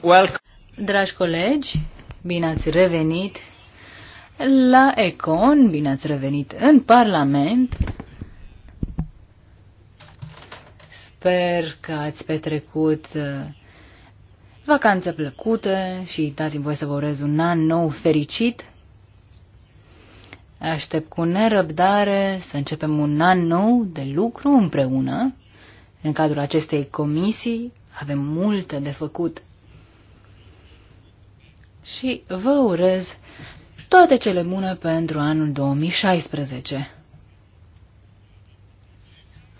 welcome. Dragi colegi, bine ați revenit la Econ, bine ați revenit în Parlament. Sper că ați petrecut uh, vacanță plăcută și dați-mi voie să vă urez un an nou fericit. Aștept cu nerăbdare să începem un an nou de lucru împreună în cadrul acestei comisii avem multe de făcut. Și vă urez toate cele bune pentru anul 2016.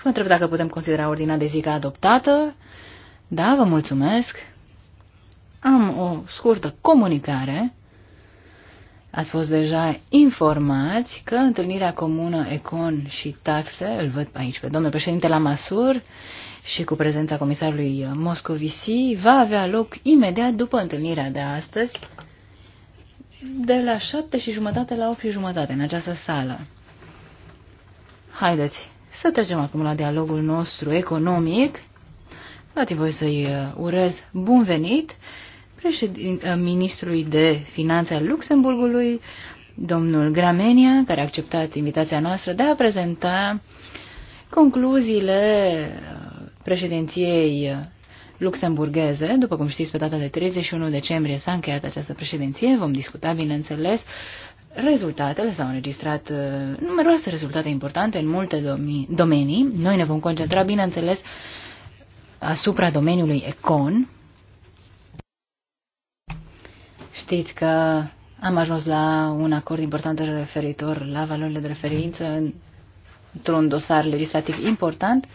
Vă întreb dacă putem considera ordinea de zi ca adoptată. Da, vă mulțumesc. Am o scurtă comunicare. Ați fost deja informați că întâlnirea comună Econ și Taxe, îl văd aici pe domnul președinte la Masur, și cu prezența comisarului Moscovici va avea loc imediat după întâlnirea de astăzi, de la șapte și jumătate la opt și jumătate în această sală. Haideți să trecem acum la dialogul nostru economic. Dați voi să-i uh, urez bun venit uh, ministrului de finanțe al Luxemburgului, domnul Gramenia, care a acceptat invitația noastră de a prezenta concluziile uh, președinției luxemburgheze. După cum știți, pe data de 31 decembrie s-a încheiat această președinție. Vom discuta, bineînțeles, rezultatele. S-au înregistrat uh, numeroase rezultate importante în multe domenii. Noi ne vom concentra, bineînțeles, asupra domeniului econ. Știți că am ajuns la un acord important referitor la valorile de referință într-un dosar legislativ important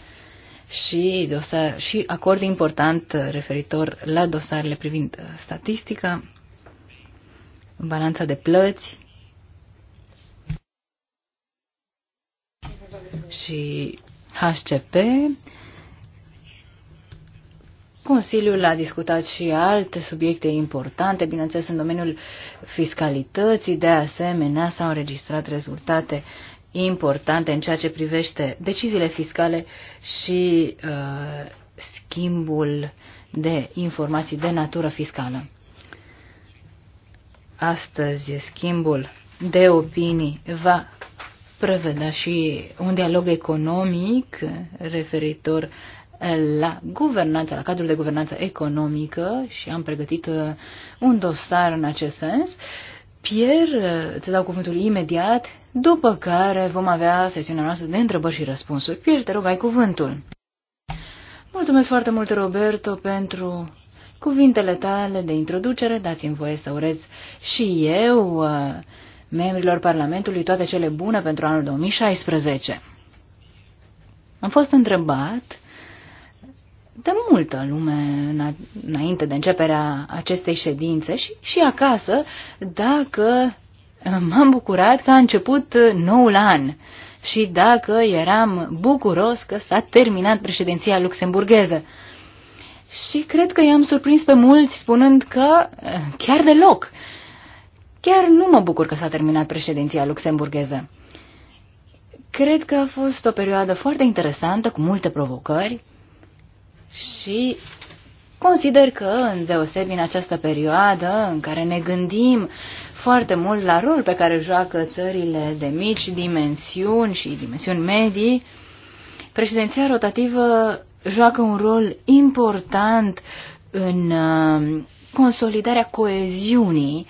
și, dosar, și acord important referitor la dosarele privind uh, statistica, balanța de plăți și HCP. Consiliul a discutat și alte subiecte importante, bineînțeles în domeniul fiscalității, de asemenea s-au înregistrat rezultate uh, importante în ceea ce privește deciziile fiscale și uh, schimbul de informații de natură fiscală. Astăzi, schimbul de opinii va prevedea și un dialog economic referitor la guvernanța, la cadrul de guvernanță economică și am pregătit uh, un dosar în acest sens Pierre, te dau cuvântul imediat, după care vom avea sesiunea noastră de întrebări și răspunsuri. Pierre, te rog, ai cuvântul. Mulțumesc foarte mult, Roberto, pentru cuvintele tale de introducere. Dați-mi voie să urez și eu uh, membrilor Parlamentului toate cele bune pentru anul 2016. Am fost întrebat de multă lume înainte de începerea acestei ședințe și, și acasă dacă eh, m-am bucurat că a început eh, noul an și dacă eram bucuros că s-a terminat președinția luxemburgheză. Și cred că i-am surprins pe mulți spunând că eh, chiar deloc. Chiar nu mă bucur că s-a terminat președinția luxemburgheză. Cred că a fost o perioadă foarte interesantă, cu multe provocări, și consider că, în deosebi în această perioadă în care ne gândim foarte mult la rol pe care joacă țările de mici dimensiuni și dimensiuni medii, președinția rotativă joacă un rol important în uh, consolidarea coeziunii,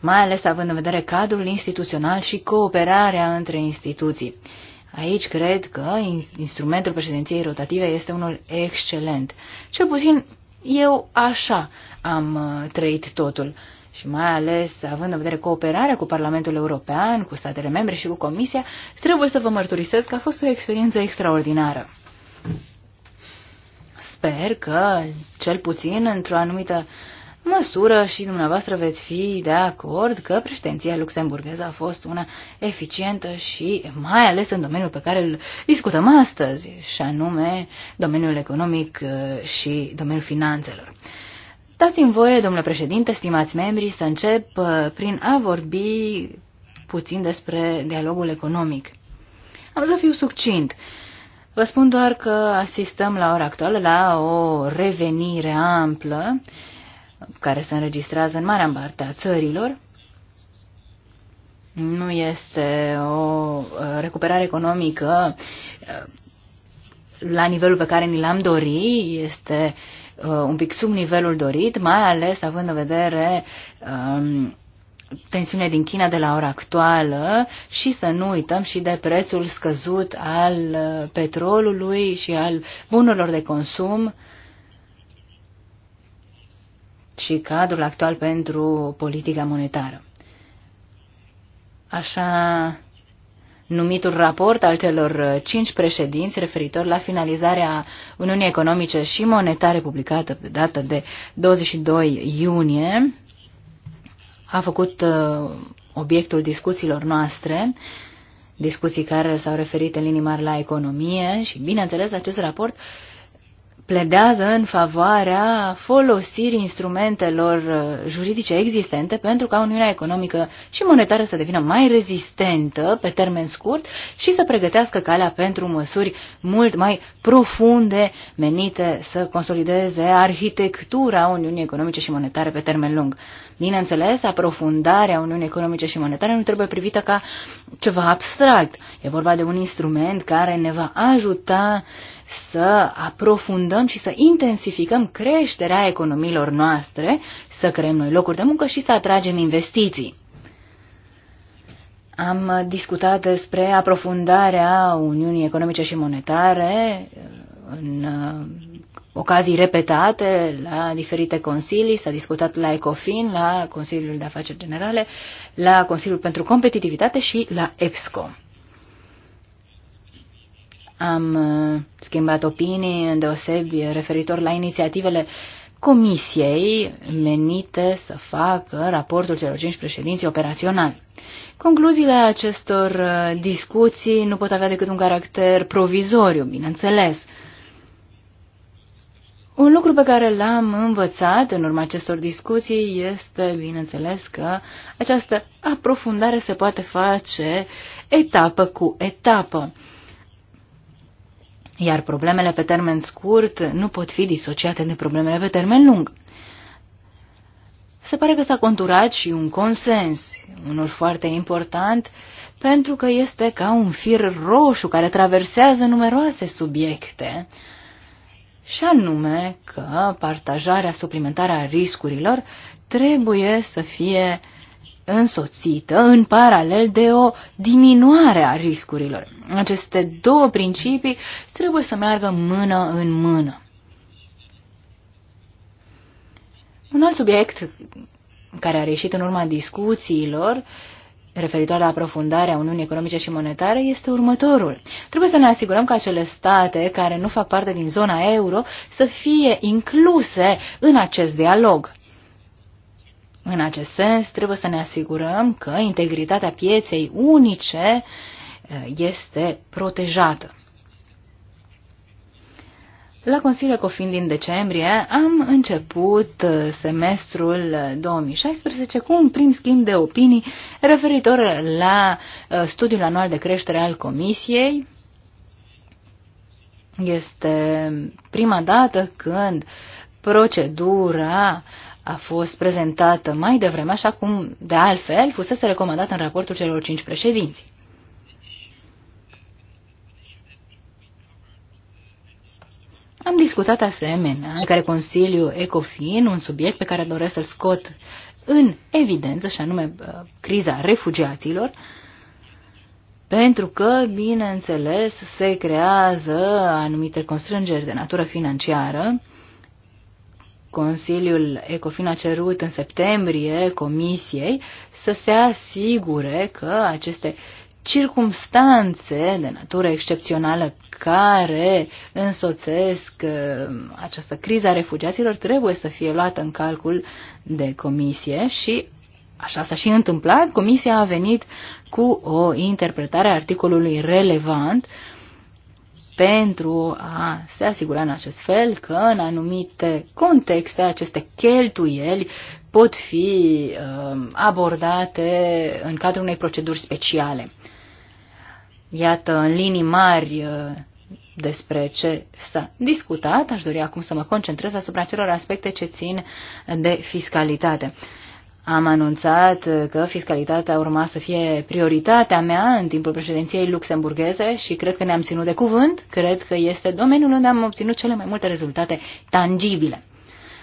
mai ales având în vedere cadrul instituțional și cooperarea între instituții. Aici cred că instrumentul președinției rotative este unul excelent. Cel puțin eu așa am uh, trăit totul. Și mai ales având în vedere cooperarea cu Parlamentul European, cu statele membre și cu Comisia, trebuie să vă mărturisesc că a fost o experiență extraordinară. Sper că, cel puțin într-o anumită uh, măsură și dumneavoastră veți fi de acord că președinția luxemburgheză a fost una eficientă și mai ales în domeniul pe care îl discutăm astăzi, și anume domeniul economic uh, și domeniul finanțelor. Dați-mi voie, domnule președinte, stimați membri, să încep uh, prin a vorbi puțin despre dialogul economic. Am să fiu succint. Vă spun doar că asistăm la ora actuală la o revenire amplă uh, care se înregistrează în marea parte a țărilor, nu este o uh, recuperare economică uh, la nivelul pe care ni l-am dori, este uh, un pic sub nivelul dorit, mai ales având în vedere um, tensiunea din China de la ora actuală și să nu uităm și de prețul scăzut al petrolului și al bunurilor de consum și cadrul actual pentru politica monetară. Așa numitul raport al celor cinci președinți referitor la finalizarea Uniunii Economice și Monetare publicată pe data de 22 iunie a făcut uh, obiectul discuțiilor noastre, discuții care s-au referit în linii mari la economie și, bineînțeles, acest raport uh, pledează în favoarea folosirii instrumentelor uh, juridice existente pentru ca Uniunea Economică și Monetară să devină mai rezistentă pe termen scurt și să pregătească calea pentru măsuri mult mai profunde menite să consolideze arhitectura Uniunii Economice și Monetare pe termen lung. Bineînțeles, aprofundarea Uniunii Economice și Monetare nu trebuie privită ca ceva abstract. E vorba de un instrument care ne va ajuta uh, să aprofundăm și să intensificăm creșterea economiilor noastre, să creăm noi locuri de muncă și să atragem investiții. Am discutat despre aprofundarea Uniunii Economice și Monetare uh, în uh, ocazii repetate la diferite consilii, s-a discutat la ECOFIN, la Consiliul de Afaceri Generale, la Consiliul pentru Competitivitate și la EPSCO. Am uh, schimbat opinii îndeosebi referitor la inițiativele comisiei menite să facă raportul celor cinci președinți operațional. Concluziile acestor uh, discuții nu pot avea decât un caracter provizoriu, bineînțeles. Un lucru pe care l-am învățat în urma acestor discuții este, bineînțeles, că această aprofundare se poate face etapă cu etapă iar problemele pe termen scurt nu pot fi disociate de problemele pe termen lung. Se pare că s-a conturat și un consens, unul foarte important, pentru că este ca un fir roșu care traversează numeroase subiecte, și anume că partajarea suplimentară a riscurilor trebuie să fie însoțită în paralel de o diminuare a riscurilor. Aceste două principii trebuie să meargă mână în mână. Un alt subiect care a reieșit în urma discuțiilor referitor la aprofundarea Uniunii Economice și Monetare este următorul. Trebuie să ne asigurăm că acele state care nu fac parte din zona euro să fie incluse în acest dialog. În acest sens, trebuie să ne asigurăm că integritatea pieței unice eh, este protejată. La Consiliul Ecofin din decembrie am început eh, semestrul 2016 eh, cu un prim schimb de opinii referitor la studiul anual de creștere al Comisiei. Este prima dată când procedura uh, a fost prezentată mai devreme, așa cum, de altfel, fusese recomandată în raportul celor cinci președinți. Am discutat asemenea care Consiliul Ecofin, un subiect pe care doresc să-l scot în evidență, și anume criza refugiaților, pentru că, bineînțeles, se creează anumite constrângeri de natură financiară Consiliul Ecofin a cerut în septembrie Comisiei să se asigure că aceste circumstanțe de natură excepțională care însoțesc uh, această criză a refugiaților trebuie să fie luată în calcul de comisie și așa s-a și întâmplat. Comisia a venit cu o interpretare a articolului relevant uh, pentru a se asigura în acest fel că în anumite contexte aceste cheltuieli pot fi um, abordate în cadrul unei proceduri speciale. Iată, în linii mari uh, despre ce s-a discutat, aș dori acum să mă concentrez asupra celor aspecte ce țin de fiscalitate. Uh, am anunțat că fiscalitatea urma să fie prioritatea mea în timpul președinției luxemburgheze și cred că ne-am ținut de cuvânt, cred că este domeniul unde am obținut cele mai multe rezultate tangibile.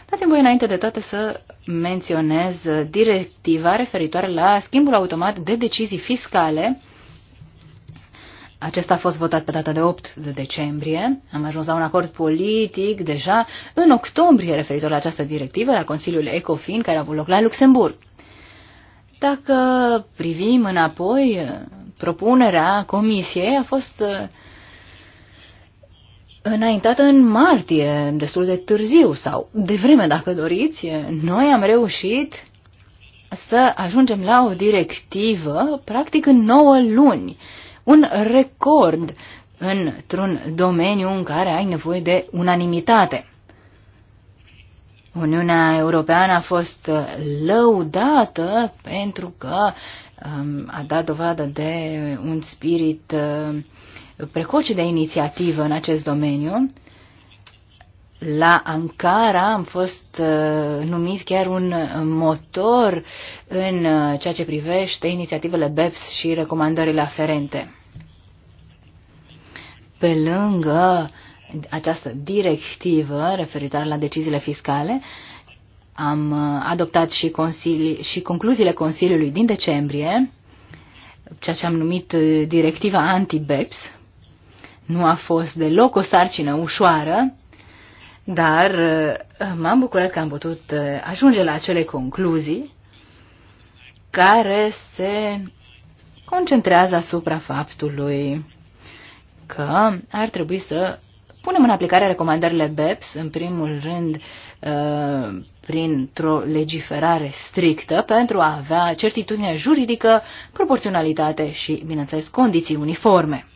Dați-mi voi înainte de toate să menționez directiva referitoare la schimbul automat de decizii fiscale acesta a fost votat pe data de 8 de decembrie. Am ajuns la un acord politic deja în octombrie referitor la această directivă la Consiliul ECOFIN care a avut loc la Luxemburg. Dacă privim înapoi, propunerea comisiei a fost uh, înaintată în martie, destul de târziu sau de vreme, dacă doriți. Noi am reușit să ajungem la o directivă practic în 9 luni un record într-un domeniu în care ai nevoie de unanimitate. Uniunea Europeană a fost lăudată pentru că um, a dat dovadă de un spirit uh, precoce de inițiativă în acest domeniu la Ankara am fost uh, numit chiar un motor în uh, ceea ce privește inițiativele BEPS și recomandările aferente. Pe lângă această directivă referitoare la deciziile fiscale, am uh, adoptat și, și concluziile Consiliului din decembrie, ceea ce am numit uh, directiva anti-BEPS. Nu a fost deloc o sarcină ușoară, dar uh, m-am bucurat că am putut uh, ajunge la acele concluzii care se concentrează asupra faptului că ar trebui să punem în aplicare recomandările BEPS, în primul rând uh, printr-o legiferare strictă pentru a avea certitudine juridică, proporționalitate și, bineînțeles, condiții uniforme.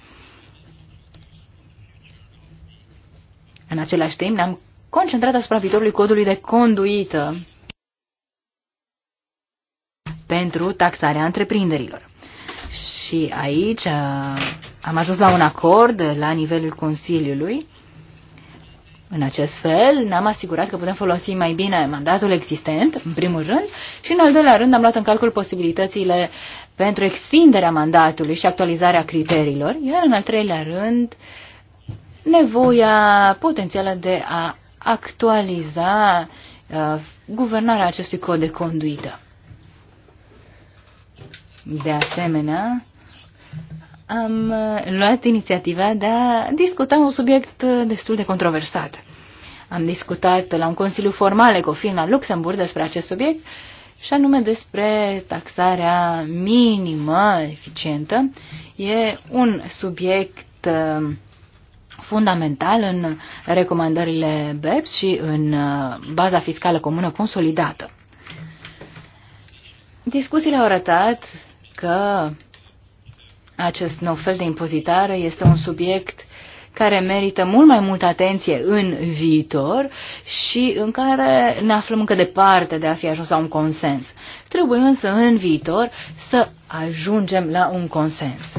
În același timp, ne-am concentrat asupra viitorului codului de conduită pentru taxarea întreprinderilor. Și aici uh, am ajuns la un acord la nivelul Consiliului. În acest fel ne-am asigurat că putem folosi mai bine mandatul existent, în primul rând, și în al doilea rând am luat în calcul posibilitățile pentru extinderea mandatului și actualizarea criteriilor, iar în al treilea rând uh, nevoia potențială de a actualiza uh, guvernarea acestui cod de conduită. De asemenea, am uh, luat inițiativa de a discuta un subiect uh, destul de controversat. Am discutat la un consiliu formal ECOFIN la Luxemburg despre acest subiect și anume despre taxarea minimă eficientă. E un subiect fundamental în recomandările BEPS și în uh, baza fiscală comună consolidată. Discuțiile au arătat că acest nou fel de impozitare este un subiect care merită mult mai multă atenție în viitor și în care ne aflăm încă departe de a fi ajuns la un consens. Trebuie însă în viitor să ajungem la un consens.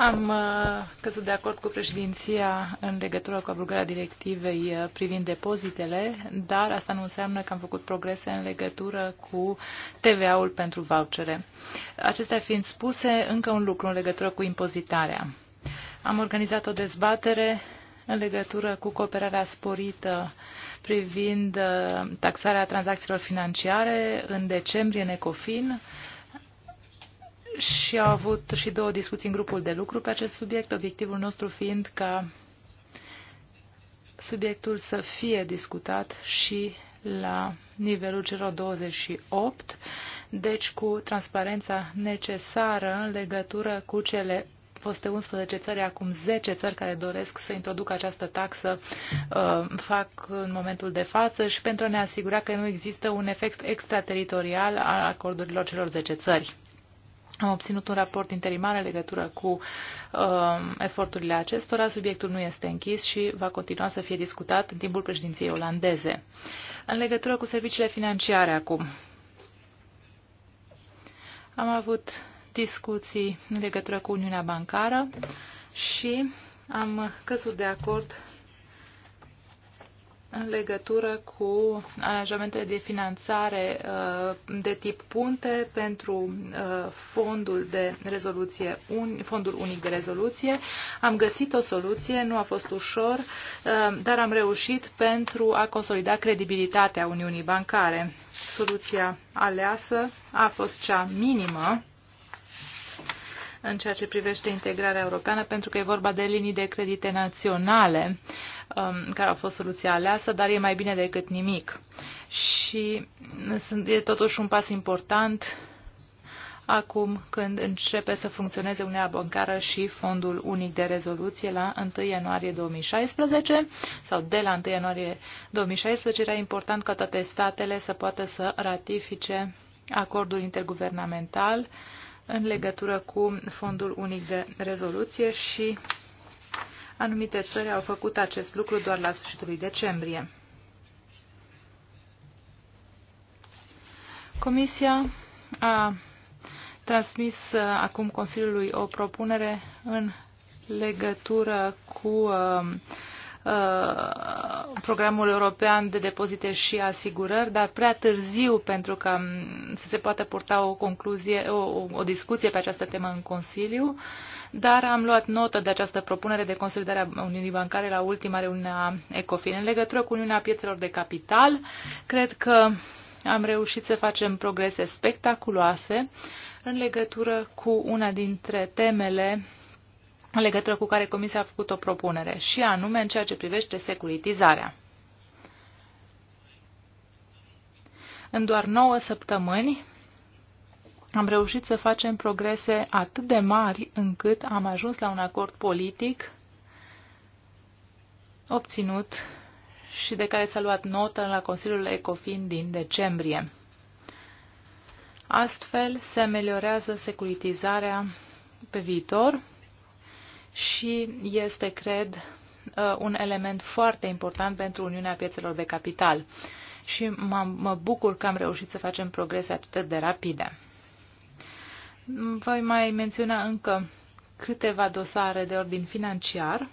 Am uh, căzut de acord cu președinția în legătură cu abrogarea directivei uh, privind depozitele, dar asta nu înseamnă că am făcut progrese în legătură cu TVA-ul pentru vouchere. Acestea fiind spuse, încă un lucru în legătură cu impozitarea. Am organizat o dezbatere în legătură cu cooperarea sporită privind uh, taxarea tranzacțiilor financiare în decembrie în ECOFIN și au avut și două discuții în grupul de lucru pe acest subiect, obiectivul nostru fiind ca subiectul să fie discutat și la nivelul celor 28, deci cu transparența necesară în legătură cu cele foste 11 țări, acum 10 țări care doresc să introducă această taxă uh, fac în momentul de față și pentru a ne asigura că nu există un efect extrateritorial al acordurilor celor 10 țări. Am obținut un raport interimar în legătură cu uh, eforturile acestora. Subiectul nu este închis și va continua să fie discutat în timpul președinției olandeze. În legătură cu serviciile financiare acum. Am avut discuții în legătură cu Uniunea Bancară și am căzut de acord în legătură cu aranjamentele de finanțare uh, de tip punte pentru uh, fondul de rezoluție, fondul unic de rezoluție. Am găsit o soluție, nu a fost ușor, uh, dar am reușit pentru a consolida credibilitatea Uniunii Bancare. Soluția aleasă a fost cea minimă în ceea ce privește integrarea europeană, pentru că e vorba de linii de credite naționale um, care au fost soluția aleasă, dar e mai bine decât nimic. Și e totuși un pas important acum când începe să funcționeze Uniunea Bancară și Fondul Unic de Rezoluție la 1 ianuarie 2016 sau de la 1 ianuarie 2016 era important ca toate statele să poată să ratifice acordul interguvernamental uh, în legătură cu Fondul Unic de Rezoluție și anumite țări au făcut acest lucru doar la sfârșitul lui decembrie. Comisia a transmis uh, acum Consiliului o propunere în legătură cu uh, Uh, programul european de depozite și asigurări, dar prea târziu pentru că um, să se poată purta o concluzie, o, o discuție pe această temă în Consiliu. Dar am luat notă de această propunere de consolidare a Uniunii Bancare la ultima reuniune a ECOFIN. În legătură cu Uniunea Piețelor de Capital, cred că am reușit să facem progrese spectaculoase în legătură cu una dintre temele în legătură cu care Comisia a făcut o propunere, și anume în ceea ce privește securitizarea. În doar 9 săptămâni am reușit să facem progrese atât de mari încât am ajuns la un acord politic obținut și de care s-a luat notă la Consiliul Ecofin din decembrie. Astfel se ameliorează securitizarea pe viitor și este, cred, uh, un element foarte important pentru Uniunea Piețelor de Capital. Și mă, mă bucur că am reușit să facem progrese atât de rapide. Voi mai menționa încă câteva dosare de ordin financiar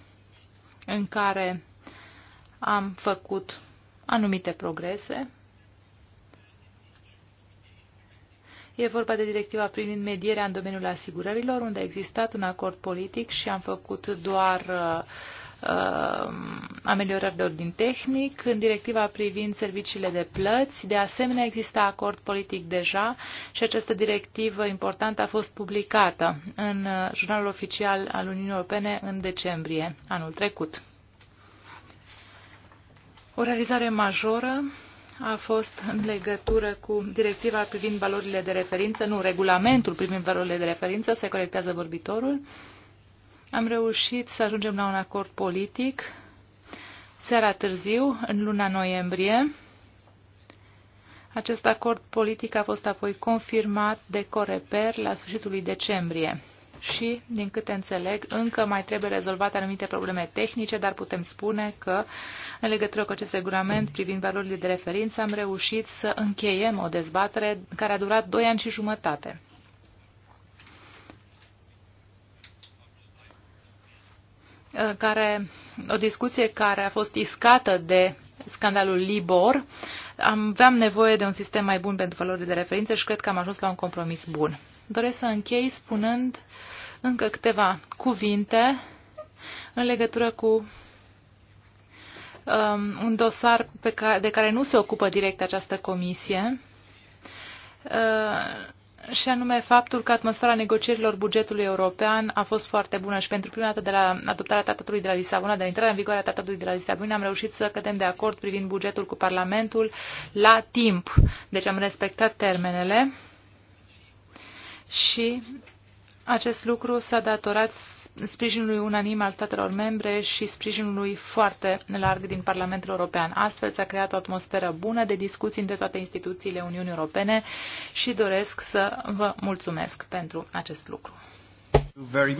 în care am făcut anumite progrese, E vorba de directiva privind medierea în domeniul asigurărilor, unde a existat un acord politic și am făcut doar uh, uh ameliorări de ordin tehnic. În directiva privind serviciile de plăți, de asemenea, exista acord politic deja și această directivă importantă a fost publicată în uh, jurnalul oficial al Uniunii Europene în decembrie anul trecut. O realizare majoră a fost în legătură cu directiva privind valorile de referință, nu, regulamentul privind valorile de referință, se corectează vorbitorul. Am reușit să ajungem la un acord politic seara târziu, în luna noiembrie. Acest acord politic a fost apoi confirmat de Coreper la sfârșitul lui decembrie și, din câte înțeleg, încă mai trebuie rezolvate anumite probleme tehnice, dar putem spune că, în legătură cu acest regulament privind valorile de referință, am reușit să încheiem o dezbatere care a durat 2 ani și jumătate. Care, o discuție care a fost iscată de scandalul Libor. Aveam nevoie de un sistem mai bun pentru valorile de referință și cred că am ajuns la un compromis bun. Doresc să închei spunând încă câteva cuvinte în legătură cu um, un dosar pe care, de care nu se ocupă direct această comisie, uh, și anume faptul că atmosfera negocierilor bugetului european a fost foarte bună și pentru prima dată de la adoptarea tratatului de la Lisabona, de la intrarea în vigoare a tratatului de la Lisabona, am reușit să cădem de acord privind bugetul cu Parlamentul la timp. Deci am respectat termenele și acest lucru s-a datorat sprijinului unanim al statelor membre și sprijinului foarte larg din Parlamentul European. Astfel s-a creat o atmosferă bună de discuții între toate instituțiile Uniunii Europene și doresc să vă mulțumesc pentru acest lucru. Vă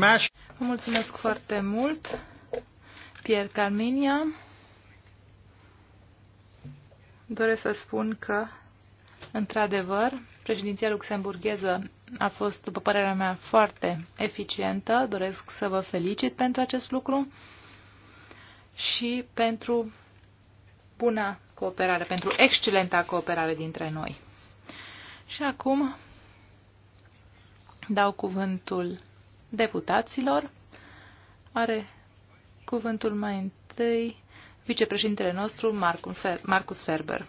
mulțumesc foarte mult, Pierre Carminia. Doresc să spun că, într-adevăr, Președinția luxemburgheză a fost, după părerea mea, foarte eficientă. Doresc să vă felicit pentru acest lucru și pentru buna cooperare, pentru excelenta cooperare dintre noi. Și acum dau cuvântul deputaților. Are cuvântul mai întâi vicepreședintele nostru, Marcus Ferber.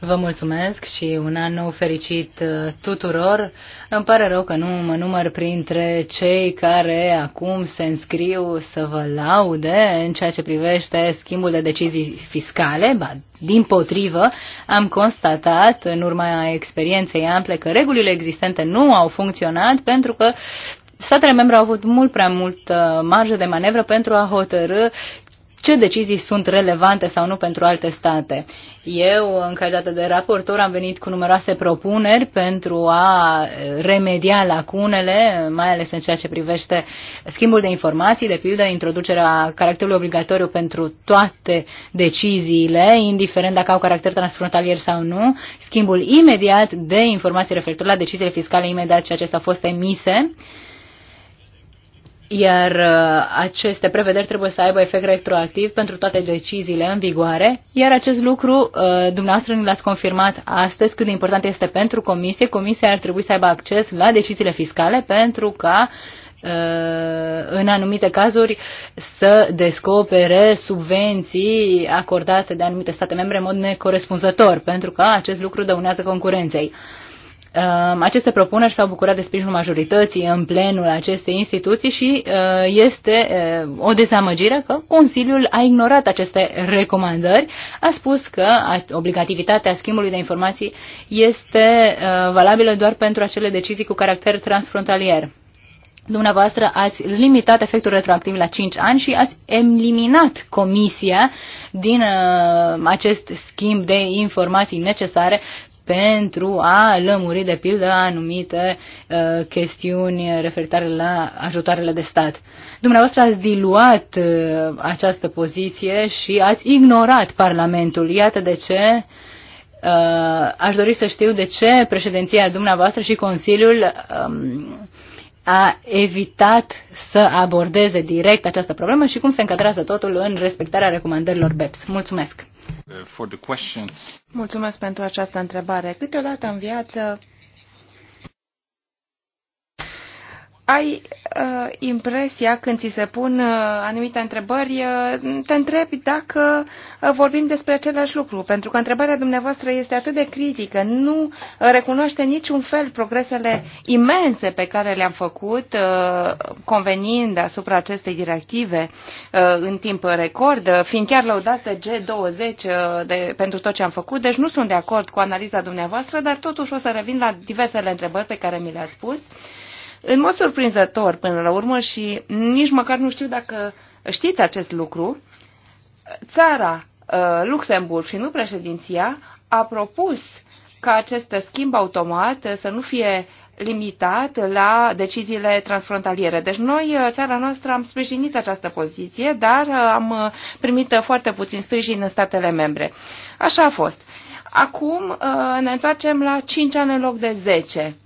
Vă mulțumesc și un an nou fericit uh, tuturor. Îmi pare rău că nu mă număr printre cei care acum se înscriu să vă laude în ceea ce privește schimbul de decizii fiscale. Ba, din potrivă, am constatat în urma experienței ample că regulile existente nu au funcționat pentru că statele membre au avut mult prea mult marjă de manevră pentru a hotărâ ce decizii sunt relevante sau nu pentru alte state. Eu, în calitate de raportor, am venit cu numeroase propuneri pentru a remedia lacunele, mai ales în ceea ce privește schimbul de informații, de pildă introducerea caracterului obligatoriu pentru toate deciziile, indiferent dacă au caracter transfrontalier sau nu, schimbul imediat de informații referitor la deciziile fiscale imediat ce s au fost emise, iar uh, aceste prevederi trebuie să aibă efect retroactiv pentru toate deciziile în vigoare, iar acest lucru uh, dumneavoastră ne l-ați confirmat astăzi cât de important este pentru comisie. Comisia ar trebui să aibă acces la deciziile fiscale pentru ca uh, în anumite cazuri să descopere subvenții acordate de anumite state membre în mod necorespunzător, pentru că acest lucru dăunează concurenței. Um, aceste propuneri s-au bucurat de sprijinul majorității în plenul acestei instituții și uh, este uh, o dezamăgire că Consiliul a ignorat aceste recomandări, a spus că obligativitatea schimbului de informații este uh, valabilă doar pentru acele decizii cu caracter transfrontalier. Dumneavoastră ați limitat efectul retroactiv la 5 ani și ați eliminat comisia din uh, acest schimb de informații necesare pentru a lămuri, de pildă, anumite uh, chestiuni referitoare la ajutoarele de stat. Dumneavoastră ați diluat uh, această poziție și ați ignorat Parlamentul. Iată de ce uh, aș dori să știu de ce președinția dumneavoastră și Consiliul um, a evitat să abordeze direct această problemă și cum se încadrează totul în respectarea recomandărilor BEPS. Mulțumesc! Uh, Mulțumesc pentru această întrebare. Câteodată în viață ai uh, impresia când ți se pun uh, anumite întrebări, uh, te întrebi dacă uh, vorbim despre același lucru, pentru că întrebarea dumneavoastră este atât de critică, nu uh, recunoaște niciun fel progresele imense pe care le-am făcut, uh, convenind asupra acestei directive uh, în timp record, uh, fiind chiar lăudați de G20 uh, de, pentru tot ce am făcut, deci nu sunt de acord cu analiza dumneavoastră, dar totuși o să revin la diversele întrebări pe care mi le-ați spus. Uh, în mod surprinzător, până la urmă, și nici măcar nu știu dacă știți acest lucru, țara uh, Luxemburg și nu președinția a propus ca acest schimb automat uh, să nu fie limitat la deciziile transfrontaliere. Deci noi, uh, țara noastră, am sprijinit această poziție, dar am primit foarte puțin sprijin în statele membre. Așa a fost. Acum ne întoarcem la 5 ani în loc de 10.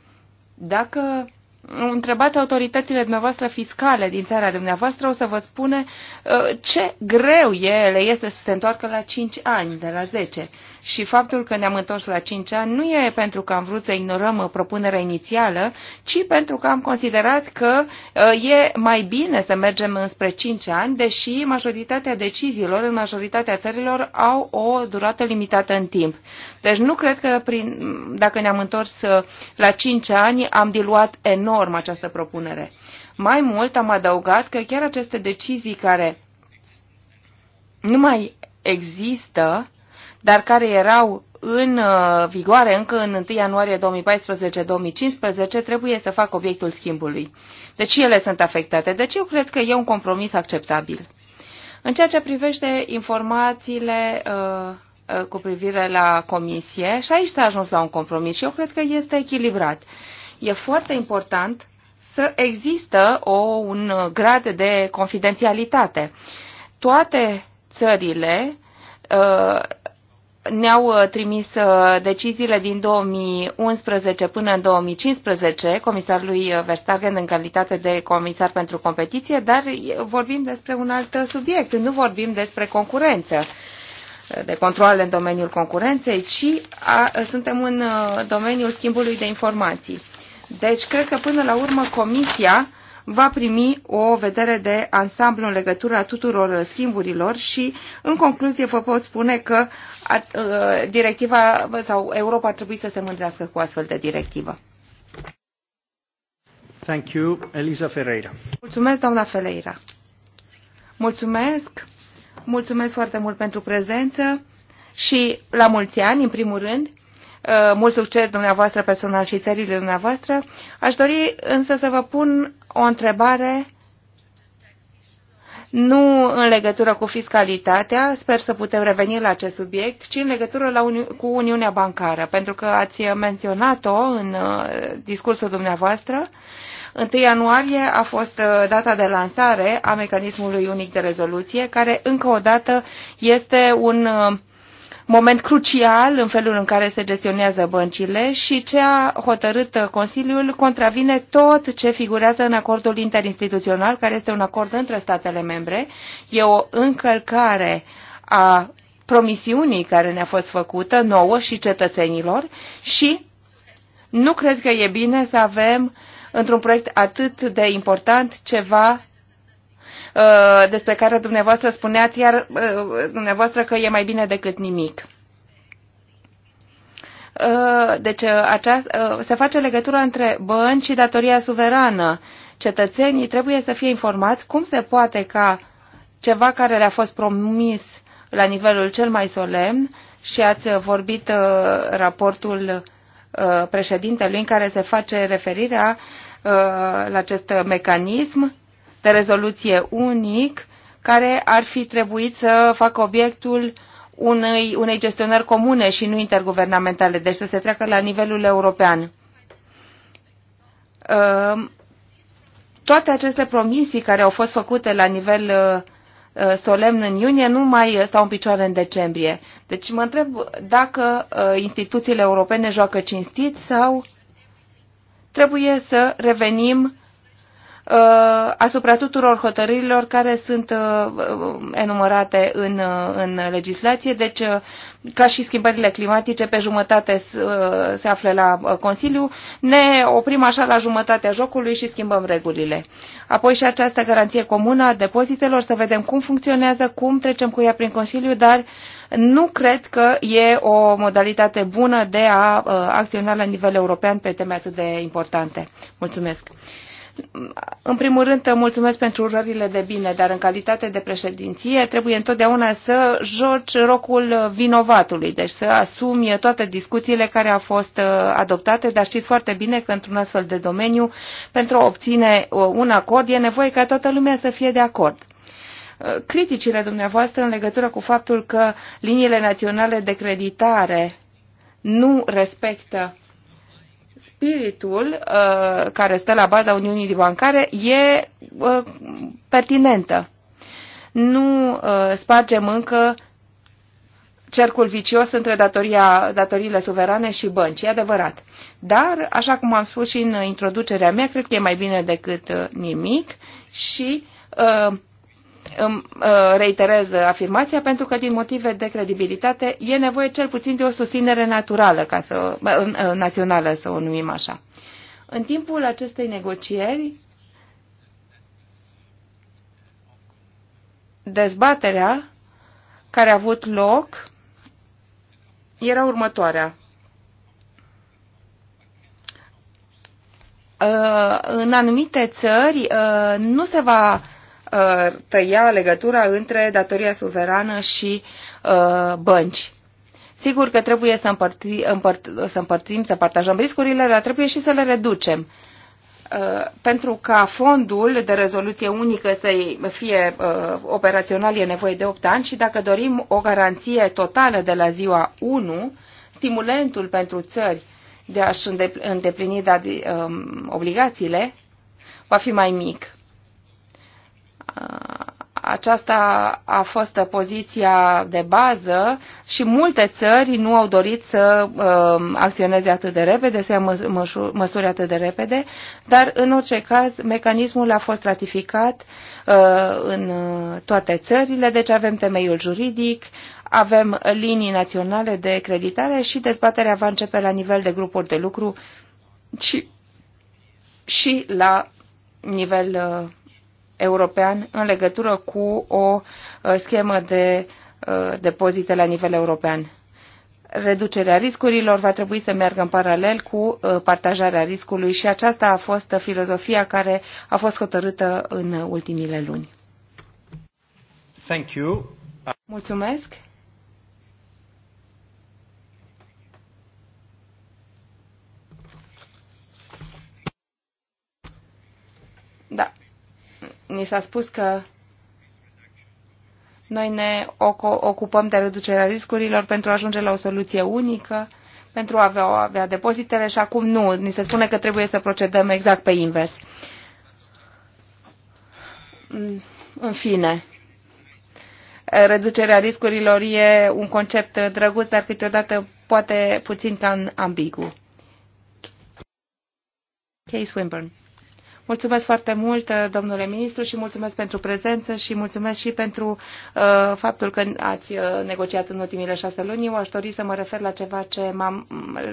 Dacă întrebați autoritățile dumneavoastră fiscale din țara dumneavoastră, o să vă spune uh, ce greu e, le este să se întoarcă la 5 ani de la 10 și faptul că ne-am întors la 5 ani nu e pentru că am vrut să ignorăm uh, propunerea inițială, ci pentru că am considerat că uh, e mai bine să mergem înspre 5 ani, deși majoritatea deciziilor în majoritatea țărilor au o durată limitată în timp. Deci nu cred că prin, dacă ne-am întors uh, la 5 ani am diluat enorm această propunere. Mai mult am adăugat că chiar aceste decizii care nu mai există dar care erau în uh, vigoare încă în 1 ianuarie 2014-2015, trebuie să facă obiectul schimbului. Deci ele sunt afectate. Deci eu cred că e un compromis acceptabil. În ceea ce privește informațiile uh, uh, cu privire la comisie, și aici s-a ajuns la un compromis și eu cred că este echilibrat. E foarte important să există o, un grad de confidențialitate. Toate țările uh, ne-au uh, trimis uh, deciziile din 2011 până în 2015 comisarului uh, Verstappen în calitate de comisar pentru competiție, dar vorbim despre un alt subiect, nu vorbim despre concurență de control în domeniul concurenței, ci a, suntem în domeniul schimbului de informații. Deci, cred că până la urmă Comisia uh, va primi o vedere de ansamblu în legătura tuturor schimburilor și, în concluzie, vă pot spune că uh, directiva sau Europa ar trebui să se mândrească cu astfel de directivă. Thank you, Elisa Ferreira. Mulțumesc, doamna Ferreira. Mulțumesc. Mulțumesc foarte mult pentru prezență și la mulți ani, în primul rând uh, mult succes dumneavoastră personal și țările dumneavoastră. Aș dori însă să vă pun o întrebare nu în legătură cu fiscalitatea, sper să putem reveni la acest subiect, ci în legătură la Uni cu Uniunea Bancară, pentru că ați menționat-o în uh, discursul dumneavoastră. 1 ianuarie a fost uh, data de lansare a mecanismului unic de rezoluție, care încă o dată este un uh, moment crucial în felul în care se gestionează băncile și ce a hotărât Consiliul contravine tot ce figurează în acordul interinstituțional, care este un acord între statele membre. E o încălcare a promisiunii care ne-a fost făcută nouă și cetățenilor și nu cred că e bine să avem într-un proiect atât de important ceva Uh, despre care dumneavoastră spuneați, iar uh, dumneavoastră că e mai bine decât nimic. Uh, deci aceast, se face legătura între bănci și datoria suverană. Cetățenii trebuie să fie informați cum se poate ca ceva care le-a fost promis la nivelul cel mai solemn și ați vorbit raportul președintelui în care se face referirea la acest mecanism de rezoluție unic care ar fi trebuit să facă obiectul unei, unei gestionări comune și nu interguvernamentale, deci să se treacă la nivelul european. Ehm, toate aceste promisii care au fost făcute la nivel eh, eh, solemn în iunie nu mai stau în picioare în decembrie. Deci mă întreb dacă eh, instituțiile europene joacă cinstit sau trebuie să revenim Uh, asupra tuturor hotărârilor care sunt uh, uh, enumărate în, în legislație. Deci, ca și schimbările climatice, pe jumătate se află la Consiliu. Ne oprim așa la jumătatea jocului și schimbăm regulile. Apoi și această garanție comună a depozitelor, să vedem cum funcționează, cum trecem cu ea prin Consiliu, dar nu cred că e o modalitate bună de a acționa la nivel european pe teme atât de importante. Mulțumesc! În primul rând, mulțumesc pentru urările de bine, dar în calitate de președinție trebuie întotdeauna să joci rocul vinovatului, deci să asumi toate discuțiile care au fost uh, adoptate, dar știți foarte bine că într-un astfel de domeniu, pentru a obține uh, un acord, e nevoie ca toată lumea să fie de acord uh, criticile dumneavoastră în legătură cu faptul că liniile naționale de creditare nu respectă spiritul uh, care stă la baza Uniunii Bancare e uh, pertinentă. Nu uh, spargem încă cercul vicios între datoria, datoriile suverane și bănci, e adevărat. Dar, așa cum am spus și în introducerea mea, cred că e mai bine decât uh, nimic și uh, îmi uh, reiterez afirmația pentru că din motive de credibilitate e nevoie cel puțin de o susținere naturală ca să, uh, națională, să o numim așa. În timpul acestei negocieri, dezbaterea care a avut loc era următoarea. Uh, în anumite țări nu se va Uh, tăia legătura între datoria suverană și uh, bănci. Sigur că trebuie să, împărti, împărt, să împărțim, să partajăm riscurile, dar trebuie și să le reducem. Uh, pentru ca fondul de rezoluție unică să fie operațional e nevoie de 8 ani și dacă dorim o garanție totală de la ziua 1, stimulentul pentru țări de a-și îndeplini um, obligațiile va fi mai mic aceasta a fost poziția de bază și multe țări nu au dorit să uh, acționeze atât de repede, să ia măs măsuri atât de repede, dar în orice caz mecanismul a fost ratificat uh, în uh, toate țările, deci avem temeiul juridic, avem linii naționale de creditare și dezbaterea va începe la nivel de grupuri de lucru și, și la nivel uh, european în legătură cu o uh, schemă de uh, depozite la nivel european. Reducerea riscurilor va trebui să meargă în paralel cu uh, partajarea riscului și aceasta a fost filozofia care a fost hotărâtă în ultimile luni. Thank you. Mulțumesc. ni s-a spus că noi ne ocupăm de reducerea riscurilor pentru a ajunge la o soluție unică, pentru a avea, a avea depozitele și acum nu. Ni se spune că trebuie să procedăm exact pe invers. În fine, reducerea riscurilor e un concept drăguț, dar câteodată poate puțin cam ambigu. Case Swinburne. Mulțumesc foarte mult, uh, domnule ministru, și mulțumesc pentru prezență și mulțumesc și pentru uh, faptul că ați uh, negociat în ultimile șase luni. Eu aș dori să mă refer la ceva ce m-am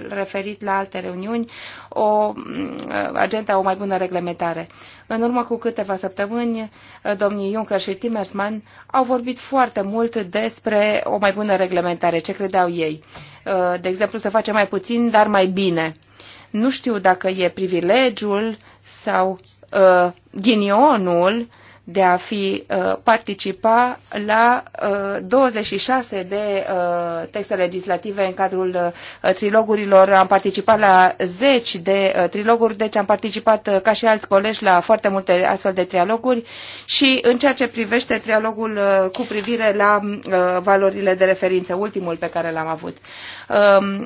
referit la alte reuniuni, o uh, agenda, o mai bună reglementare. În urmă cu câteva săptămâni, uh, domnii Juncker și Timmersman au vorbit foarte mult despre o mai bună reglementare, ce credeau ei. De exemplu, să face mai puțin, dar mai bine. Nu știu dacă e privilegiul sau uh, ghinionul de a fi uh, participa la uh, 26 de uh, texte legislative în cadrul uh, trilogurilor. Am participat la 10 de uh, triloguri, deci am participat uh, ca și alți colegi la foarte multe astfel de trialoguri și în ceea ce privește trialogul uh, cu privire la uh, valorile de referință, ultimul pe care l-am avut. Uh,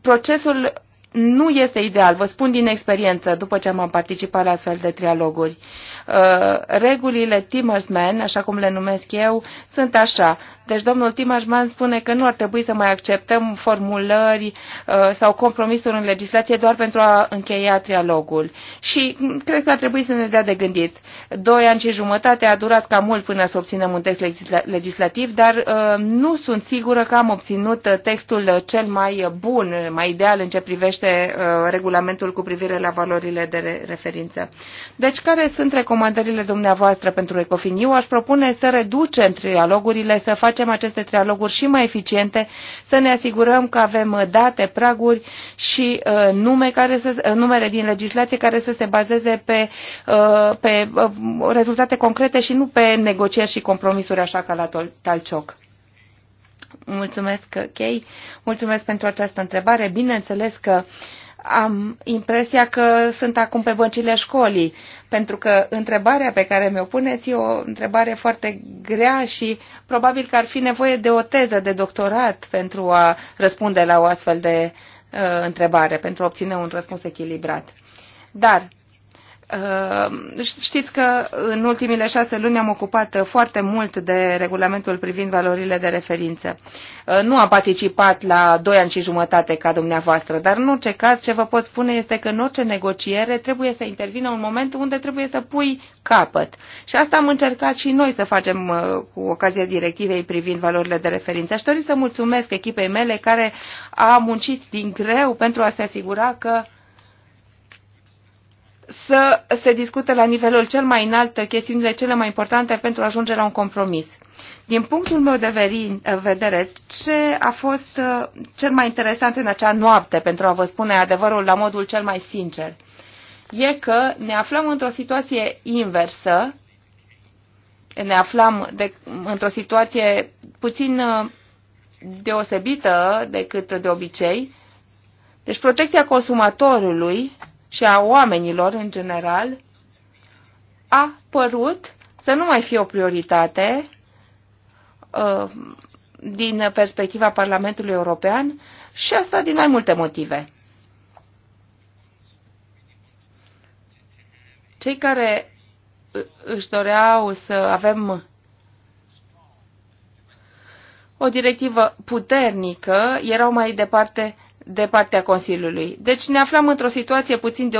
procesul nu este ideal. Vă spun din experiență, după ce am participat la astfel de trialoguri. Uh, regulile Timmersman, așa cum le numesc eu, sunt așa. Deci domnul Timașman spune că nu ar trebui să mai acceptăm formulări uh, sau compromisuri în legislație doar pentru a încheia trialogul. Și cred că ar trebui să ne dea de gândit. Doi ani și jumătate a durat cam mult până să obținem un text legislativ, dar uh, nu sunt sigură că am obținut uh, textul cel mai bun, mai ideal în ce privește regulamentul cu privire la valorile de referință. Deci care sunt recomandările dumneavoastră pentru Ecofin? Eu aș propune să reducem trialogurile, să facem facem aceste trialoguri și mai eficiente, să ne asigurăm că avem uh, date, praguri și uh, nume care să, uh, numere din legislație care să se bazeze pe, pe rezultate concrete și nu pe negocieri și compromisuri așa ca la Talcioc. Mulțumesc, Kay. Mulțumesc pentru această întrebare. Bineînțeles că uh, am impresia că sunt acum pe băncile școlii, pentru că întrebarea pe care mi-o puneți e o întrebare foarte grea și probabil că ar fi nevoie de o teză de doctorat pentru a răspunde la o astfel de uh, întrebare, pentru a obține un răspuns echilibrat. Dar Uh, știți că în ultimile șase luni am ocupat foarte mult de regulamentul privind valorile de referință. Uh, nu am participat la doi ani și jumătate ca dumneavoastră, dar în orice caz ce vă pot spune este că în orice negociere trebuie să intervină un moment unde trebuie să pui capăt. Și asta am încercat și noi să facem uh, cu ocazia directivei privind valorile de referință. Aș dori să mulțumesc echipei mele care a muncit din greu pentru a se asigura că să se discute la nivelul cel mai înalt chestiunile cele mai importante pentru a ajunge la un compromis. Din punctul meu de vedere, ce a fost uh, cel mai interesant în acea noapte, pentru a vă spune adevărul la modul cel mai sincer, e că ne aflăm într-o situație inversă, ne aflam de, într-o situație puțin uh, deosebită decât de obicei. Deci protecția consumatorului și a oamenilor în general a părut să nu mai fie o prioritate uh, din perspectiva Parlamentului European și asta din mai multe motive. Cei care uh, își doreau să avem o directivă puternică erau mai departe de partea Consiliului. Deci ne aflam într-o situație puțin de,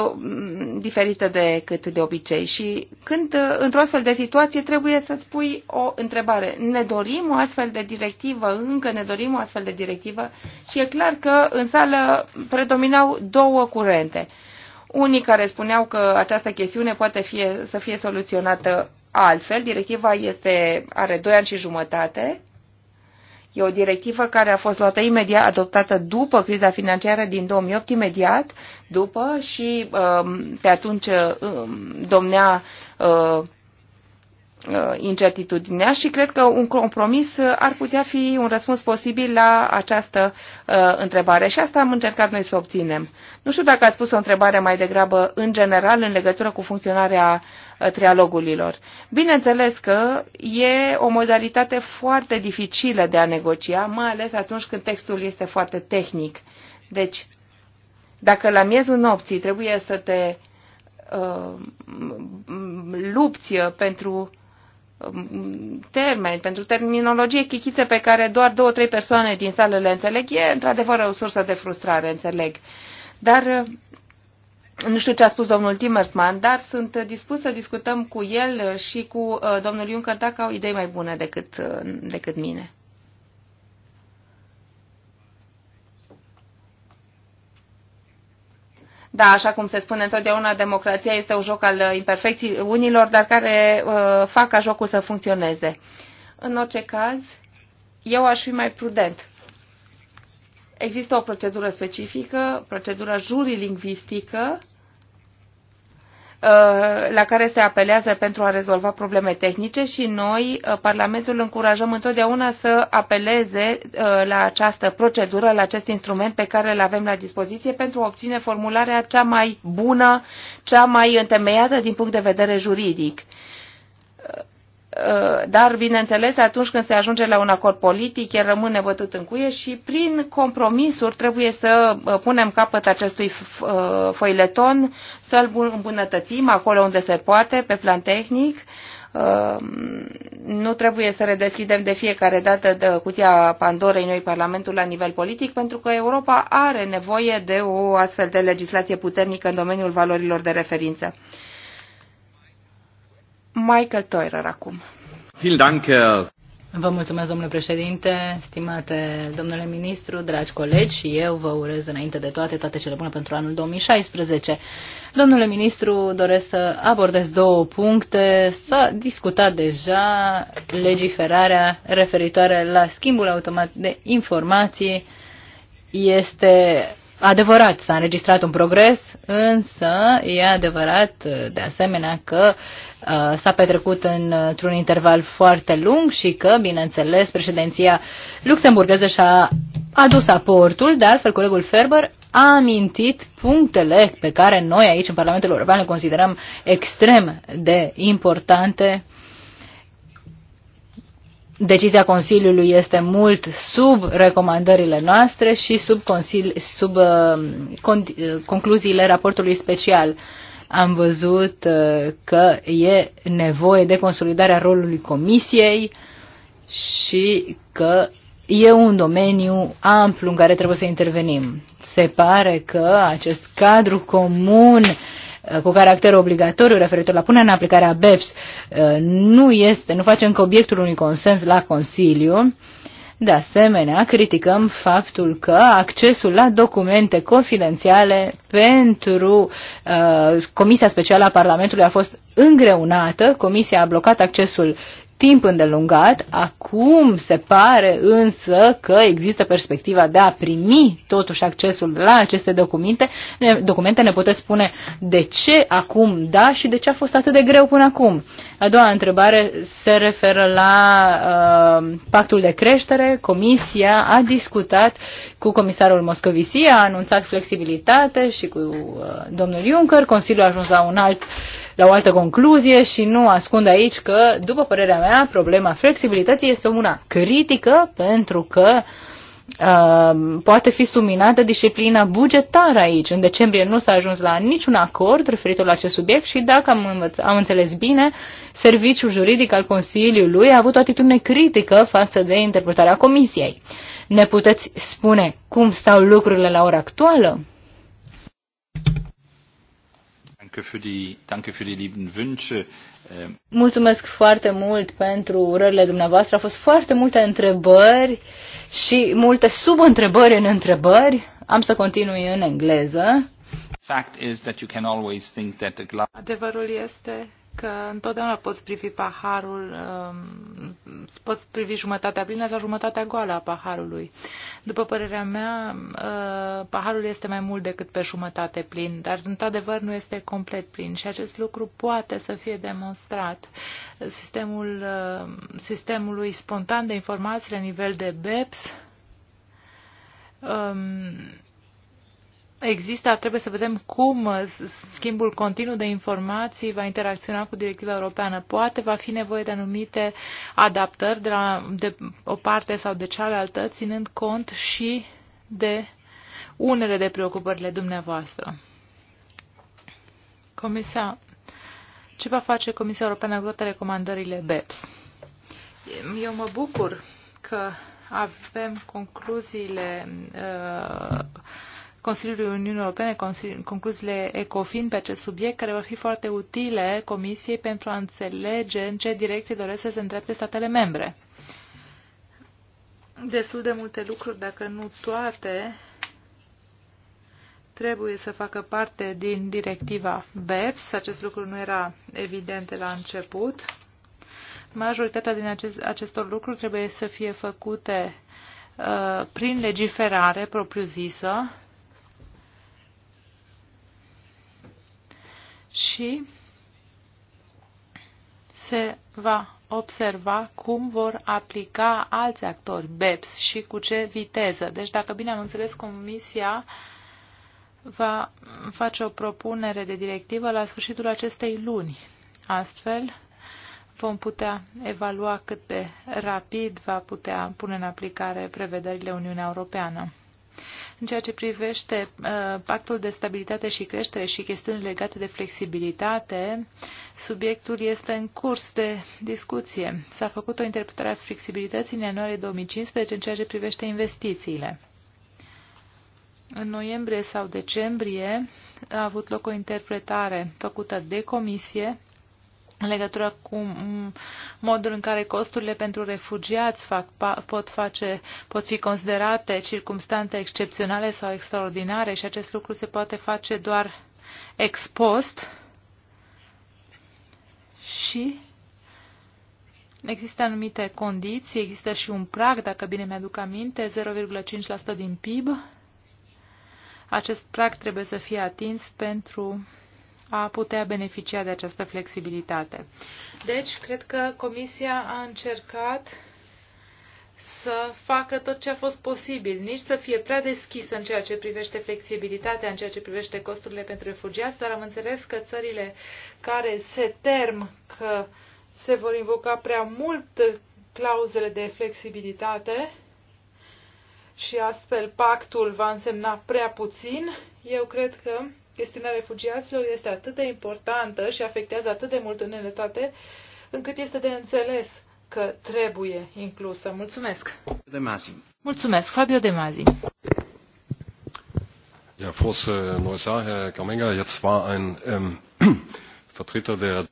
diferită decât de obicei și când într-o astfel de situație trebuie să-ți pui o întrebare. Ne dorim o astfel de directivă, încă ne dorim o astfel de directivă și e clar că în sală predominau două curente. Unii care spuneau că această chestiune poate fie, să fie soluționată altfel, directiva este, are doi ani și jumătate, E o directivă care a fost luată imediat, adoptată după criza financiară din 2008, imediat după și um, pe atunci um, domnea uh, uh, incertitudinea și cred că un compromis ar putea fi un răspuns posibil la această uh, întrebare și asta am încercat noi să obținem. Nu știu dacă ați pus o întrebare mai degrabă în general în legătură cu funcționarea trialogurilor. Bineînțeles că e o modalitate foarte dificilă de a negocia, mai ales atunci când textul este foarte tehnic. Deci, dacă la miezul nopții trebuie să te uh, lupți pentru um, termeni, pentru terminologie chichițe pe care doar două, trei persoane din sală le înțeleg, e într-adevăr o sursă de frustrare, înțeleg. Dar uh, nu știu ce a spus domnul Timmerman, dar sunt dispus să discutăm cu el și cu uh, domnul Juncker dacă au idei mai bune decât, uh, decât mine. Da, așa cum se spune întotdeauna, democrația este un joc al uh, imperfecții unilor, dar care uh, fac ca jocul să funcționeze. În orice caz, eu aș fi mai prudent. Există o procedură specifică, procedura jurilingvistică, Uh, la care se apelează pentru a rezolva probleme tehnice și noi, uh, Parlamentul, încurajăm întotdeauna să apeleze uh, la această procedură, la acest instrument pe care îl avem la dispoziție pentru a obține formularea cea mai bună, cea mai întemeiată din punct de vedere juridic Uh, dar, bineînțeles, atunci când se ajunge la un acord politic, el rămâne bătut în cuie și prin compromisuri trebuie să uh, punem capăt acestui uh, foileton, să-l îmbunătățim acolo unde se poate, pe plan tehnic. Nu trebuie să redeschidem de fiecare dată de cutia Pandorei noi Parlamentul la nivel politic, pentru că Europa are nevoie de o astfel de legislație puternică în domeniul valorilor de referință. Michael Teurer acum. Vă mulțumesc, domnule președinte, stimate domnule ministru, dragi colegi și eu vă urez înainte de toate toate cele bune pentru anul 2016. Domnule ministru, doresc să abordez două puncte. S-a discutat deja legiferarea referitoare la schimbul automat de informații. Este Adevărat, s-a înregistrat un progres, însă e adevărat uh, de asemenea că uh, s-a petrecut într-un interval foarte lung și că, bineînțeles, președinția luxemburgheză și-a adus aportul, de altfel colegul Ferber a amintit punctele pe care noi aici în Parlamentul European le considerăm extrem de importante uh, Decizia Consiliului este mult sub recomandările noastre și sub, consili, sub uh, uh, concluziile raportului special. Am văzut uh, că e nevoie de consolidarea rolului Comisiei și că e un domeniu amplu în care trebuie să intervenim. Se pare că acest cadru comun uh, cu caracter obligatoriu referitor la punerea în aplicare a BEPS uh, nu, este, nu face încă obiectul unui consens la Consiliu. De asemenea, criticăm faptul că accesul la documente confidențiale pentru uh, Comisia Specială a Parlamentului a fost îngreunată, Comisia a blocat accesul timp îndelungat. Acum se pare însă că există perspectiva de a primi totuși accesul la aceste documente. Documente ne puteți spune de ce acum da și de ce a fost atât de greu până acum. A doua întrebare se referă la uh, pactul de creștere. Comisia a discutat cu comisarul Moscovici, a anunțat flexibilitate și cu uh, domnul Juncker. Consiliul a ajuns la un alt uh, la o altă concluzie și nu ascund aici că, după părerea mea, problema flexibilității este una critică pentru că Uh, poate fi suminată disciplina bugetară aici. În decembrie nu s-a ajuns la niciun acord referitor la acest subiect și dacă am, învăț- am înțeles bine, serviciul juridic al Consiliului a avut o atitudine critică față de interpretarea Comisiei. Ne puteți spune cum stau lucrurile la ora actuală? Ähm, Mulțumesc foarte mult pentru urările dumneavoastră. Au fost foarte multe întrebări și multe subîntrebări în întrebări. Am să continui în engleză. Adevărul este că întotdeauna poți privi paharul, um, poți privi jumătatea plină sau jumătatea goală a paharului. După părerea mea, uh, paharul este mai mult decât pe jumătate plin, dar într-adevăr nu este complet plin și acest lucru poate să fie demonstrat. Sistemul, uh, sistemului spontan de informații la nivel de BEPS um, există, ar trebui să vedem cum uh, schimbul continuu de informații va interacționa cu directiva europeană. Poate va fi nevoie de anumite adaptări de, la, de o parte sau de cealaltă, ținând cont și de unele de preocupările dumneavoastră. Comisia, ce va face Comisia Europeană cu toate recomandările BEPS? Eu mă bucur că avem concluziile uh, Consiliului Uniunii Europene, concluziile ECOFIN pe acest subiect, care vor fi foarte utile Comisiei pentru a înțelege în ce direcție doresc să se îndrepte statele membre. Destul de multe lucruri, dacă nu toate, trebuie să facă parte din directiva BEPS. Acest lucru nu era evident la început. Majoritatea din acest, acestor lucruri trebuie să fie făcute uh, prin legiferare propriu-zisă și se va observa cum vor aplica alți actori BEPS și cu ce viteză. Deci, dacă bine am înțeles, Comisia va face o propunere de directivă la sfârșitul acestei luni. Astfel, vom putea evalua cât de rapid va putea pune în aplicare prevederile Uniunea Europeană. În ceea ce privește uh, pactul de stabilitate și creștere și chestiuni legate de flexibilitate, subiectul este în curs de discuție. S-a făcut o interpretare a flexibilității în ianuarie 2015 în ceea ce privește investițiile. În noiembrie sau decembrie a avut loc o interpretare făcută de comisie în legătură cu modul în care costurile pentru refugiați fac, pot, face, pot fi considerate circumstante excepționale sau extraordinare și acest lucru se poate face doar ex post și există anumite condiții, există și un prag, dacă bine mi-aduc aminte, 0,5% din PIB. Acest prag trebuie să fie atins pentru a putea beneficia de această flexibilitate. Deci, cred că Comisia a încercat să facă tot ce a fost posibil, nici să fie prea deschisă în ceea ce privește flexibilitatea, în ceea ce privește costurile pentru refugiați, dar am înțeles că țările care se term că se vor invoca prea mult clauzele de flexibilitate și astfel pactul va însemna prea puțin, eu cred că chestiunea refugiaților este atât de importantă și afectează atât de mult unele state, încât este de înțeles că trebuie inclusă. Mulțumesc! De Mazi. Mulțumesc, Fabio De Mazi. Ja, frohes äh, neues Jahr, äh, Herr Kamenga. Jetzt war ein ähm, Vertreter der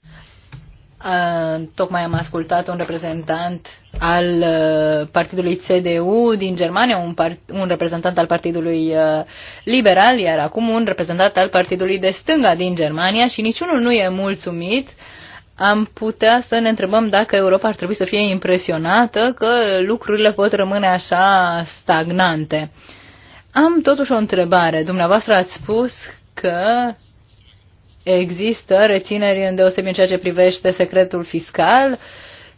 Tocmai am ascultat un reprezentant al uh, partidului CDU din Germania, un, part, un reprezentant al partidului uh, liberal, iar acum un reprezentant al partidului de stânga din Germania și niciunul nu e mulțumit. Am putea să ne întrebăm dacă Europa ar trebui să fie impresionată că lucrurile pot rămâne așa stagnante. Am totuși o întrebare. Dumneavoastră ați spus că există rețineri îndeosebi în ceea ce privește secretul fiscal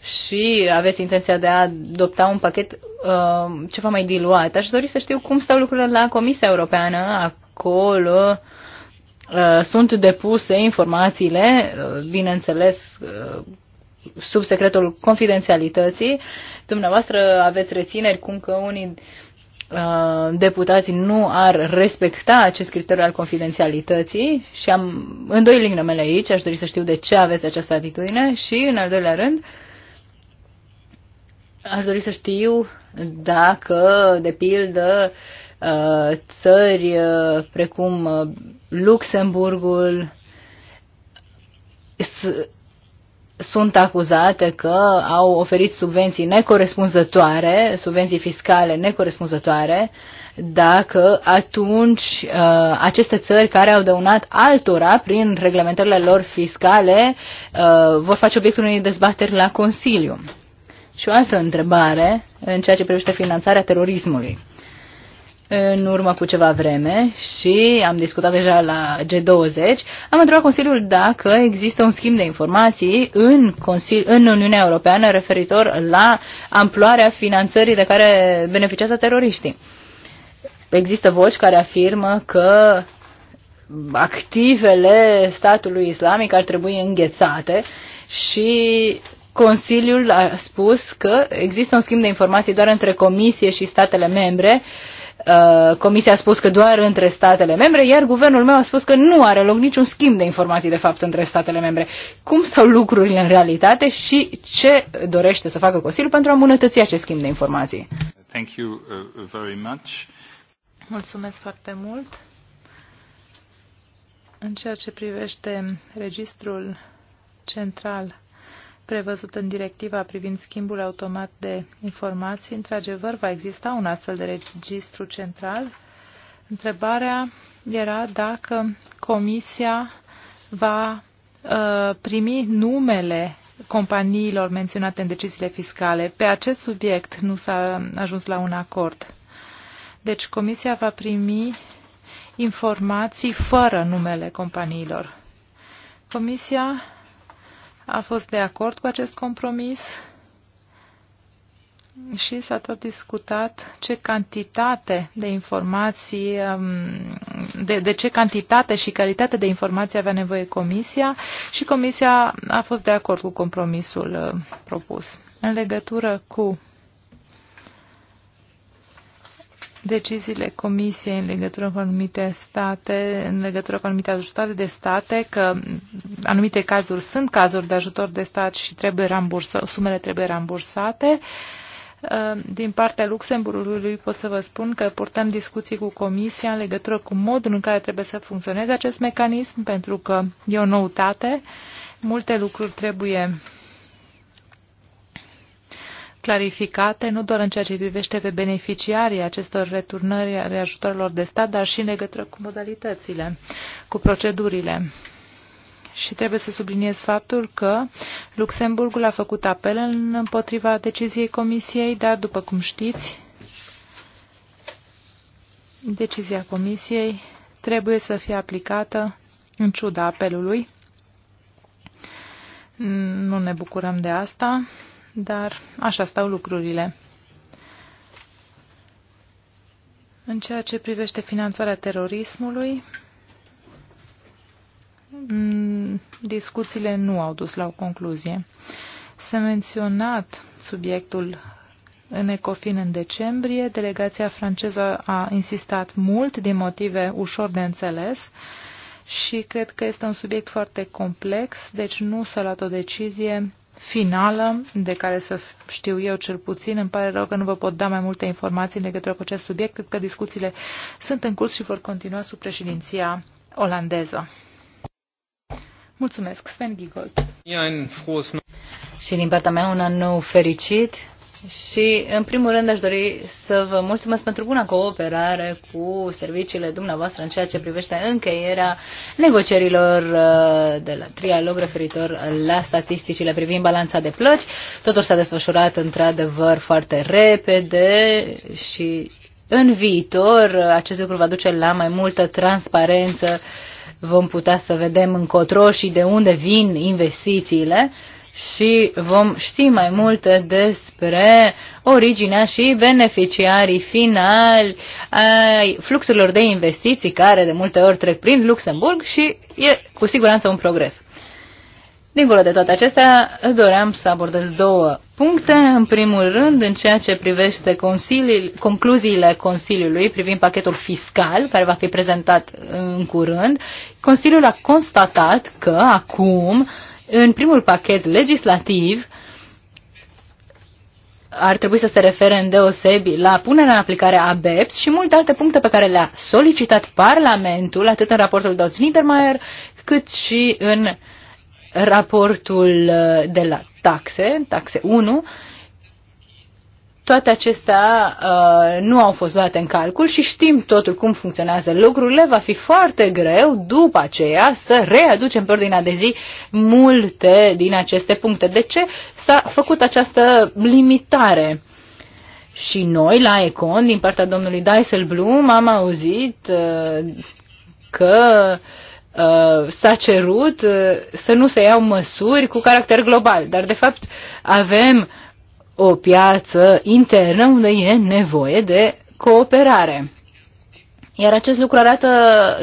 și aveți intenția de a adopta un pachet uh, ceva mai diluat. Aș dori să știu cum stau lucrurile la Comisia Europeană. Acolo uh, sunt depuse informațiile, uh, bineînțeles, uh, sub secretul confidențialității. Dumneavoastră aveți rețineri cum că unii Uh, deputații nu ar respecta acest criteriu al confidențialității și am în doi ligne mele aici, aș dori să știu de ce aveți această atitudine și, în al doilea rând, aș dori să știu dacă, de pildă, uh, țări uh, precum Luxemburgul sunt acuzate că au oferit subvenții necorespunzătoare, subvenții fiscale necorespunzătoare, dacă atunci uh, aceste țări care au dăunat altora prin reglementările lor fiscale uh, vor face obiectul unei dezbateri la Consiliu. Și o altă întrebare în ceea ce privește finanțarea terorismului în urmă cu ceva vreme și am discutat deja la G20, am întrebat Consiliul dacă există un schimb de informații în, Consili- în Uniunea Europeană referitor la amploarea finanțării de care beneficiază teroriștii. Există voci care afirmă că activele statului islamic ar trebui înghețate și Consiliul a spus că există un schimb de informații doar între Comisie și statele membre uh, Uh, comisia a spus că doar între statele membre, iar guvernul meu a spus că nu are loc niciun schimb de informații, de fapt, între statele membre. Cum stau lucrurile în realitate și ce dorește să facă Consiliul pentru a îmbunătăți acest schimb de informații? Thank you uh, very much. Mulțumesc foarte mult. În ceea ce privește registrul central prevăzut în directiva privind schimbul automat de informații. Într-adevăr, va exista un astfel de registru central. Întrebarea era dacă Comisia va uh, primi numele companiilor menționate în deciziile fiscale. Pe acest subiect nu s-a ajuns la un acord. Deci Comisia va primi informații fără numele companiilor. Comisia a fost de acord cu acest compromis și s-a tot discutat ce cantitate de informații, um, de, de ce cantitate și calitate de informații avea nevoie comisia și comisia a fost de acord cu compromisul uh, propus. În legătură cu deciziile Comisiei în legătură cu anumite state, în legătură cu anumite ajutoare de state, că anumite cazuri sunt cazuri de ajutor de stat și trebuie rambursa, sumele trebuie rambursate. Uh, din partea Luxemburgului pot să vă spun că purtăm discuții cu Comisia în legătură cu modul în care trebuie să funcționeze acest mecanism, pentru că e o noutate. Multe lucruri trebuie clarificate, nu doar în ceea ce privește pe beneficiarii acestor returnări ale ajutorilor de stat, dar și în legătură cu modalitățile, cu procedurile. Și trebuie să subliniez faptul că Luxemburgul a făcut apel împotriva deciziei Comisiei, dar, după cum știți, decizia Comisiei trebuie să fie aplicată în ciuda apelului. Nu ne bucurăm de asta dar așa stau lucrurile. În ceea ce privește finanțarea terorismului, mm, discuțiile nu au dus la o concluzie. S-a menționat subiectul în Ecofin în decembrie, delegația franceză a insistat mult din motive ușor de înțeles și cred că este un subiect foarte complex, deci nu s-a luat o decizie finală, de care să știu eu cel puțin. Îmi pare rău că nu vă pot da mai multe informații în legătură cu acest subiect, cât că discuțiile sunt în curs și vor continua sub președinția olandeză. Mulțumesc, Sven Giegold. Și din partea mea un an nou fericit și, în primul rând, aș dori să vă mulțumesc pentru buna cooperare cu serviciile dumneavoastră în ceea ce privește încheierea negocierilor uh, de la trialog referitor la statisticile privind balanța de plăți. Totul s-a desfășurat, într-adevăr, foarte repede și, în viitor, uh, acest lucru va duce la mai multă transparență. Vom putea să vedem încotro și de unde vin investițiile și vom ști mai multe despre originea și beneficiarii finali ai fluxurilor de investiții care de multe ori trec prin Luxemburg și e cu siguranță un progres. Dincolo de toate acestea, doream să abordez două puncte. În primul rând, în ceea ce privește concluziile Consiliului privind pachetul fiscal, care va fi prezentat în curând, Consiliul a constatat că acum uh, în primul pachet legislativ ar trebui să se refere în deosebi la punerea în aplicare a BEPS și multe alte puncte pe care le-a solicitat Parlamentul, atât în raportul Dodds Niedermayer, cât și în raportul uh, de la taxe, taxe 1, toate acestea uh, nu au fost luate în calcul și știm totul cum funcționează lucrurile. Va fi foarte greu după aceea să readucem pe ordinea de zi multe din aceste puncte. De ce s-a făcut această limitare? Și noi, la Econ, din partea domnului Dijsselbloem, am auzit uh, că uh, s-a cerut uh, să nu se iau măsuri cu caracter global. Dar, de fapt, avem o piață internă unde e nevoie de cooperare. Iar acest lucru arată,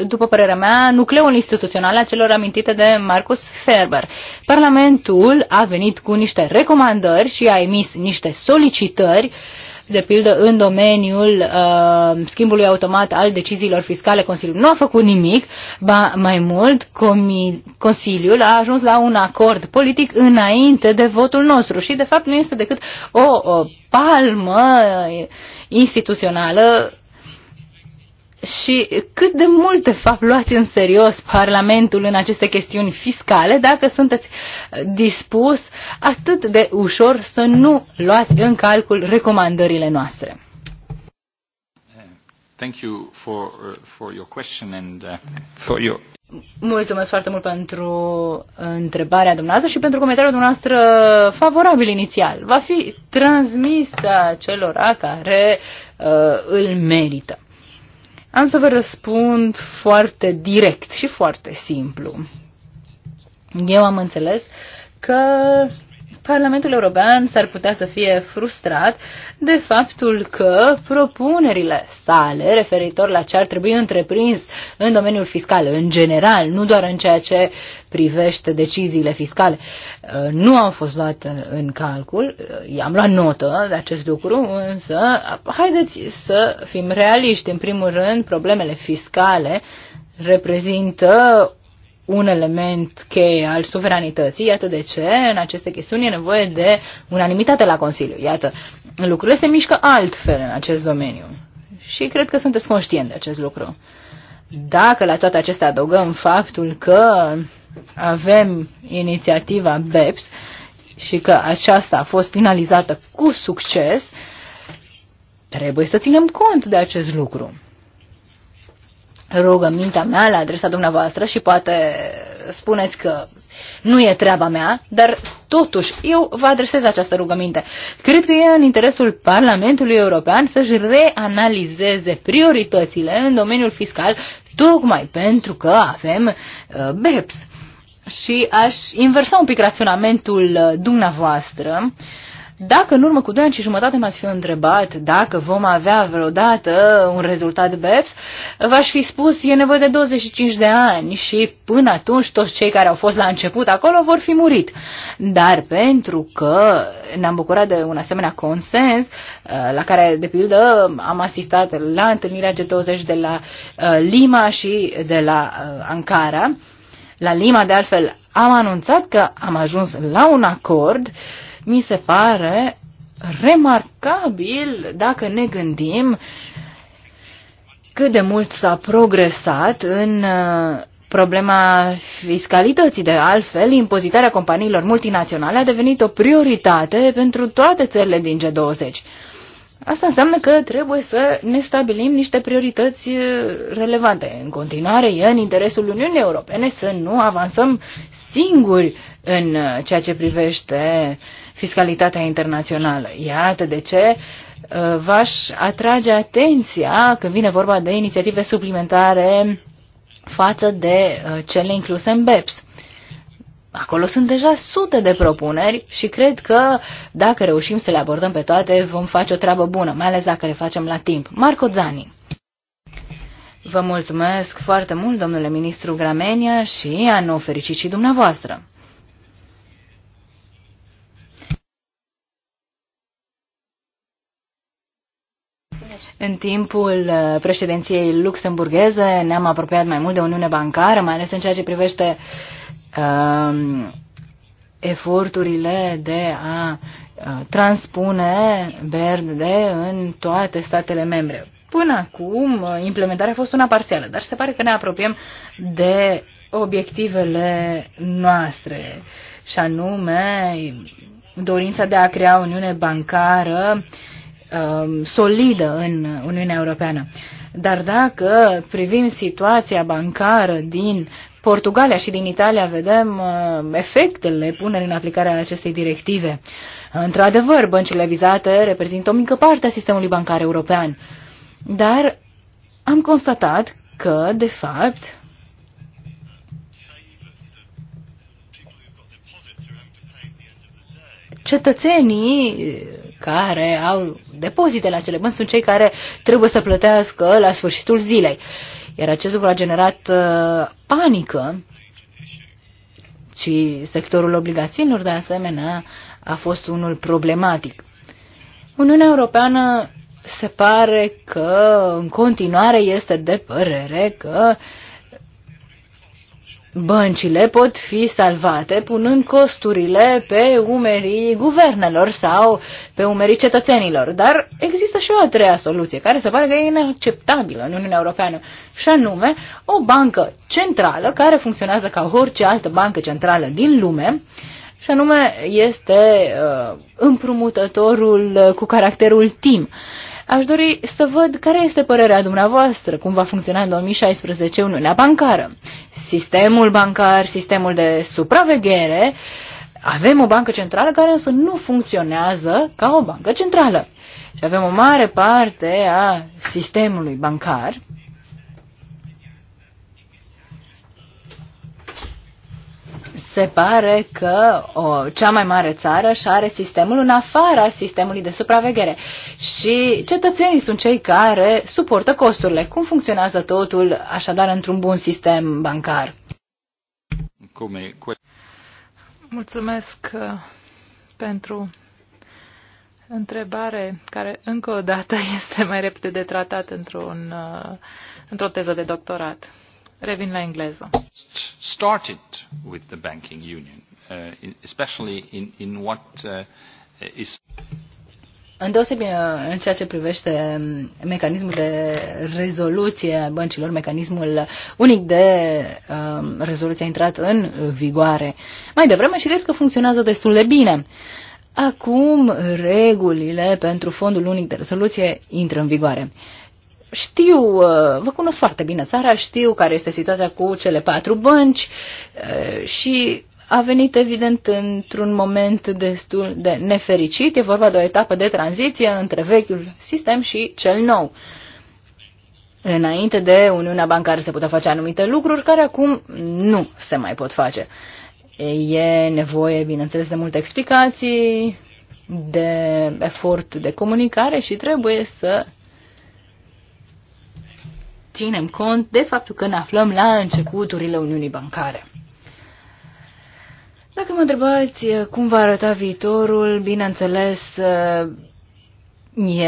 după părerea mea, nucleul instituțional a celor amintite de Marcus Ferber. Parlamentul a venit cu niște recomandări și a emis niște solicitări uh, de pildă în domeniul uh, schimbului automat al deciziilor fiscale, Consiliul nu a făcut nimic, ba mai mult, Consiliul a ajuns la un acord politic înainte de votul nostru și de fapt nu este decât o, o palmă instituțională și cât de mult, de fapt, luați în serios Parlamentul în aceste chestiuni fiscale, dacă sunteți uh, dispus atât de ușor să nu luați în calcul recomandările noastre. Thank you for, uh, for your question and uh, for your... Mulțumesc foarte mult pentru întrebarea dumneavoastră și pentru comentariul dumneavoastră favorabil inițial. Va fi transmisă celor care uh, îl merită. Am să vă răspund foarte direct și foarte simplu. Eu am înțeles că Parlamentul European s-ar putea să fie frustrat de faptul că propunerile sale referitor la ce ar trebui întreprins în domeniul fiscal în general, nu doar în ceea ce privește deciziile fiscale, uh, nu au fost luate în calcul. Uh, I-am luat notă de acest lucru, însă uh, haideți să fim realiști. În primul rând, problemele fiscale reprezintă un element cheie al suveranității. Iată de ce în aceste chestiuni e nevoie de unanimitate la Consiliu. Iată, lucrurile se mișcă altfel în acest domeniu. Și cred că sunteți conștient de acest lucru. Dacă la toate acestea adăugăm faptul că avem inițiativa BEPS și că aceasta a fost finalizată cu succes, trebuie să ținem cont de acest lucru rugămintea mea la adresa dumneavoastră și poate spuneți că nu e treaba mea, dar totuși eu vă adresez această rugăminte. Cred că e în interesul Parlamentului European să-și reanalizeze prioritățile în domeniul fiscal, tocmai pentru că avem uh, BEPS. Și aș inversa un pic raționamentul uh, dumneavoastră uh, dacă în urmă cu doi ani și jumătate m-ați fi întrebat dacă vom avea vreodată un rezultat BEPS, v-aș fi spus e nevoie de 25 de ani și până atunci toți cei care au fost la început acolo vor fi murit. Dar pentru că ne-am bucurat de un asemenea consens, uh, la care, de pildă, am asistat la întâlnirea G20 de la uh, Lima și de la uh, Ankara, la Lima, de altfel, am anunțat că am ajuns la un acord uh, mi se pare remarcabil dacă ne gândim cât de mult s-a progresat în uh, problema fiscalității. De altfel, impozitarea companiilor multinaționale a devenit o prioritate pentru toate țările din G20. Asta înseamnă că trebuie să ne stabilim niște priorități uh, relevante. În continuare, e în interesul Uniunii Europene să nu avansăm singuri în uh, ceea ce privește uh, fiscalitatea internațională. Iată de ce uh, v-aș atrage atenția când vine vorba de inițiative suplimentare față de uh, cele incluse în BEPS. Acolo sunt deja sute de propuneri și cred că dacă reușim să le abordăm pe toate, vom face o treabă bună, mai ales dacă le facem la timp. Marco Zani. Vă mulțumesc foarte mult, domnule ministru Gramenia, și anul fericit și dumneavoastră. În timpul uh, președinției luxemburgheze ne-am apropiat mai mult de Uniune Bancară, mai ales în ceea ce privește um, eforturile de a uh, transpune BRD în toate statele membre. Până acum, uh, implementarea a fost una parțială, dar se pare că ne apropiem de obiectivele noastre, și anume dorința de a crea Uniune Bancară Um, solidă în Uniunea Europeană. Dar dacă privim situația bancară din Portugalia și din Italia, vedem uh, efectele punerii în aplicare a acestei directive. Într-adevăr, băncile vizate reprezintă o mică parte a sistemului bancar european. Dar am constatat că, de fapt, cetățenii care au depozite la cele bănci sunt cei care trebuie să plătească la sfârșitul zilei. Iar acest lucru a generat uh, panică și sectorul obligațiilor, de asemenea, a fost unul problematic. Uniunea Europeană se pare că în continuare este de părere că uh, băncile pot fi salvate punând costurile pe umerii guvernelor sau pe umerii cetățenilor. Dar există și o a treia soluție, care se pare că e inacceptabilă în Uniunea Europeană, și anume o bancă centrală care funcționează ca orice altă bancă centrală din lume, și anume este uh, împrumutătorul cu caracterul timp. Uh, Aș dori să văd care este părerea dumneavoastră, cum va funcționa în 2016 Uniunea Bancară. Sistemul bancar, sistemul de supraveghere, avem o bancă centrală care însă nu funcționează ca o bancă centrală. Și avem o mare parte a sistemului bancar se pare că o, cea mai mare țară și are sistemul în afara sistemului de supraveghere și cetățenii sunt cei care suportă costurile. Cum funcționează totul așadar într-un bun sistem bancar? Mulțumesc uh, pentru întrebare care încă o dată este mai repede de tratat într o uh, într-o teză de doctorat. Revin la engleză. Started with the banking union, uh, especially in, in what uh, is... deosebire uh, în ceea ce privește um, mecanismul de rezoluție a băncilor, mecanismul unic de um, uh, rezoluție a intrat în vigoare mai devreme și cred că funcționează destul de bine. Acum regulile pentru fondul unic de rezoluție intră în vigoare știu, uh, vă cunosc foarte bine țara, știu care este situația cu cele patru bănci uh, și a venit evident într-un moment destul de nefericit. E vorba de o etapă de tranziție între vechiul sistem și cel nou. Înainte de Uniunea Bancară se putea face anumite lucruri care acum nu se mai pot face. E nevoie, bineînțeles, de multe explicații, de efort de comunicare și trebuie să ținem cont de faptul că ne aflăm la începuturile Uniunii Bancare. Dacă mă întrebați eh, cum va arăta viitorul, bineînțeles, eh,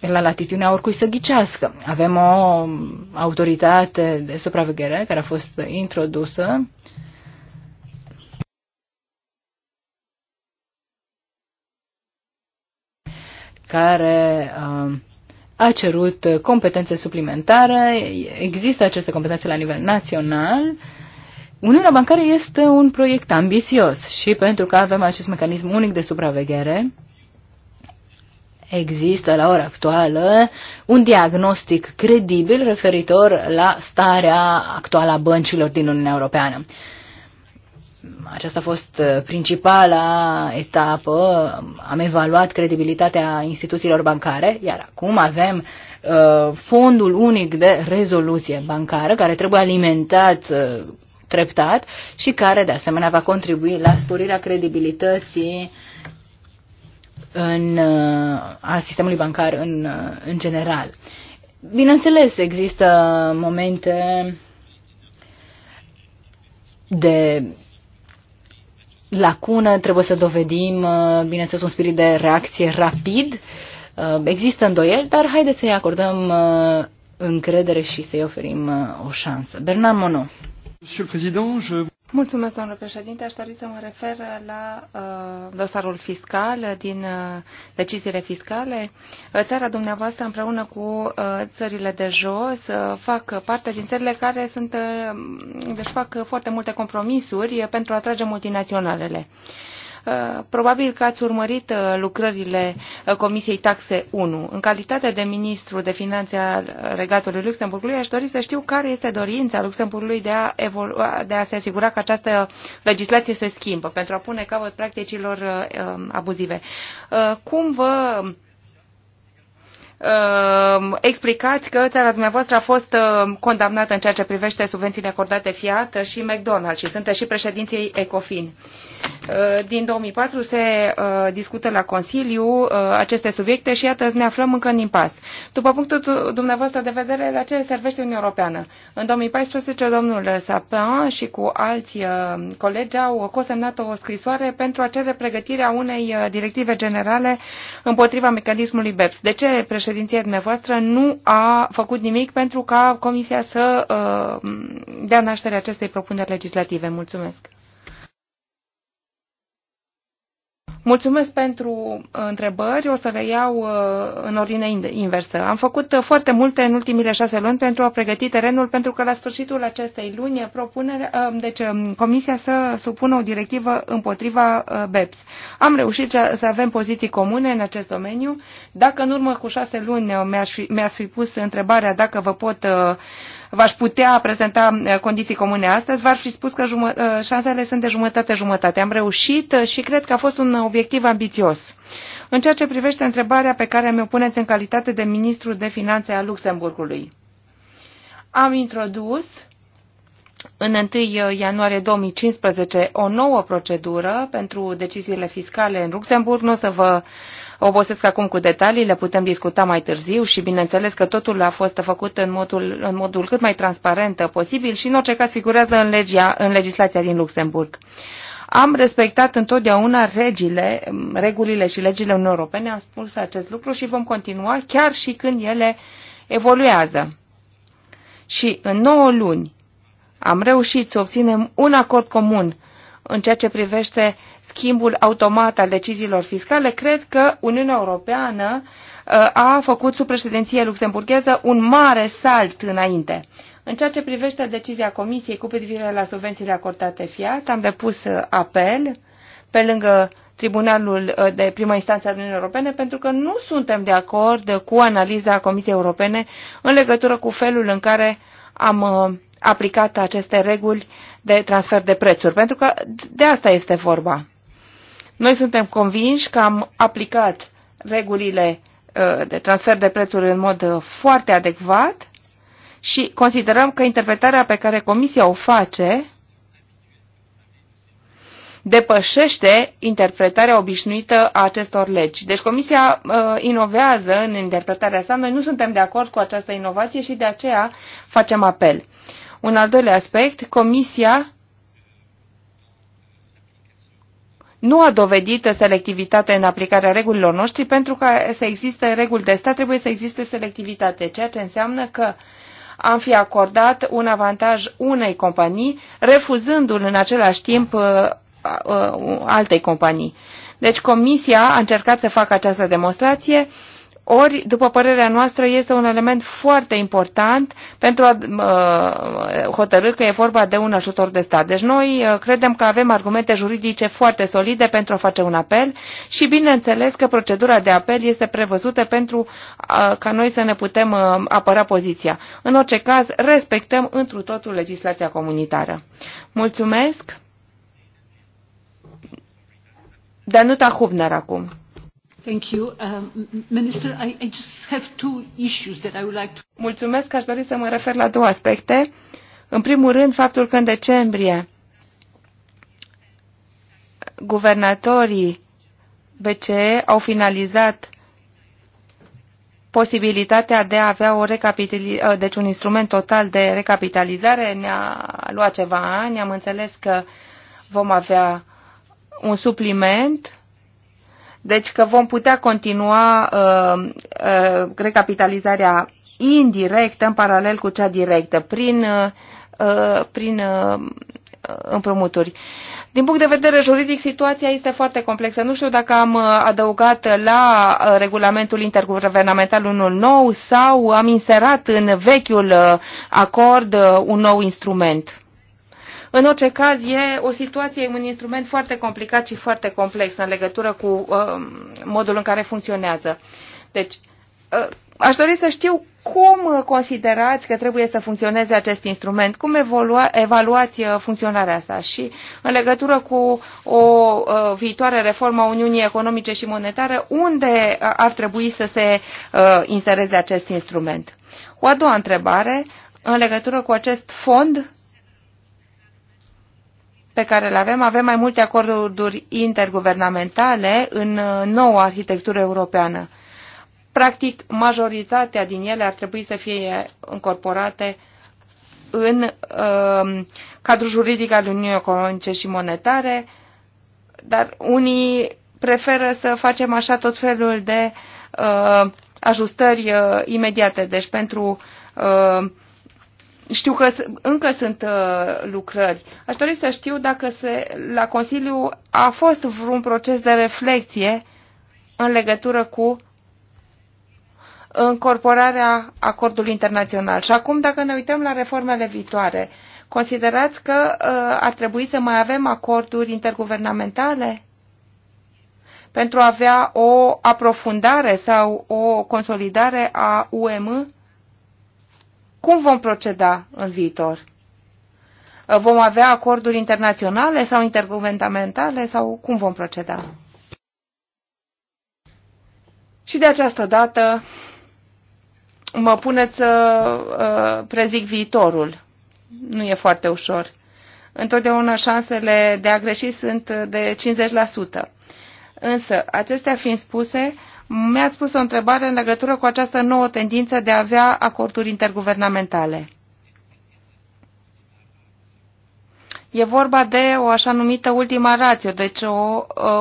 e la latitudinea oricui să ghicească. Avem o autoritate de supraveghere care a fost introdusă care uh, a cerut competențe suplimentare, există aceste competențe la nivel național. Uniunea bancară este un proiect ambițios și pentru că avem acest mecanism unic de supraveghere, există la ora actuală un diagnostic credibil referitor la starea actuală a băncilor din Uniunea Europeană. Aceasta a fost uh, principala etapă. Am evaluat credibilitatea instituțiilor bancare, iar acum avem uh, fondul unic de rezoluție bancară care trebuie alimentat uh, treptat și care de asemenea va contribui la sporirea credibilității în, a sistemului bancar în, în general. Bineînțeles, există momente de lacună, trebuie să dovedim, uh, bineînțeles, un spirit de reacție rapid. Uh, există îndoieli, dar haideți să-i acordăm uh, încredere și să-i oferim o șansă. Bernard Monod. Monsieur le Président, je... Mulțumesc, domnule președinte. Aș dori să mă refer la uh, dosarul fiscal din uh, deciziile fiscale. Țara dumneavoastră împreună cu uh, țările de jos uh, fac parte din țările care sunt, uh, deci fac foarte multe compromisuri pentru a atrage multinaționalele. Uh, Uh, probabil că ați urmărit uh, lucrările uh, Comisiei Taxe 1. În calitate de ministru de finanțe al Regatului Luxemburgului, aș dori să știu care este dorința Luxemburgului de a, de a se asigura că această legislație se schimbă pentru a pune capăt practicilor um, abuzive. Cum vă Um, explicați că țara dumneavoastră a fost um, condamnată în ceea ce privește subvențiile acordate Fiat și McDonald's și sunteți și președinții Ecofin. Uh, din 2004 se uh, discută la Consiliu uh, aceste subiecte și iată ne aflăm încă în impas. După punctul dumneavoastră de vedere, la ce servește Uniunea Europeană? În 2014, domnul Sapin și cu alți colegi au cosemnat o scrisoare pentru a cere pregătirea unei directive generale împotriva mecanismului BEPS. De ce președinte președinția dumneavoastră nu a făcut nimic pentru ca Comisia să uh, dea naștere acestei propuneri legislative. Mulțumesc. Mulțumesc pentru uh, întrebări. O să le iau uh, în ordine inversă. Am făcut uh, foarte multe în ultimile șase luni pentru a pregăti terenul, pentru că la sfârșitul acestei luni propunere, deci um, Comisia să supună o directivă împotriva BEPS. Am reușit să avem poziții comune în acest domeniu. Dacă în urmă cu șase luni mi-ați fi, mi fi pus întrebarea dacă vă pot v-aș putea prezenta uh, condiții comune astăzi, v-aș fi spus că uh, șansele sunt de jumătate-jumătate. Am reușit uh, și cred că a fost un obiectiv ambițios. În ceea ce privește întrebarea pe care mi-o puneți în calitate de ministru de finanțe al Luxemburgului, am introdus în 1 ianuarie 2015 o nouă procedură pentru deciziile fiscale în Luxemburg. Nu o să vă obosesc acum cu detalii, le putem discuta mai târziu și bineînțeles că totul a fost făcut în modul, în modul cât mai transparent posibil și în orice caz figurează în, legia, în legislația din Luxemburg. Am respectat întotdeauna regile, regulile și legile Uniunii Europene, am spus acest lucru și vom continua chiar și când ele evoluează. Și în 9 luni am reușit să obținem un acord comun în ceea ce privește schimbul automat al deciziilor fiscale, cred că Uniunea Europeană uh, a făcut sub președinție luxemburgheză un mare salt înainte. În ceea ce privește decizia Comisiei cu privire la subvențiile acordate Fiat, am depus uh, apel pe lângă Tribunalul uh, de Prima Instanță al Uniunii Europene pentru că nu suntem de acord cu analiza Comisiei Europene în legătură cu felul în care am aplicat aceste reguli de transfer de prețuri, pentru că de asta este vorba. Noi suntem convinși că am aplicat regulile uh, de transfer de prețuri în mod uh, foarte adecvat și considerăm că interpretarea pe care Comisia o face depășește interpretarea obișnuită a acestor legi. Deci Comisia uh, inovează în interpretarea sa. Noi nu suntem de acord cu această inovație și de aceea facem apel. Un al doilea aspect, Comisia nu a dovedit selectivitate în aplicarea regulilor noștri, pentru ca să existe reguli de stat trebuie să existe selectivitate, ceea ce înseamnă că am fi acordat un avantaj unei companii, refuzându-l în același timp uh, uh, uh, altei companii. Deci Comisia a încercat să facă această demonstrație ori, după părerea noastră, este un element foarte important pentru a uh, hotărâ că e vorba de un ajutor de stat. Deci noi uh, credem că avem argumente juridice foarte solide pentru a face un apel și bineînțeles că procedura de apel este prevăzută pentru uh, ca noi să ne putem uh, apăra poziția. În orice caz, respectăm întru totul legislația comunitară. Mulțumesc! Danuta Hubner acum. Mulțumesc, aș dori să mă refer la două aspecte. În primul rând, faptul că în decembrie guvernatorii BCE au finalizat posibilitatea de a avea o uh, deci un instrument total de recapitalizare. Ne-a luat ceva ani, am înțeles că vom avea un supliment deci că vom putea continua uh, uh, recapitalizarea indirectă în paralel cu cea directă, prin, uh, uh, prin uh, împrumuturi. Din punct de vedere juridic, situația este foarte complexă. Nu știu dacă am uh, adăugat la uh, regulamentul interguvernamental unul nou sau am inserat în vechiul acord un nou instrument. În orice caz, e o situație, un instrument foarte complicat și foarte complex în legătură cu uh, modul în care funcționează. Deci, uh, aș dori să știu cum considerați că trebuie să funcționeze acest instrument? Cum evolua, evaluați uh, funcționarea sa? Și în legătură cu o uh, viitoare reformă a Uniunii Economice și Monetare, unde uh, ar trebui să se insereze acest instrument? O a doua întrebare, în legătură cu acest fond pe care le avem, avem mai multe acorduri interguvernamentale în uh, noua arhitectură europeană. Practic, majoritatea din ele ar trebui să fie încorporate în uh, cadrul juridic al Uniunii Economice și Monetare, dar unii preferă să facem așa tot felul de uh, ajustări uh, imediate. Deci pentru uh, știu că încă sunt uh, lucrări. Aș dori să știu dacă se, la Consiliu a fost vreun proces de reflexie în legătură cu încorporarea acordului internațional. Și acum, dacă ne uităm la reformele viitoare, considerați că uh, ar trebui să mai avem acorduri interguvernamentale pentru a avea o aprofundare sau o consolidare a UM? Cum vom proceda în viitor? Uh, vom avea acorduri internaționale sau interguvernamentale sau cum vom proceda? Și de această dată mă puneți să uh, prezic viitorul. Nu e foarte ușor. Întotdeauna șansele de a greși sunt de 50%. Însă, acestea fiind spuse, mi-ați pus o întrebare în legătură cu această nouă tendință de a avea acorduri interguvernamentale. E vorba de o așa numită ultima rație, deci o,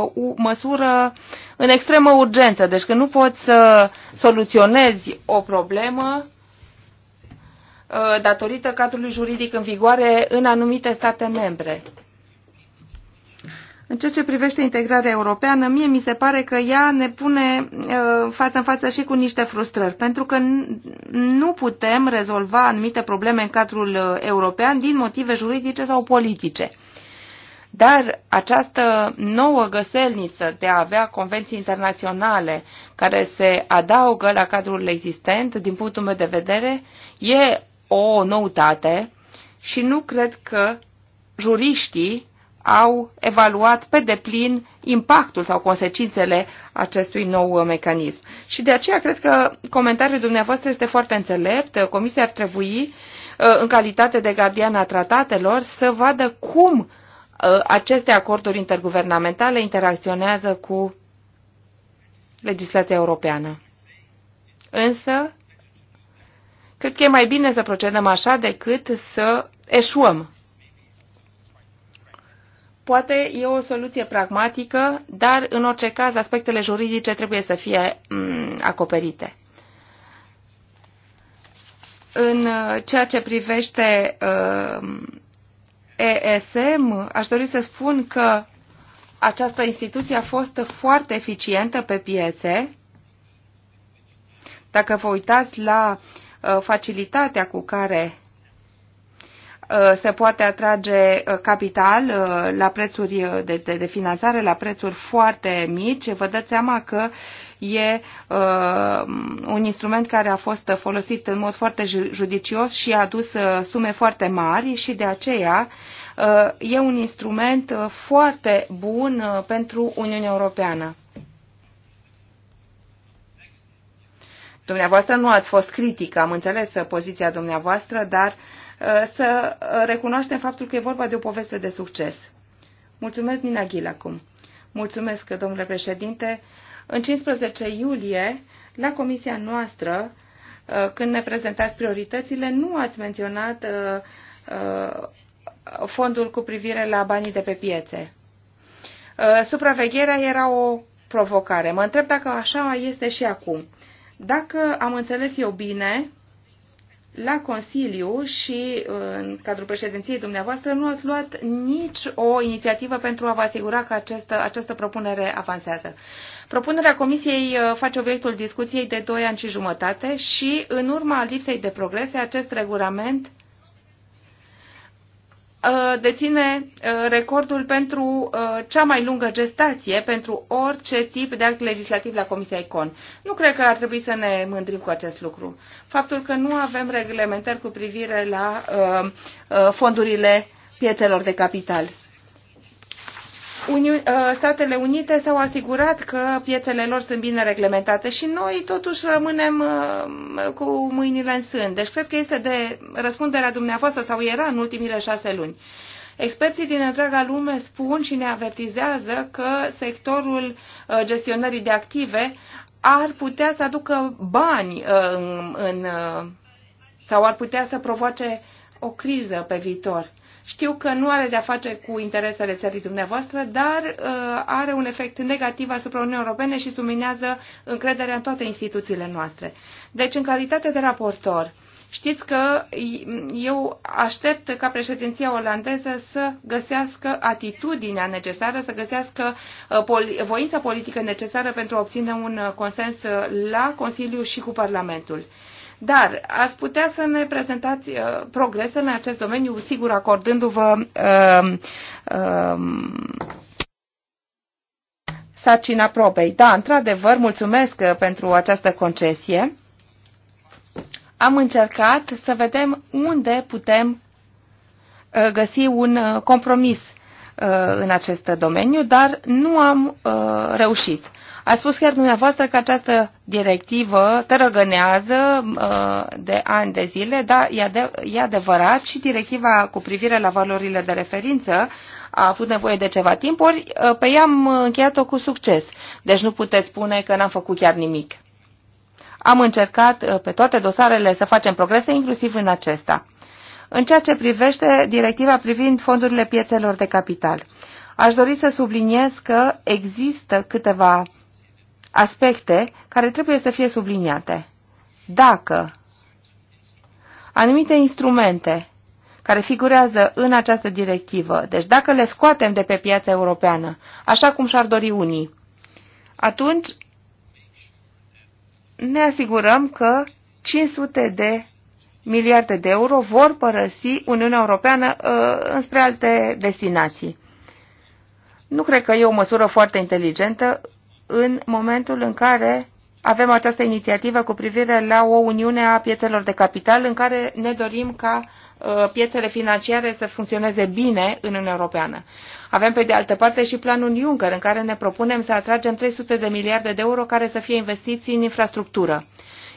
o măsură în extremă urgență. Deci când nu poți să soluționezi o problemă uh, datorită cadrului juridic în vigoare în anumite state membre. În ceea ce privește integrarea europeană, mie mi se pare că ea ne pune uh, față în față și cu niște frustrări, pentru că nu putem rezolva anumite probleme în cadrul uh, european din motive juridice sau politice. Dar această nouă găselniță de a avea convenții internaționale care se adaugă la cadrul existent, din punctul meu de vedere, e o noutate și nu cred că juriștii au evaluat pe deplin impactul sau consecințele acestui nou mecanism. Și de aceea cred că comentariul dumneavoastră este foarte înțelept. Comisia ar trebui, uh, în calitate de gardian a tratatelor, să vadă cum uh, aceste acorduri interguvernamentale interacționează cu legislația europeană. Însă, cred că e mai bine să procedăm așa decât să eșuăm Poate e o soluție pragmatică, dar în orice caz aspectele juridice trebuie să fie mm, acoperite. În uh, ceea ce privește uh, ESM, aș dori să spun că această instituție a fost foarte eficientă pe piețe. Dacă vă uitați la uh, facilitatea cu care Uh, se poate atrage uh, capital uh, la prețuri de, de, de finanțare, la prețuri foarte mici. Vă dați seama că e uh, un instrument care a fost folosit în mod foarte judicios și a adus sume foarte mari și de aceea uh, e un instrument foarte bun pentru Uniunea Europeană. Dumneavoastră nu ați fost critic, am înțeles poziția dumneavoastră, dar uh, Uh, să recunoaștem faptul că e vorba de o poveste de succes. Mulțumesc, Nina Ghilacum. Mulțumesc, domnule președinte. În 15 iulie, la comisia noastră, uh, când ne prezentați prioritățile, nu ați menționat uh, fondul cu privire la banii de pe piețe. Supravegherea era o provocare. Mă întreb dacă așa este și acum. Dacă am înțeles eu bine, la Consiliu și uh, în cadrul președinției dumneavoastră nu ați luat nici o inițiativă pentru a vă asigura că această, această propunere avansează. Propunerea Comisiei uh, face obiectul discuției de 2 ani și jumătate și, în urma lipsei de progrese, acest regulament Uh, deține uh, recordul pentru uh, cea mai lungă gestație pentru orice tip de act legislativ la Comisia ICON. Nu cred că ar trebui să ne mândrim cu acest lucru. Faptul că nu avem reglementări cu privire la fondurile piețelor de capital. Uni- uh, Statele Unite s-au asigurat că piețele lor sunt bine reglementate și noi totuși rămânem uh, cu mâinile în sân. Deci cred că este de răspunderea dumneavoastră sau era în ultimile șase luni. Experții din întreaga lume spun și ne avertizează că sectorul uh, gestionării de active ar putea să aducă bani în, în, sau ar putea să provoace o criză pe viitor. Știu că nu are de-a face cu interesele țării dumneavoastră, dar uh, are un efect negativ asupra Uniunii Europene și subminează încrederea în toate instituțiile noastre. Deci, în calitate de raportor, știți că eu aștept ca președinția olandeză să găsească atitudinea necesară, să găsească uh, voința politică necesară pentru a obține un uh, consens uh, la Consiliu și cu Parlamentul. Dar ați putea să ne prezentați uh, progrese în acest domeniu, sigur, acordându-vă uh, uh, sarcina probei. Da, într-adevăr, mulțumesc uh, pentru această concesie. Am încercat să vedem unde putem uh, găsi un uh, compromis în acest domeniu, dar nu am reușit. Ați spus chiar dumneavoastră că această directivă tărăgânează uh, de ani de zile, dar e, adevărat și directiva cu privire la valorile de referință a avut nevoie de ceva timp, ori uh, pe ea am încheiat-o cu succes. Deci nu puteți spune că n-am făcut chiar nimic. Am încercat uh, pe toate dosarele să facem progrese, inclusiv în acesta. În ceea ce privește directiva privind fondurile piețelor de capital, aș dori să subliniez că există câteva aspecte care trebuie să fie subliniate. Dacă anumite instrumente care figurează în această directivă, deci dacă le scoatem de pe piața europeană, așa cum și-ar dori unii, atunci ne asigurăm că 500 de miliarde de euro vor părăsi Uniunea Europeană uh, înspre alte destinații. Nu cred că e o măsură foarte inteligentă în momentul în care avem această inițiativă cu privire la o uniune a piețelor de capital în care ne dorim ca uh, piețele financiare să funcționeze bine în Uniunea Europeană. Avem pe de altă parte și planul Juncker în care ne propunem să atragem 300 de miliarde de euro care să fie investiți în infrastructură.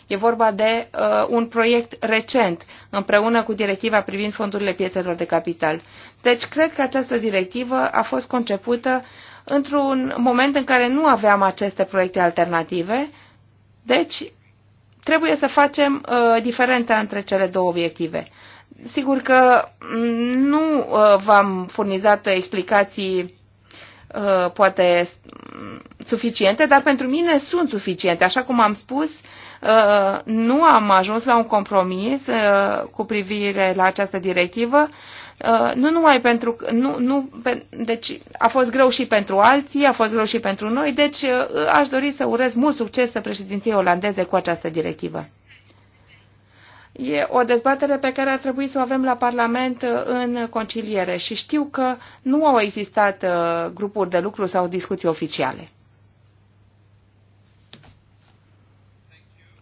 E vorba de uh, un proiect recent împreună cu directiva privind fondurile piețelor de capital. Deci cred că această directivă a fost concepută uh, într-un moment în care nu aveam aceste proiecte alternative. Deci, trebuie să facem uh, diferența între cele două obiective. Sigur că mm, nu uh, v-am furnizat explicații uh, poate mm, suficiente, dar pentru mine sunt suficiente. Așa cum am spus, uh, nu am ajuns la un compromis uh, cu privire la această directivă. Uh, nu numai pentru nu, nu, deci a fost greu și pentru alții, a fost greu și pentru noi, deci uh, aș dori să urez mult succes să președinției olandeze cu această directivă. E o dezbatere pe care ar trebui să o avem la Parlament uh, în conciliere și știu că nu au existat grupuri de lucru sau discuții oficiale.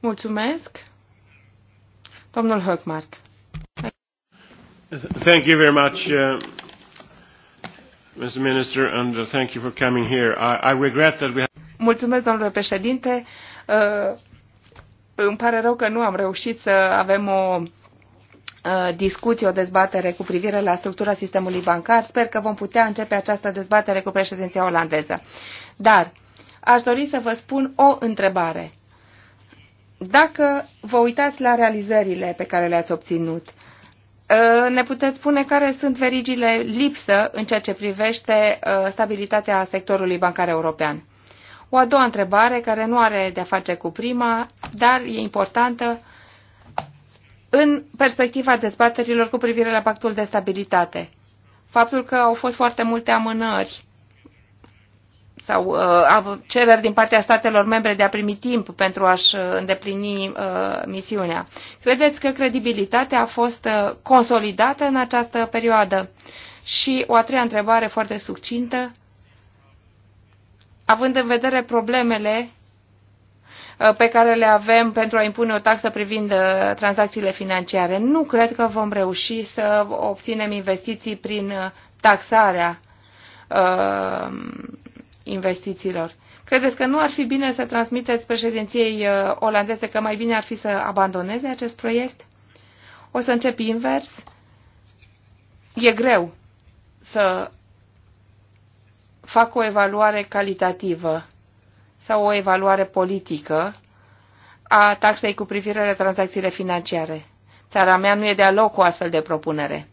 Mulțumesc. Domnul Höckmark. Thank you very much, uh, Mr. Minister, and uh, thank you for coming here. I, I regret that we have... Mulțumesc, domnule președinte. Uh, îmi pare rău că nu am reușit să avem o uh, discuții, o dezbatere cu privire la structura sistemului bancar. Sper că vom putea începe această dezbatere cu președinția olandeză. Dar aș dori să vă spun o întrebare. Dacă vă uitați la realizările pe care le-ați obținut, Uh, ne puteți spune care sunt verigile lipsă în ceea ce privește uh, stabilitatea sectorului bancar european? O a doua întrebare, care nu are de-a face cu prima, dar e importantă în perspectiva dezbaterilor cu privire la pactul de stabilitate. Faptul că au fost foarte multe amânări sau uh, cereri din partea statelor membre de a primi timp pentru a-și uh, îndeplini uh, misiunea. Credeți că credibilitatea a fost uh, consolidată în această perioadă? Și o a treia întrebare foarte succintă. Având în vedere problemele uh, pe care le avem pentru a impune o taxă privind uh, tranzacțiile financiare. Nu cred că vom reuși să obținem investiții prin taxarea investițiilor. Credeți că nu ar fi bine să transmiteți președinției uh, olandeze că mai bine ar fi să abandoneze acest proiect? O să încep invers. E greu să fac o evaluare calitativă sau o evaluare politică a taxei cu privire la tranzacțiile financiare. Țara mea nu e de aloc o astfel de propunere.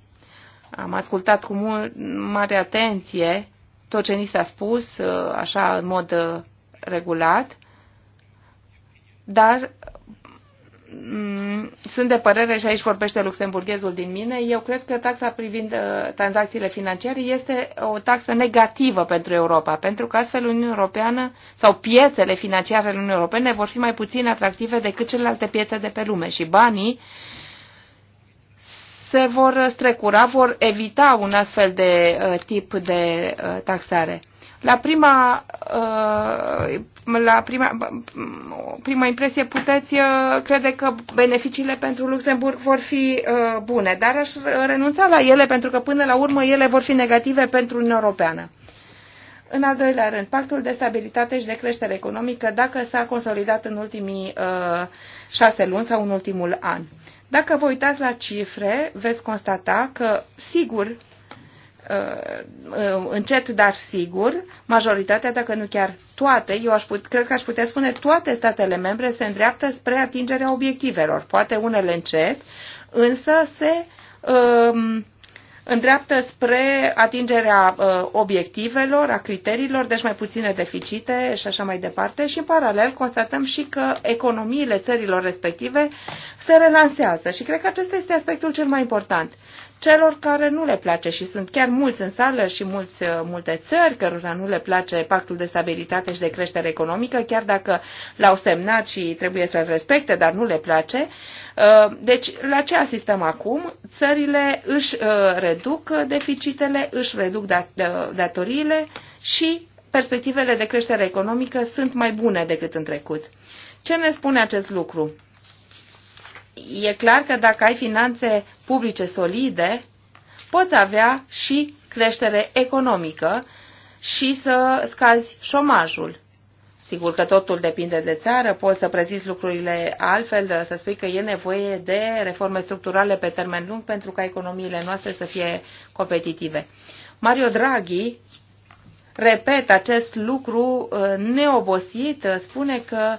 Am ascultat cu mult, mare atenție tot ce ni s-a spus, uh, așa, în mod uh, regulat, dar mm, sunt de părere, și aici vorbește luxemburghezul din mine, eu cred că taxa privind uh, tranzacțiile financiare este o taxă negativă pentru Europa, pentru că astfel Uniunea Europeană sau piețele financiare ale Uniunii Europene vor fi mai puțin atractive decât celelalte piețe de pe lume și banii uh, se vor strecura, vor evita un astfel de uh, tip de uh, taxare. La prima, uh, la prima, prima impresie puteți uh, crede că beneficiile pentru Luxemburg vor fi uh, bune, dar aș renunța la ele pentru că până la urmă ele vor fi negative pentru Uniunea Europeană. În al doilea rând, pactul de stabilitate și de creștere economică, dacă s-a consolidat în ultimii uh, șase luni sau în ultimul an. Dacă vă uitați la cifre, veți constata că, sigur, uh, uh, încet, dar sigur, majoritatea, dacă nu chiar toate, eu aș put, cred că aș putea spune toate statele membre se îndreaptă spre atingerea obiectivelor. Poate unele încet, însă se um, îndreaptă spre atingerea uh, obiectivelor, a criteriilor, deci mai puține deficite și așa mai departe și în paralel constatăm și că economiile țărilor respective se relansează și cred că acesta este aspectul cel mai important. Celor care nu le place și sunt chiar mulți în sală și mulți, uh, multe țări cărora nu le place pactul de stabilitate și de creștere economică, chiar dacă l-au semnat și trebuie să-l respecte, dar nu le place, uh, Uh, deci, la ce asistăm acum? Țările își uh, reduc deficitele, își reduc uh, datoriile și perspectivele de creștere economică sunt mai bune decât în trecut. Ce ne spune acest lucru? E clar că dacă ai finanțe publice solide, poți avea și creștere economică și să scazi șomajul. Sigur că totul depinde de țară, poți să preziți lucrurile altfel, să spui că e nevoie de reforme structurale pe termen lung pentru ca economiile noastre să fie competitive. Mario Draghi, repet acest lucru uh, neobosit, spune că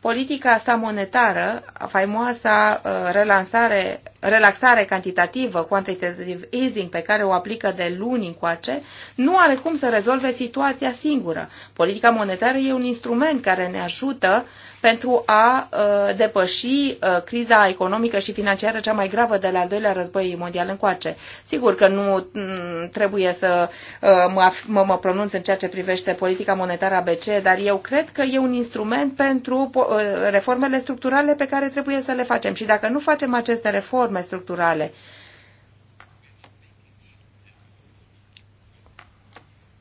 politica sa monetară, faimoasa uh, relansare, relaxare cantitativă, quantitative easing, pe care o aplică de luni încoace, nu are cum să rezolve situația singură. Politica monetară e un instrument care ne ajută pentru a uh, depăși uh, criza economică și financiară cea mai gravă de la al doilea război mondial încoace. Sigur că nu mm, trebuie să uh, mă, mă, mă pronunț în ceea ce privește politica monetară a BCE, dar eu cred că e un instrument pentru reformele structurale pe care trebuie să le facem. Și dacă nu facem aceste reforme structurale,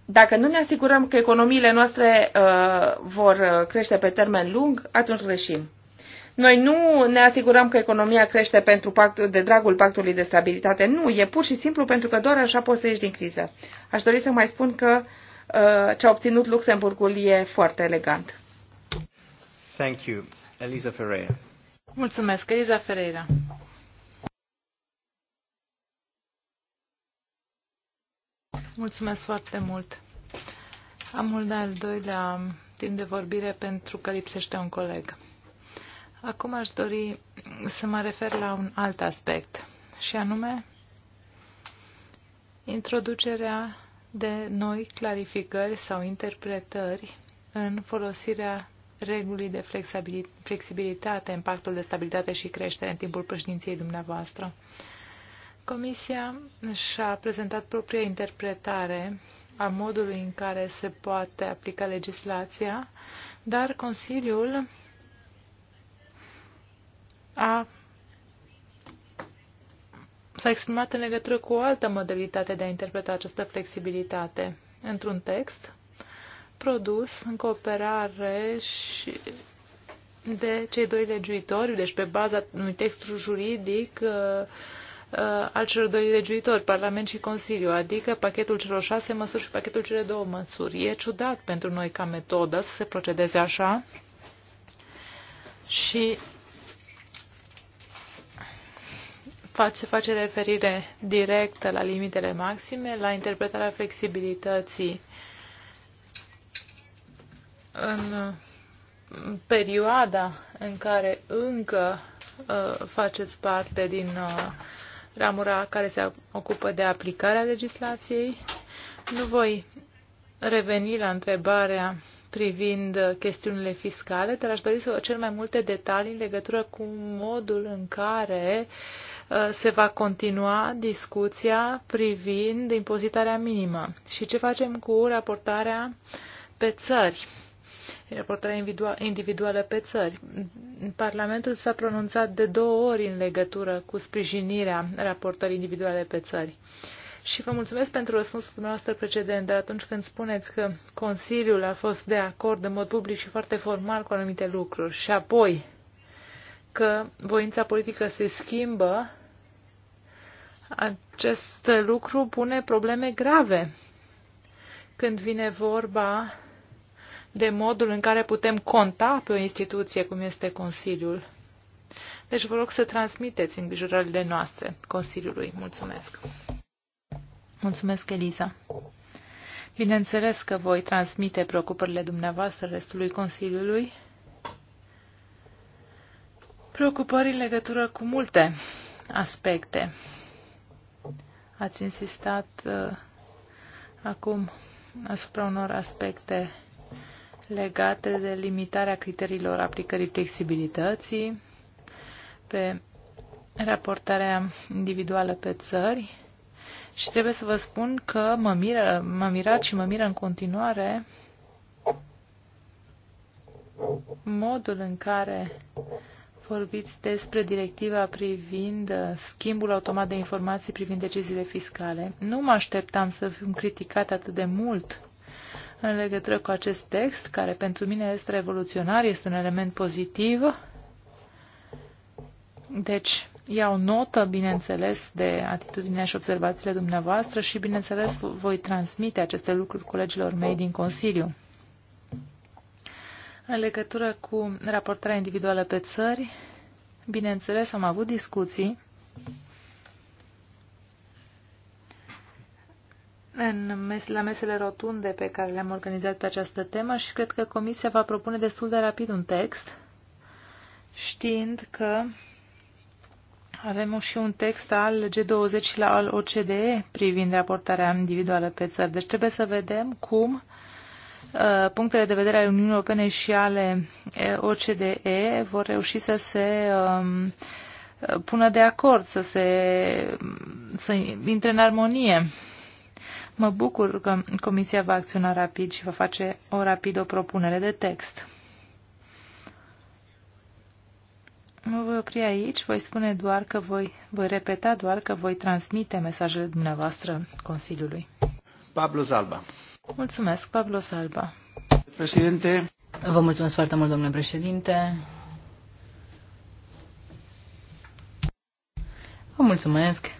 Dacă nu ne asigurăm că economiile noastre uh, vor crește pe termen lung, atunci greșim. Noi nu ne asigurăm că economia crește pentru pact, de dragul pactului de stabilitate. Nu, e pur și simplu pentru că doar așa poți să ieși din criză. Aș dori să mai spun că uh, ce a obținut Luxemburgul e foarte elegant. Thank you. Eliza Ferreira. Mulțumesc, Eliza Ferreira. Mulțumesc foarte mult. Am un al doilea timp de vorbire pentru că lipsește un coleg. Acum aș dori să mă refer la un alt aspect, și anume introducerea de noi clarificări sau interpretări în folosirea regulii de flexibilitate în pactul de stabilitate și creștere în timpul președinției dumneavoastră. Comisia și-a prezentat propria interpretare a modului în care se poate aplica legislația, dar Consiliul a s-a exprimat în legătură cu o altă modalitate de a interpreta această flexibilitate într-un text produs în cooperare și de cei doi legiuitori, deci pe baza unui text juridic uh, Uh, al celor doi legiuitori, Parlament și Consiliu, adică pachetul celor șase măsuri și pachetul celor două măsuri. E ciudat pentru noi ca metodă să se procedeze așa și se face referire directă la limitele maxime, la interpretarea flexibilității în perioada în care încă uh, faceți parte din uh, ramura care se ocupă de aplicarea legislației. Nu voi reveni la întrebarea privind chestiunile fiscale, dar aș dori să cer mai multe detalii în legătură cu modul în care uh, se va continua discuția privind impozitarea minimă și ce facem cu raportarea pe țări raportarea individuală pe țări. Parlamentul s-a pronunțat de două ori în legătură cu sprijinirea raportării individuale pe țări. Și vă mulțumesc pentru răspunsul dumneavoastră precedent, dar atunci când spuneți că Consiliul a fost de acord în mod public și foarte formal cu anumite lucruri și apoi că voința politică se schimbă, acest lucru pune probleme grave când vine vorba de modul în care putem conta pe o instituție cum este Consiliul. Deci vă rog să transmiteți îngrijorările noastre Consiliului. Mulțumesc. Mulțumesc, Eliza. Bineînțeles că voi transmite preocupările dumneavoastră restului Consiliului. Preocupări în legătură cu multe aspecte. Ați insistat uh, acum asupra unor aspecte legate de limitarea criteriilor aplicării flexibilității, pe raportarea individuală pe țări și trebuie să vă spun că mă, miră, mă mirat și mă miră în continuare modul în care vorbiți despre directiva privind schimbul automat de informații privind deciziile fiscale. Nu mă așteptam să fiu criticat atât de mult în legătură cu acest text, care pentru mine este revoluționar, este un element pozitiv. Deci, iau notă, bineînțeles, de atitudinea și observațiile dumneavoastră și, bineînțeles, voi transmite aceste lucruri colegilor mei din Consiliu. În legătură cu raportarea individuală pe țări, bineînțeles, am avut discuții în mes, la mesele rotunde pe care le-am organizat pe această temă și cred că Comisia va propune destul de rapid un text, știind că avem și un text al G20 și al OCDE privind raportarea individuală pe țări. Deci trebuie să vedem cum uh, punctele de vedere ale Uniunii Europene și ale uh, OCDE vor reuși să se um, uh, pună de acord, să, se, um, să intre în armonie. Mă bucur că Comisia va acționa rapid și va face o rapidă propunere de text. Mă voi opri aici, voi spune doar că voi, voi repeta doar că voi transmite mesajele dumneavoastră Consiliului. Pablo Salba. Mulțumesc, Pablo Salba. Președinte. Vă mulțumesc foarte mult, domnule președinte. Vă mulțumesc.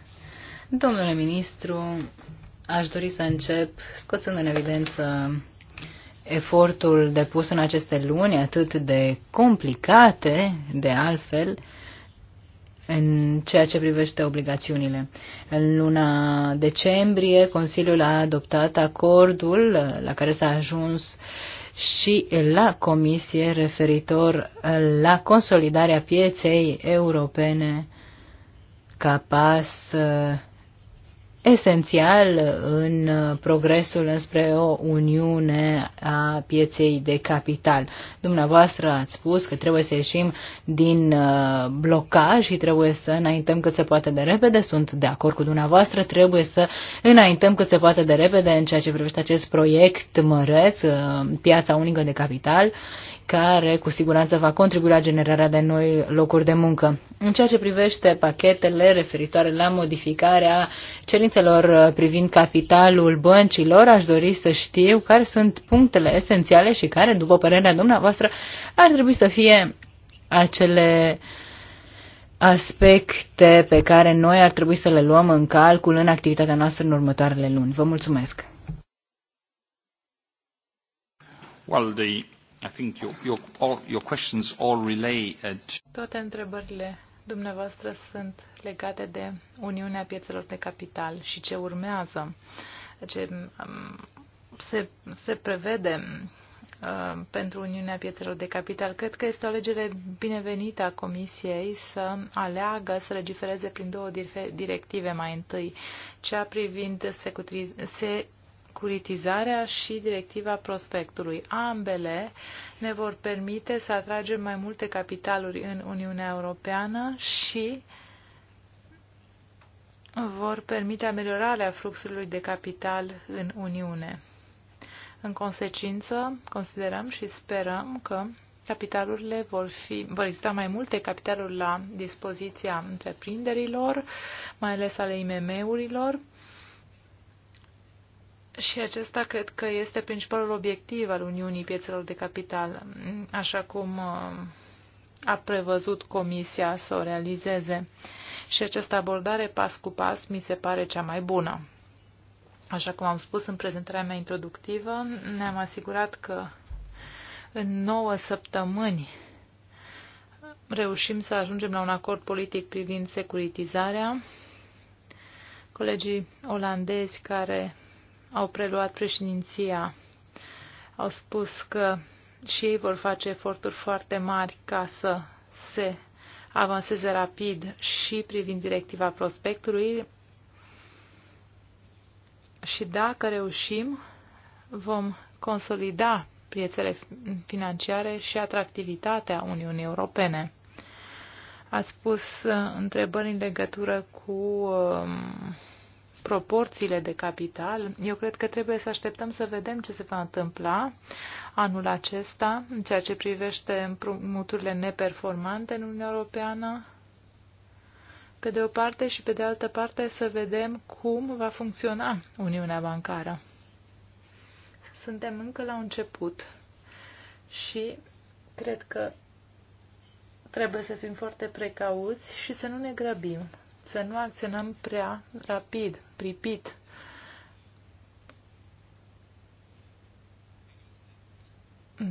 Domnule ministru, Aș dori să încep scoțând în evidență efortul depus în aceste luni atât de complicate, de altfel, în ceea ce privește obligațiunile. În luna decembrie, Consiliul a adoptat acordul la care s-a ajuns și la Comisie referitor la consolidarea pieței europene ca pas esențial în progresul înspre o uniune a pieței de capital. Dumneavoastră ați spus că trebuie să ieșim din uh, blocaj și trebuie să înaintăm cât se poate de repede. Sunt de acord cu dumneavoastră, trebuie să înaintăm cât se poate de repede în ceea ce privește acest proiect măreț, uh, piața unică de capital care cu siguranță va contribui la generarea de noi locuri de muncă. În ceea ce privește pachetele referitoare la modificarea cerințelor privind capitalul băncilor, aș dori să știu care sunt punctele esențiale și care, după părerea dumneavoastră, ar trebui să fie acele aspecte pe care noi ar trebui să le luăm în calcul în activitatea noastră în următoarele luni. Vă mulțumesc! Well, the I think your, your, all, your questions all relay uh, Toate întrebările dumneavoastră sunt legate de Uniunea Piețelor de Capital și ce urmează. Ce um, se, se prevede uh, pentru Uniunea Piețelor de Capital. Cred că este o alegere binevenită a Comisiei să aleagă, să legifereze prin două directive mai întâi. Cea privind securiz- se securitizarea și directiva prospectului. Ambele ne vor permite să atragem mai multe capitaluri în Uniunea Europeană și vor permite ameliorarea fluxului de capital în Uniune. În consecință, considerăm și sperăm că capitalurile vor fi, vor exista mai multe capitaluri la dispoziția întreprinderilor, mai ales ale IMM-urilor, și acesta cred că este principalul obiectiv al Uniunii Piețelor de Capital, așa cum uh, a prevăzut Comisia să o realizeze. Și această abordare pas cu pas mi se pare cea mai bună. Așa cum am spus în prezentarea mea introductivă, ne-am asigurat că în 9 săptămâni reușim să ajungem la un acord politic privind securitizarea. Colegii olandezi care au preluat președinția au spus că și ei vor face eforturi foarte mari ca să se avanseze rapid și privind directiva prospectului și dacă reușim, vom consolida piețele financiare și atractivitatea Uniunii Europene. Ați spus uh, întrebări în legătură cu um, proporțiile de capital, eu cred că trebuie să așteptăm să vedem ce se va întâmpla anul acesta în ceea ce privește împrumuturile neperformante în Uniunea Europeană, pe de o parte și pe de altă parte să vedem cum va funcționa Uniunea Bancară. Suntem încă la început și cred că trebuie să fim foarte precauți și să nu ne grăbim să nu acționăm prea rapid, pripit.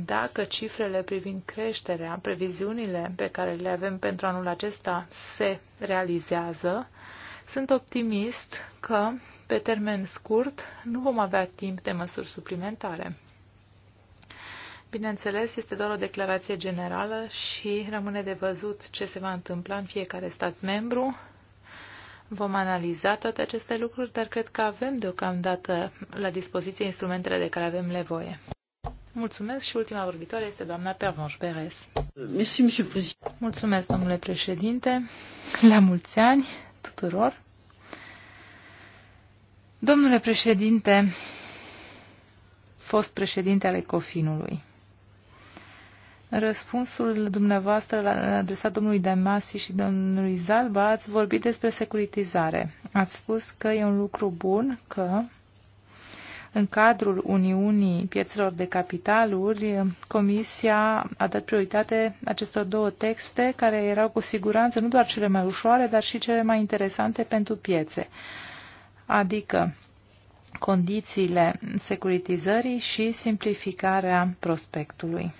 Dacă cifrele privind creșterea, previziunile pe care le avem pentru anul acesta se realizează, sunt optimist că, pe termen scurt, nu vom avea timp de măsuri suplimentare. Bineînțeles, este doar o declarație generală și rămâne de văzut ce se va întâmpla în fiecare stat membru Vom analiza toate aceste lucruri, dar cred că avem deocamdată la dispoziție instrumentele de care avem nevoie. Mulțumesc și ultima vorbitoare este doamna Pervanș Beres. Mulțumesc, domnule președinte. La mulți ani tuturor. Domnule președinte, fost președinte ale cofinului răspunsul dumneavoastră la adresat domnului Damasi și domnului Zalba, ați vorbit despre securitizare. Ați spus că e un lucru bun că în cadrul Uniunii Piețelor de Capitaluri, Comisia a dat prioritate acestor două texte care erau cu siguranță nu doar cele mai ușoare, dar și cele mai interesante pentru piețe. Adică condițiile securitizării și simplificarea prospectului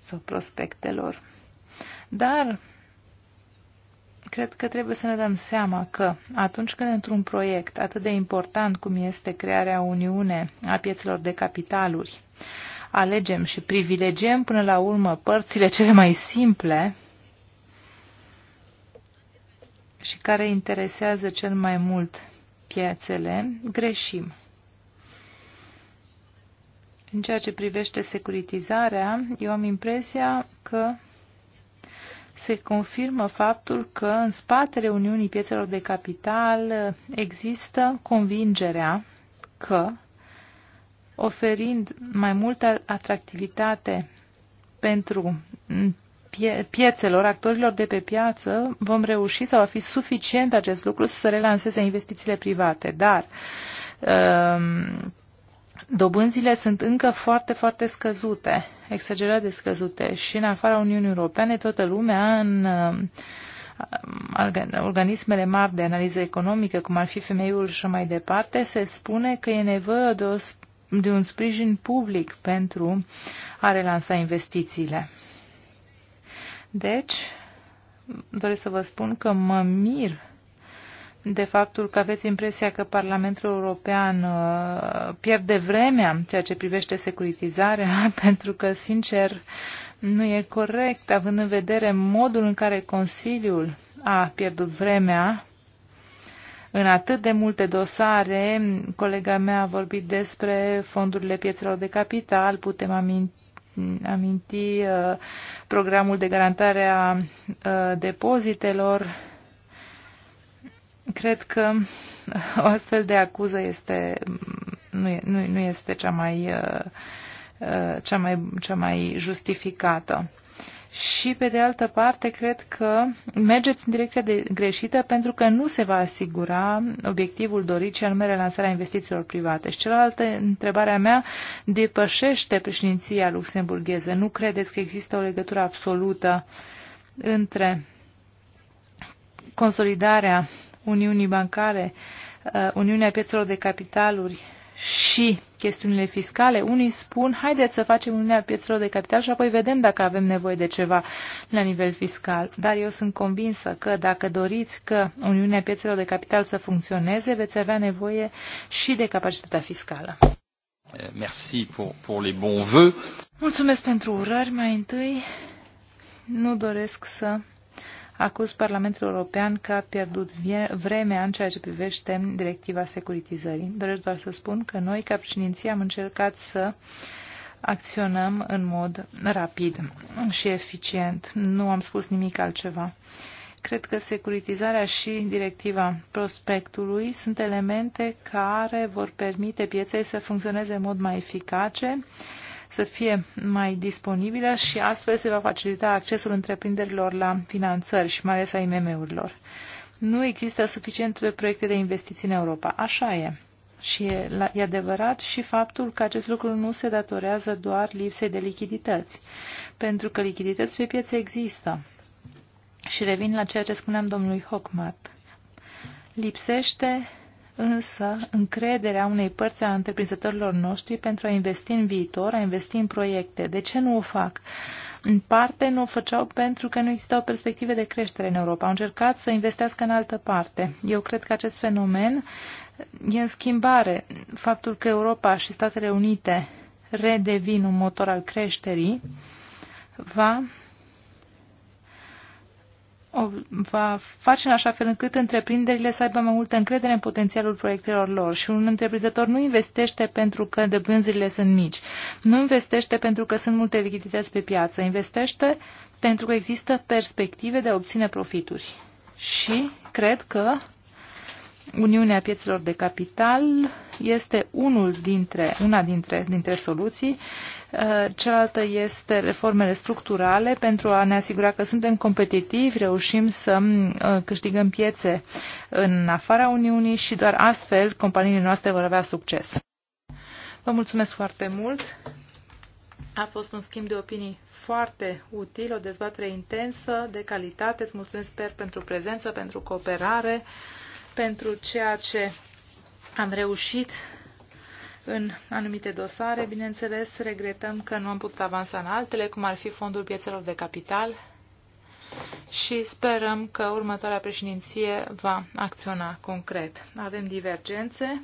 sau prospectelor. Dar cred că trebuie să ne dăm seama că atunci când într-un proiect atât de important cum este crearea Uniune a piețelor de capitaluri, alegem și privilegiem până la urmă părțile cele mai simple și care interesează cel mai mult piețele, greșim. În ceea ce privește securitizarea, eu am impresia că se confirmă faptul că în spatele Uniunii Piețelor de Capital există convingerea că oferind mai multă atractivitate pentru piețelor, actorilor de pe piață, vom reuși sau va fi suficient acest lucru să relanseze investițiile private. Dar um, dobânzile sunt încă foarte, foarte scăzute, exagerat de scăzute și în afara Uniunii Europene toată lumea în um, organismele mari de analiză economică, cum ar fi femeiul și mai departe, se spune că e nevoie de, o, de un sprijin public pentru a relansa investițiile. Deci, doresc să vă spun că mă mir de faptul că aveți impresia că Parlamentul European uh, pierde vremea în ceea ce privește securitizarea, pentru că, sincer, nu e corect, având în vedere modul în care Consiliul a pierdut vremea în atât de multe dosare. Colega mea a vorbit despre fondurile piețelor de capital, putem aminti aminti uh, programul de garantare a uh, depozitelor, Cred că o astfel de acuză este, nu, e, nu, nu este cea mai, uh, uh, cea, mai, cea mai justificată. Și, pe de altă parte, cred că mergeți în direcția de greșită pentru că nu se va asigura obiectivul dorit și anume relansarea investițiilor private. Și cealaltă întrebarea mea depășește președinția luxemburgheză. Nu credeți că există o legătură absolută între consolidarea Uniunii Bancare, uh, Uniunea Piețelor de Capitaluri și chestiunile fiscale, unii spun, haideți să facem Uniunea Piețelor de Capital și apoi vedem dacă avem nevoie de ceva la nivel fiscal. Dar eu sunt convinsă că dacă doriți că Uniunea Piețelor de Capital să funcționeze, veți avea nevoie și de capacitatea fiscală. Merci pour, pour les bons vœux. Mulțumesc pentru urări. Mai întâi, nu doresc să acuz Parlamentul European că a pierdut vremea în ceea ce privește directiva securitizării. Doresc doar să spun că noi, ca președinție, am încercat să acționăm în mod rapid și eficient. Nu am spus nimic altceva. Cred că securitizarea și directiva prospectului sunt elemente care vor permite pieței să funcționeze în mod mai eficace să fie mai disponibilă și astfel se va facilita accesul întreprinderilor la finanțări și mai ales a IMM-urilor. Nu există suficiente proiecte de investiții în Europa. Așa e. Și e, la, e adevărat și faptul că acest lucru nu se datorează doar lipsei de lichidități, pentru că lichidități pe piață există. Și revin la ceea ce spuneam domnului Hockmart. Lipsește însă încrederea unei părți a întreprinzătorilor noștri pentru a investi în viitor, a investi în proiecte. De ce nu o fac? În parte nu o făceau pentru că nu existau perspective de creștere în Europa. Au încercat să investească în altă parte. Eu cred că acest fenomen e în schimbare. Faptul că Europa și Statele Unite redevin un motor al creșterii va va face în așa fel încât întreprinderile să aibă mai multă încredere în potențialul proiectelor lor și un întreprinzător nu investește pentru că de vânzările sunt mici, nu investește pentru că sunt multe lichidități pe piață, investește pentru că există perspective de a obține profituri. Și cred că Uniunea piețelor de capital este unul dintre, una dintre, dintre soluții. Uh, cealaltă este reformele structurale pentru a ne asigura că suntem competitivi, reușim să uh, câștigăm piețe în afara Uniunii și doar astfel companiile noastre vor avea succes. Vă mulțumesc foarte mult! A fost un schimb de opinii foarte util, o dezbatere intensă, de calitate. Îți mulțumesc, sper, pentru prezență, pentru cooperare pentru ceea ce am reușit în anumite dosare. Bineînțeles, regretăm că nu am putut avansa în altele, cum ar fi Fondul Piețelor de Capital și sperăm că următoarea președinție va acționa concret. Avem divergențe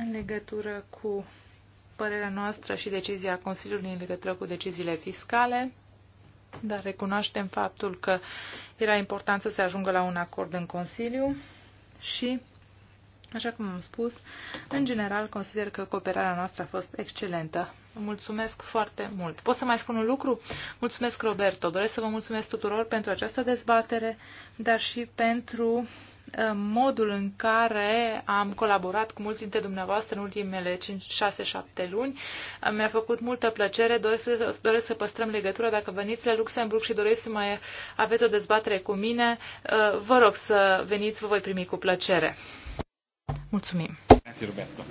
în legătură cu părerea noastră și decizia Consiliului în legătură cu deciziile fiscale dar recunoaștem faptul că era important să se ajungă la un acord în Consiliu și, așa cum am spus, în general consider că cooperarea noastră a fost excelentă. Mulțumesc foarte mult. Pot să mai spun un lucru? Mulțumesc, Roberto. Doresc să vă mulțumesc tuturor pentru această dezbatere, dar și pentru Uh, modul în care am colaborat cu mulți dintre dumneavoastră în ultimele 6-7 luni. Uh, mi-a făcut multă plăcere, doresc să, doresc să păstrăm legătura. Dacă veniți la Luxemburg și doriți să mai aveți o dezbatere cu mine, uh, vă rog să veniți, vă voi primi cu plăcere. Mulțumim! Grazie, Roberto.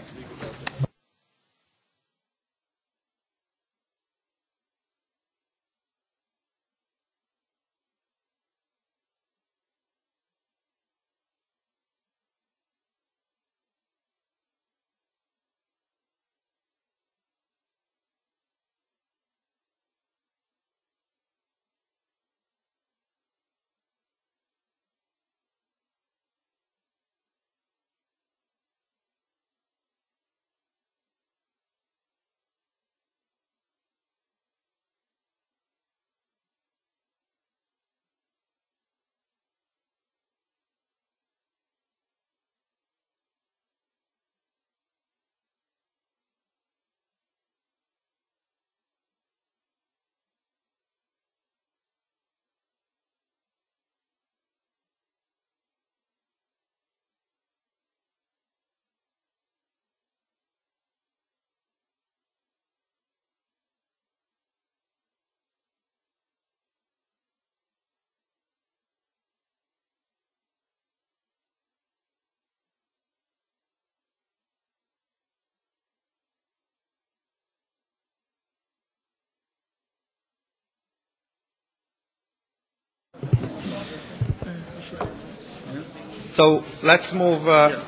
So let's move uh,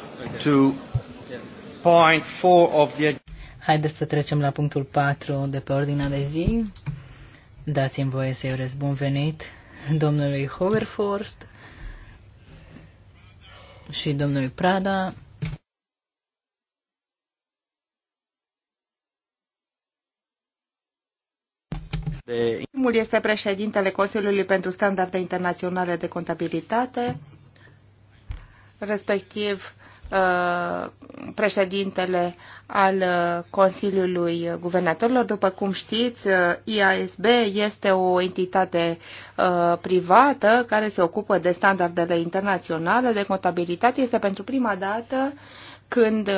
to point four of the Haideți să trecem la punctul 4 de pe ordinea de zi. Dați-mi voie să-i urez bun venit domnului Hoverforst și domnului Prada. Primul este președintele Consiliului pentru Standarde Internaționale de Contabilitate respectiv uh, președintele al uh, Consiliului Guvernatorilor. După cum știți, uh, IASB este o entitate privată care se ocupă de standardele internaționale de contabilitate. Este pentru prima dată când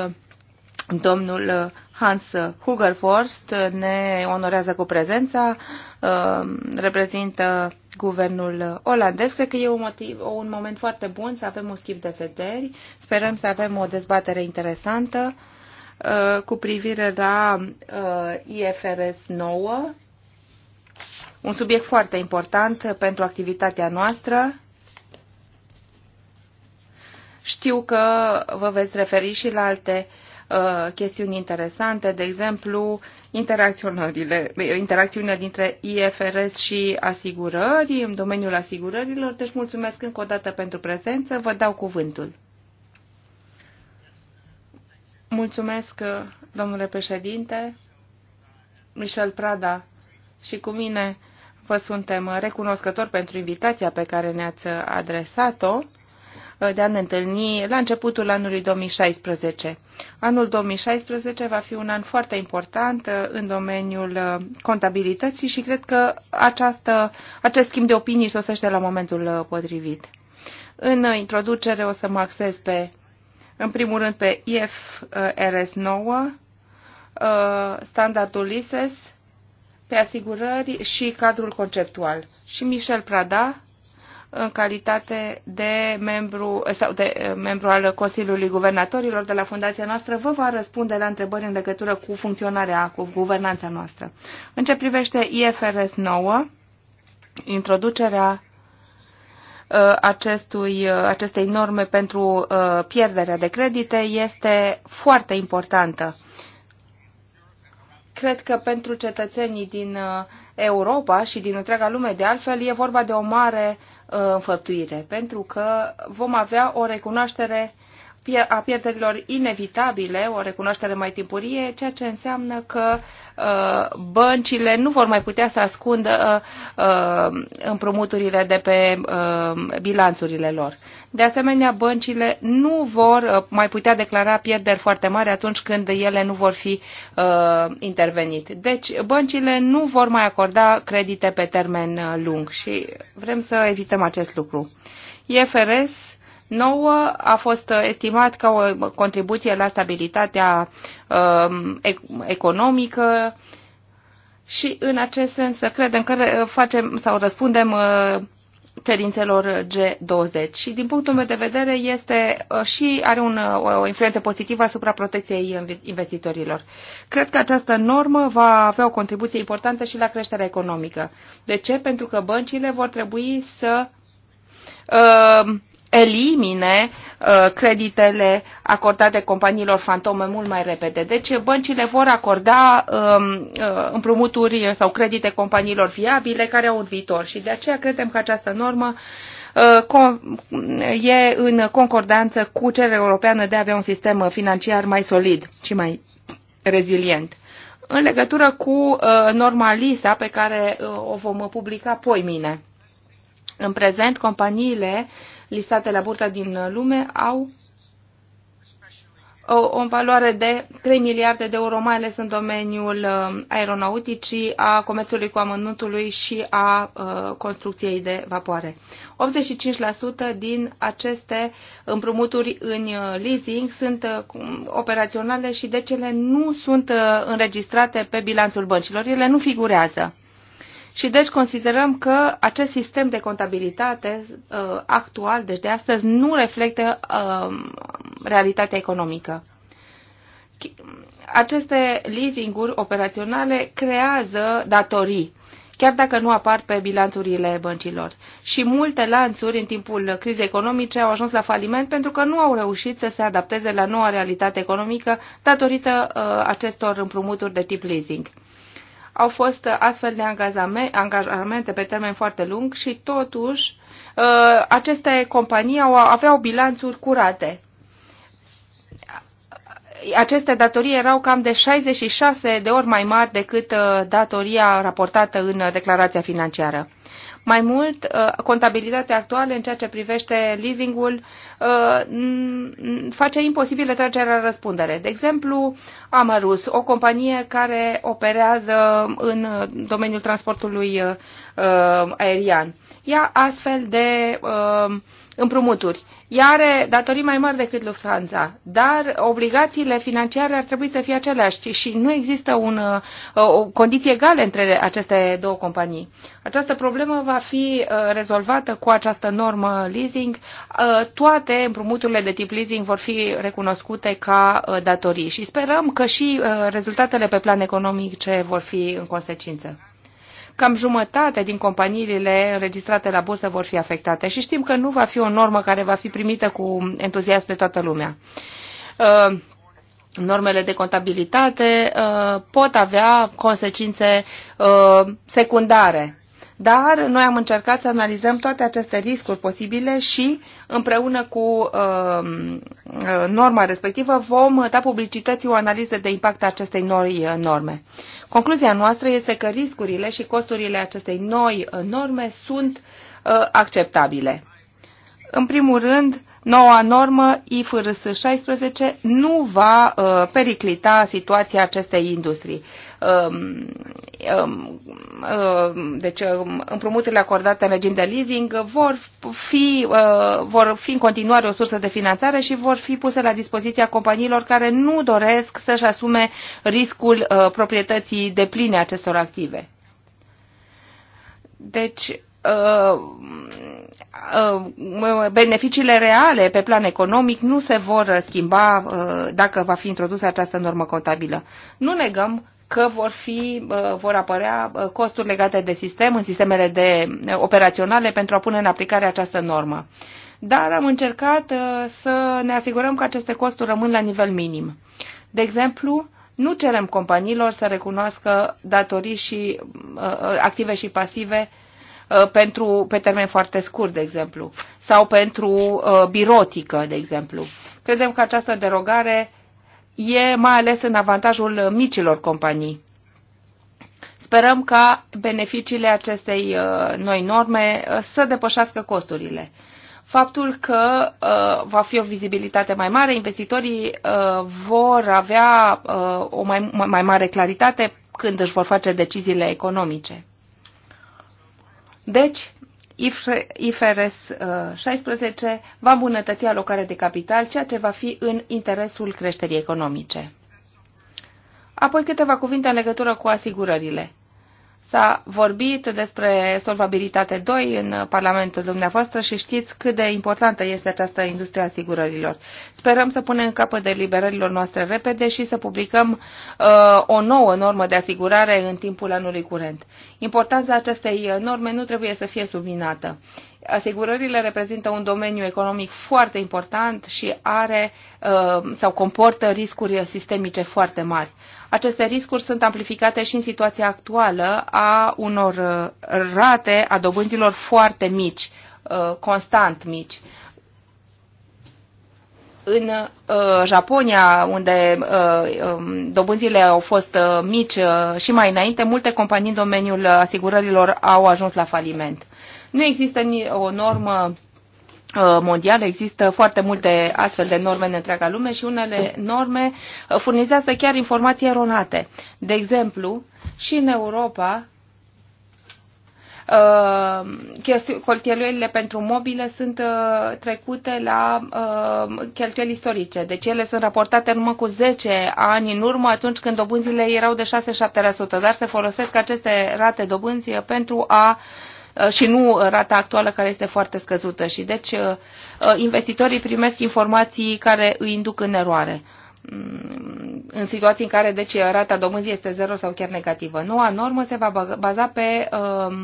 Domnul uh, Hans Hugerforst ne onorează cu prezența, uh, reprezintă guvernul olandez. Cred că e un, motiv, un moment foarte bun să avem un schimb de vederi. Sperăm să avem o dezbatere interesantă uh, cu privire la IFRS 9, un subiect foarte important pentru activitatea noastră. Știu că vă veți referi și la alte uh, Uh, chestiuni interesante, de exemplu, interacționările, interacțiunea dintre IFRS și asigurări, în domeniul asigurărilor. Deci mulțumesc încă o dată pentru prezență, vă dau cuvântul. Mulțumesc, uh, domnule președinte, Michel Prada și cu mine vă suntem recunoscători pentru invitația pe care ne-ați adresat-o Uh, de a ne întâlni la începutul anului 2016. Anul 2016 va fi un an foarte important uh, în domeniul uh, contabilității și cred că această, acest schimb de opinii sosește la momentul potrivit. În introducere o să mă axez pe, în primul rând, pe IFRS 9, standardul ISES, pe asigurări și cadrul conceptual. Și Michel Prada în calitate de membru, eh, sau de eh, membru al Consiliului Guvernatorilor de la fundația noastră, vă va răspunde la întrebări în legătură cu funcționarea, cu guvernanța noastră. În ce privește IFRS 9, introducerea eh, acestui, acestei norme pentru pierderea de credite este foarte importantă. Cred că pentru cetățenii din Europa și din întreaga lume, de altfel, e vorba de o mare înfăptuire, pentru că vom avea o recunoaștere uh, a pierderilor inevitabile, o recunoaștere mai timpurie, ceea ce înseamnă că uh, băncile nu vor mai putea să ascundă uh, uh, împrumuturile de pe bilanțurile lor. De asemenea, băncile nu vor mai putea declara pierderi foarte mari atunci când ele nu vor fi uh, intervenit. Deci, băncile nu vor mai acorda credite pe termen lung și vrem să evităm acest lucru. IFRS 2009 a fost uh, estimat ca o contribuție la stabilitatea um, economică și în acest sens credem că uh, facem sau răspundem uh, cerințelor G20 și din punctul meu de vedere este și are un, o influență pozitivă asupra protecției investitorilor. Cred că această normă va avea o contribuție importantă și la creșterea economică. De ce? Pentru că băncile vor trebui să uh, elimine uh, creditele acordate companiilor fantome mult mai repede. Deci băncile vor acorda um, uh, împrumuturi sau credite companiilor viabile care au un viitor și de aceea credem că această normă uh, e în concordanță cu cererea europeană de a avea un sistem financiar mai solid și mai rezilient. În legătură cu norma LISA pe care o vom publica poi mine. În prezent, companiile uh, listate la burtă din lume au o, o valoare de 3 miliarde de euro, mai ales în domeniul uh, aeronauticii, a comerțului cu amănuntului și a a uh, construcției de vapoare. 85% din aceste împrumuturi în uh, leasing sunt operaționale și de cele nu sunt înregistrate pe bilanțul băncilor, ele nu figurează. Și deci considerăm că acest sistem de contabilitate uh, actual, deci de astăzi, nu reflectă uh, realitatea economică. Aceste leasinguri operaționale creează datorii, chiar dacă nu apar pe bilanțurile băncilor. Și multe lanțuri în timpul crizei economice au ajuns la faliment pentru că nu au reușit să se adapteze la noua realitate economică datorită uh, acestor împrumuturi de tip leasing au fost astfel de angajamente pe termen foarte lung și totuși uh, aceste companii au, aveau bilanțuri curate. Aceste datorii erau cam de 66 de ori mai mari decât uh, datoria raportată în uh, declarația financiară. Mai mult, uh, contabilitatea actuală în ceea ce privește leasingul uh, face imposibilă tragerea răspundere. De exemplu, Amarus, o companie care operează în domeniul transportului uh, aerian. Ia astfel de împrumuturi ea are datorii mai mari decât Lufthansa, dar obligațiile financiare ar trebui să fie aceleași și nu există un, o condiție egală între aceste două companii. Această problemă va fi uh, rezolvată cu această normă leasing. Uh, toate împrumuturile de tip leasing vor fi recunoscute ca uh, datorii și sperăm că și rezultatele pe plan economic ce vor fi în consecință cam jumătate din companiile înregistrate la bursă vor fi afectate și știm că nu va fi o normă care va fi primită cu entuziasm de toată lumea. Uh, normele de contabilitate uh, pot avea consecințe uh, secundare dar noi am încercat să analizăm toate aceste riscuri posibile și împreună cu um, uh, norma respectivă vom da publicității o analiză de impact a acestei noi uh, norme. Concluzia noastră este că riscurile și costurile acestei noi uh, norme sunt uh, acceptabile. În primul rând, noua normă IFRS 16 nu va uh, periclita situația acestei industrii. Um, um, um, deci împrumuturile acordate în regim de leasing vor fi, uh, vor fi în continuare o sursă de finanțare și vor fi puse la dispoziția companiilor care nu doresc să-și asume riscul uh, proprietății de pline acestor active. Deci, uh, beneficiile reale pe plan economic nu se vor schimba dacă va fi introdusă această normă contabilă. Nu negăm că vor, fi, uh, vor apărea uh, costuri legate de sistem în sistemele de uh, operaționale pentru a pune în aplicare această normă. Dar am încercat să ne asigurăm că aceste costuri rămân la nivel minim. De exemplu, nu cerem companiilor să recunoască datorii și active și pasive pentru, pe termen foarte scurt, de exemplu, sau pentru birotică, de exemplu. Credem că această derogare e mai ales în avantajul micilor companii. Sperăm ca beneficiile acestei uh, noi norme uh, să depășească costurile. Faptul că uh, va fi o vizibilitate mai mare, investitorii vor avea o mai, mai mare claritate când își vor face deciziile economice. Deci, IFRS 16 uh, va îmbunătăți alocarea de capital, ceea ce va fi în interesul creșterii economice. Apoi câteva cuvinte în legătură cu asigurările. S-a vorbit despre solvabilitate 2 în Parlamentul dumneavoastră și știți cât de importantă este această industrie a asigurărilor. Sperăm să punem capăt de liberărilor noastre repede și să publicăm uh, o nouă normă de asigurare în timpul anului curent. Importanța acestei uh, norme nu trebuie să fie subminată. Uh, Asigurările reprezintă un domeniu economic foarte important și are uh, sau comportă riscuri sistemice foarte mari. Aceste riscuri sunt amplificate și în situația actuală a unor uh, rate a dobânzilor foarte mici, uh, constant mici în Japonia, unde um, dobânzile au fost mici și mai înainte, multe companii în domeniul asigurărilor au ajuns la faliment. Nu există o normă uh, mondială, există foarte multe astfel de norme în întreaga lume și unele norme uh, furnizează chiar informații eronate. De exemplu, și în Europa, uh, cheltuielile pentru mobile sunt trecute la cheltuieli istorice. Deci ele sunt raportate numai cu 10 ani în urmă, atunci când dobânzile erau de 6-7%, dar se folosesc aceste rate dobânzi pentru a uh, Uh, și nu rata actuală care este foarte scăzută și deci uh, uh, investitorii primesc informații care îi induc în eroare mm, în situații în care deci rata dobânzii este zero sau chiar negativă. Noua normă se va baza pe uh,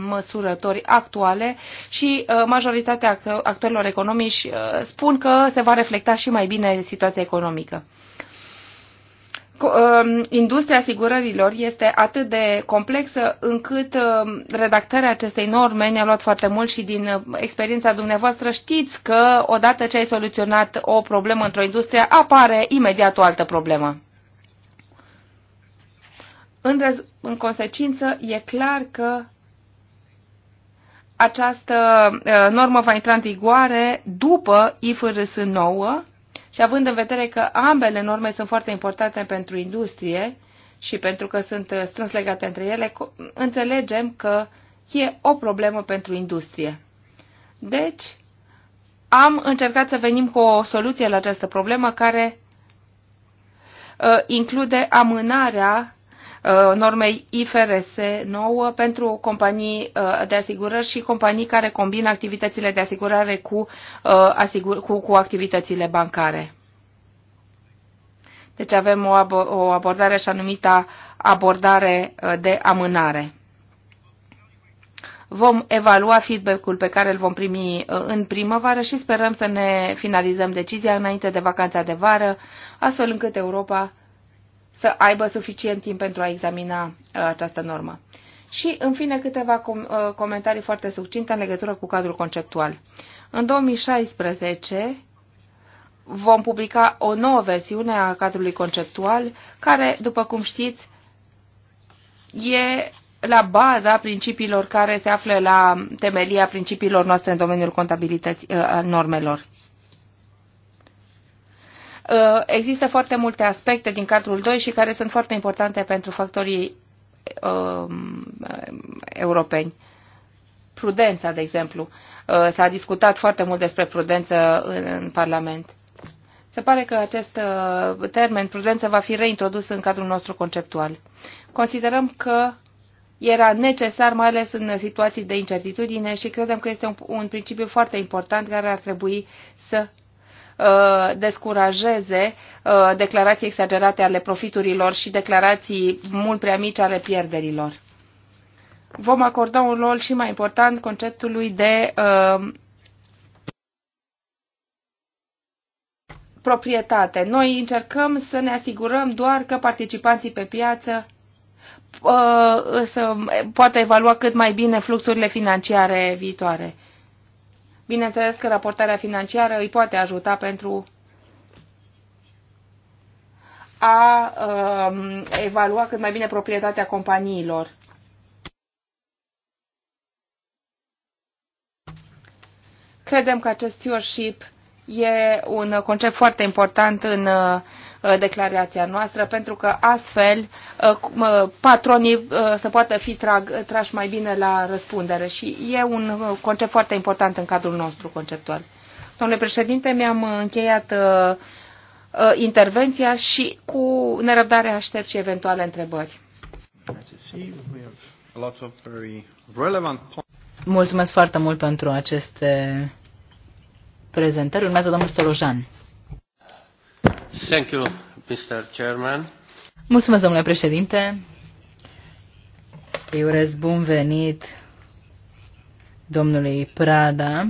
măsurători actuale și uh, majoritatea actorilor economici uh, spun că se va reflecta și mai bine situația economică. Um, industria asigurărilor este atât de complexă încât um, redactarea acestei norme ne-a luat foarte mult și din uh, experiența dumneavoastră știți că odată ce ai soluționat o problemă într-o industrie, apare imediat o altă problemă. În, în consecință, e clar că această uh, normă va intra în vigoare după IFRS 9, și având în vedere că ambele norme sunt foarte importante pentru industrie și pentru că sunt uh, strâns legate între ele, înțelegem că e o problemă pentru industrie. Deci, am încercat să venim cu o soluție la această problemă care uh, include amânarea Uh, normei IFRS 9 pentru companii uh, de asigurări și companii care combină activitățile de asigurare cu, uh, asigur, cu, cu activitățile bancare. Deci avem o, o abordare așa numită abordare de amânare. Vom evalua feedback-ul pe care îl vom primi în primăvară și sperăm să ne finalizăm decizia înainte de vacanța de vară, astfel încât Europa să aibă suficient timp pentru a examina uh, această normă. Și, în fine, câteva com- uh, comentarii foarte succinte în legătură cu cadrul conceptual. În 2016 vom publica o nouă versiune a cadrului conceptual, care, după cum știți, e la baza principiilor care se află la temelia principiilor noastre în domeniul contabilității uh, normelor. Uh, există foarte multe aspecte din cadrul 2 și care sunt foarte importante pentru factorii um, europeni. Prudența, de exemplu. Uh, s-a discutat foarte mult despre prudență în Parlament. Se pare că acest uh, termen, prudență, va fi reintrodus în cadrul nostru conceptual. Considerăm că era necesar, mai ales în situații de incertitudine și credem că este un, un principiu foarte important care ar trebui să Uh, descurajeze uh, declarații exagerate ale profiturilor și declarații mult prea mici ale pierderilor. Vom acorda un rol și mai important conceptului de uh, proprietate. Noi încercăm să ne asigurăm doar că participanții pe piață să poată evalua cât mai bine fluxurile financiare viitoare. Bineînțeles că raportarea financiară îi poate ajuta pentru a uh, evalua cât mai bine proprietatea companiilor. Credem că acest stewardship e un concept foarte important în uh, Uh, declarația noastră, pentru că astfel uh, uh, patronii să poată fi trag, trași mai bine la răspundere și e un concept foarte important în cadrul nostru conceptual. Domnule președinte, mi-am încheiat intervenția și cu nerăbdare aștept și eventuale întrebări. Mulțumesc foarte mult pentru aceste prezentări. Urmează domnul Stolojan. Thank you, Mr. Chairman. Mulțumesc, domnule președinte. Îi urez bun venit domnului Prada.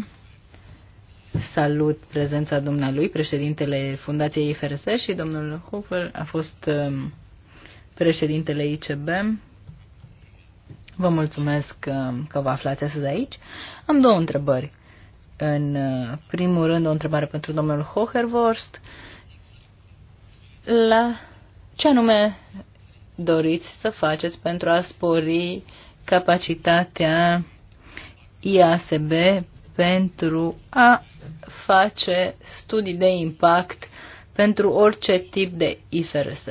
Salut prezența dumnealui, președintele Fundației IFRS și domnul Hofer a fost um, președintele ICB. Vă mulțumesc um, că vă aflați astăzi aici. Am două întrebări. În uh, primul rând, o întrebare pentru domnul Hoherworst. Uh, la ce anume doriți să faceți pentru a spori capacitatea IASB pentru a face studii de impact pentru orice tip de IFRS.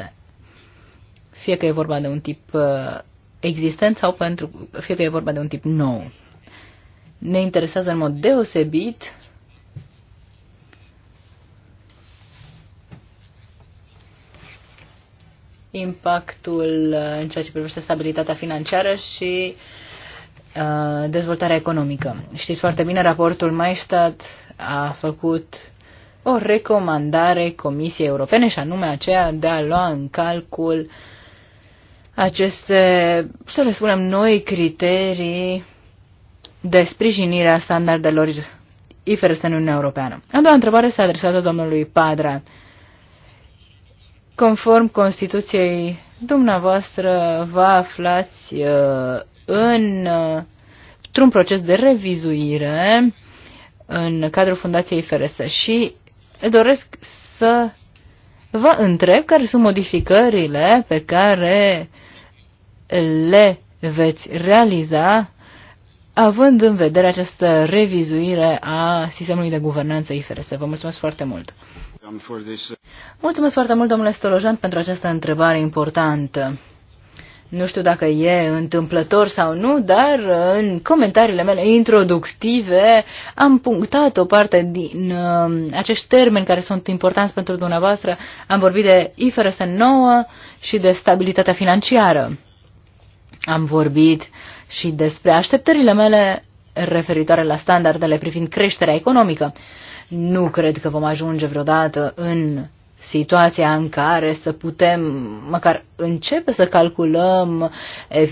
Fie că e vorba de un tip uh, existent sau pentru, fie că e vorba de un tip nou. Ne interesează în mod deosebit impactul uh, în ceea ce privește stabilitatea financiară și uh, dezvoltarea economică. Știți foarte bine, raportul Maestat a făcut o recomandare Comisiei Europene și anume aceea de a lua în calcul aceste, să le spunem, noi criterii de sprijinire a standardelor IFRS în Uniunea Europeană. A doua întrebare s-a adresată domnului Padra. Conform Constituției, dumneavoastră vă aflați uh, în, uh, într-un proces de revizuire în cadrul Fundației FRS și doresc să vă întreb care sunt modificările pe care le veți realiza având în vedere această revizuire a sistemului de guvernanță IFRS. Vă mulțumesc foarte mult! Um, uh, Mulțumesc foarte mult, domnule Stolojan, pentru această întrebare importantă. Nu știu dacă e întâmplător sau nu, dar uh, în comentariile mele introductive am punctat o parte din uh, acești termeni care sunt importanți pentru dumneavoastră. Am vorbit de IFRS 9 și de stabilitatea financiară. Am vorbit și despre așteptările mele referitoare la standardele privind creșterea economică. Nu cred că vom ajunge vreodată în situația în care să putem măcar începe să calculăm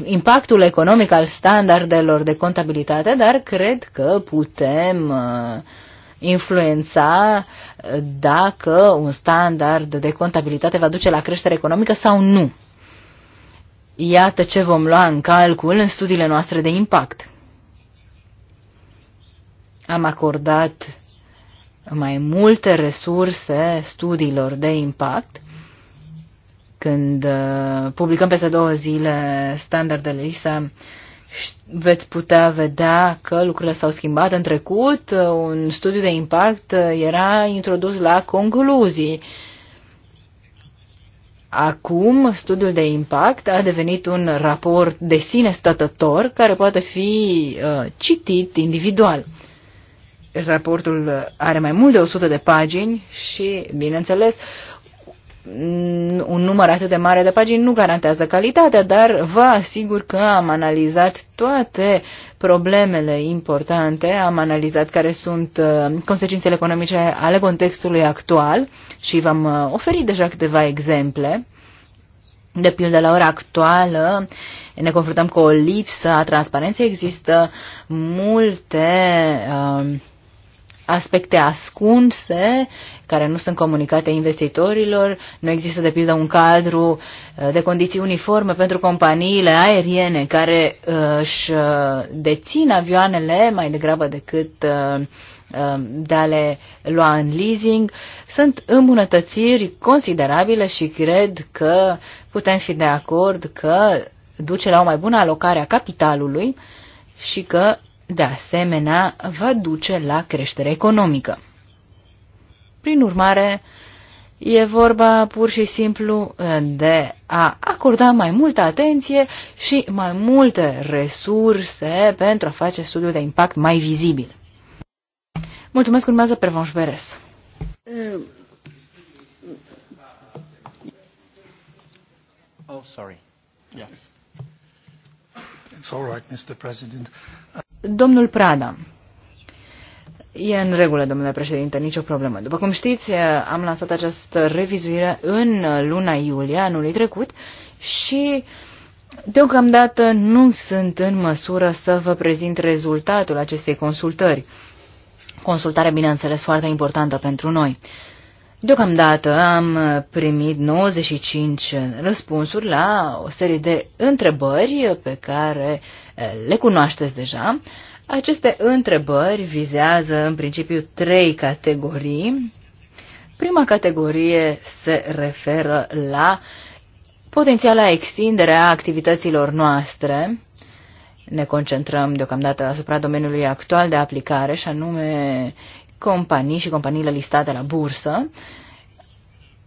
impactul economic al standardelor de contabilitate, dar cred că putem uh, influența uh, dacă un standard de contabilitate va duce la creștere economică sau nu. Iată ce vom lua în calcul în studiile noastre de impact. Am acordat mai multe resurse studiilor de impact. Când uh, publicăm peste două zile standardele ISA, veți putea vedea că lucrurile s-au schimbat în trecut. Uh, un studiu de impact uh, era introdus la concluzii. Acum, studiul de impact a devenit un raport de sine stătător care poate fi uh, citit individual. Raportul are mai mult de 100 de pagini și, bineînțeles, un număr atât de mare de pagini nu garantează calitatea, dar vă asigur că am analizat toate problemele importante, am analizat care sunt uh, consecințele economice ale contextului actual și v-am uh, oferit deja câteva exemple. De pildă, la ora actuală ne confruntăm cu o lipsă a transparenței, există multe uh, aspecte ascunse care nu sunt comunicate investitorilor. Nu există, de pildă, un cadru uh, de condiții uniforme pentru companiile aeriene care uh, își uh, dețin avioanele mai degrabă decât de a le lua în leasing. Sunt îmbunătățiri considerabile și cred că putem fi de acord că duce la o mai bună alocare a capitalului și că de asemenea, va duce la creștere economică. Prin urmare, e vorba pur și simplu uh, de a acorda mai multă atenție și mai multe resurse pentru a face studiul de impact mai vizibil. Mulțumesc, urmează Pervanș Beres. Uh, oh, sorry. Yes. It's all right, Mr. President. Domnul Prada. E în regulă, domnule președinte, nicio problemă. După cum știți, am lansat această revizuire în luna iulie anului trecut și deocamdată nu sunt în măsură să vă prezint rezultatul acestei consultări. Consultare, bineînțeles, foarte importantă pentru noi. Deocamdată am primit 95 răspunsuri la o serie de întrebări pe care eh, le cunoașteți deja. Aceste întrebări vizează în principiu trei categorii. Prima categorie se referă la potențiala extindere a activităților noastre. Ne concentrăm deocamdată asupra domeniului actual de aplicare și anume companii și companiile listate la bursă.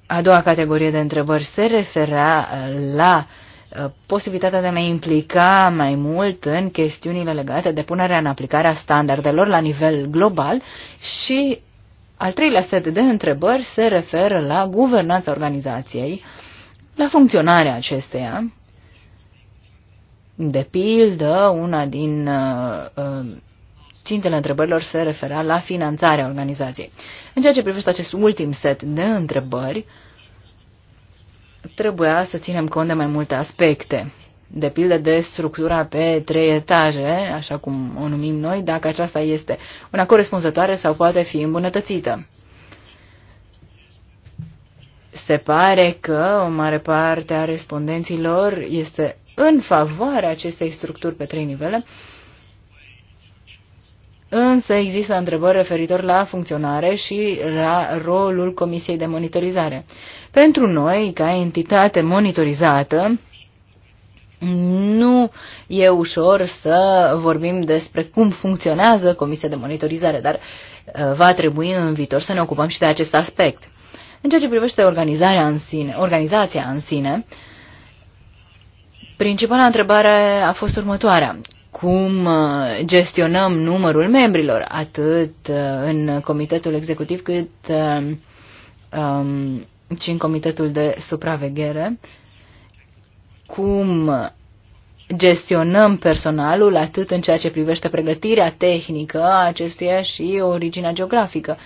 A doua categorie de întrebări se referea la uh, posibilitatea de a ne implica mai mult în chestiunile legate de punerea în aplicare a standardelor la nivel global și al treilea set de întrebări se referă la guvernanța organizației, la funcționarea acesteia. De pildă, una din uh, uh țintele întrebărilor se referea la finanțarea organizației. În ceea ce privește acest ultim set de întrebări, trebuia să ținem cont de mai multe aspecte. De pildă de structura pe trei etaje, așa cum o numim noi, dacă aceasta este una corespunzătoare sau poate fi îmbunătățită se pare că o mare parte a respondenților este în favoarea acestei structuri pe trei nivele, Însă există întrebări referitor la funcționare și la rolul Comisiei de Monitorizare. Pentru noi, ca entitate monitorizată, nu e ușor să vorbim despre cum funcționează Comisia de Monitorizare, dar uh, va trebui în viitor să ne ocupăm și de acest aspect. În ceea ce privește organizarea în sine, organizația în sine, principala întrebare a fost următoarea cum uh, gestionăm numărul membrilor, atât uh, în comitetul executiv cât uh, um, și în comitetul de supraveghere, cum gestionăm personalul atât în ceea ce privește pregătirea tehnică a acestuia și originea geografică.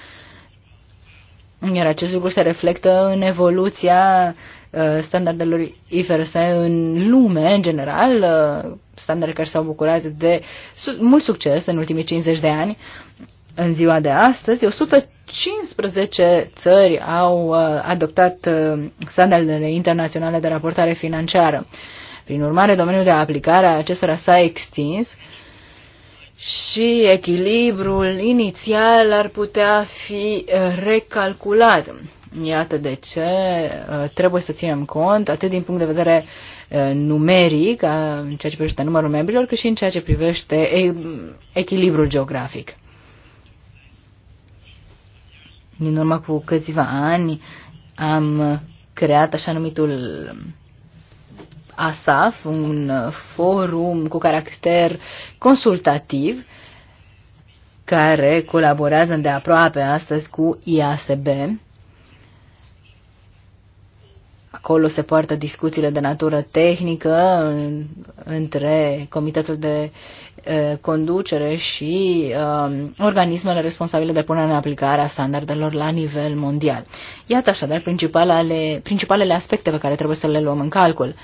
Iar acest lucru se reflectă în evoluția Uh, standardelor IFRS în lume, în general, uh, standarde care s-au bucurat de mult succes în ultimii 50 de ani. În ziua de astăzi, 115 țări au uh, adoptat standardele internaționale de raportare financiară. Prin urmare, domeniul de aplicare a acestora s-a extins și echilibrul inițial ar putea fi recalculat. Iată de ce uh, trebuie să ținem cont atât din punct de vedere uh, numeric, în ceea ce privește numărul membrilor, cât și în ceea ce privește echilibrul geografic. Din urmă cu câțiva ani am creat așa numitul ASAF, un forum cu caracter consultativ care colaborează îndeaproape astăzi cu IASB, Acolo se poartă discuțiile de natură tehnică în, între Comitetul de Conducere și organismele responsabile de punerea în aplicare a standardelor la nivel mondial. Iată așadar principalele, principalele aspecte pe care trebuie să le luăm în calcul.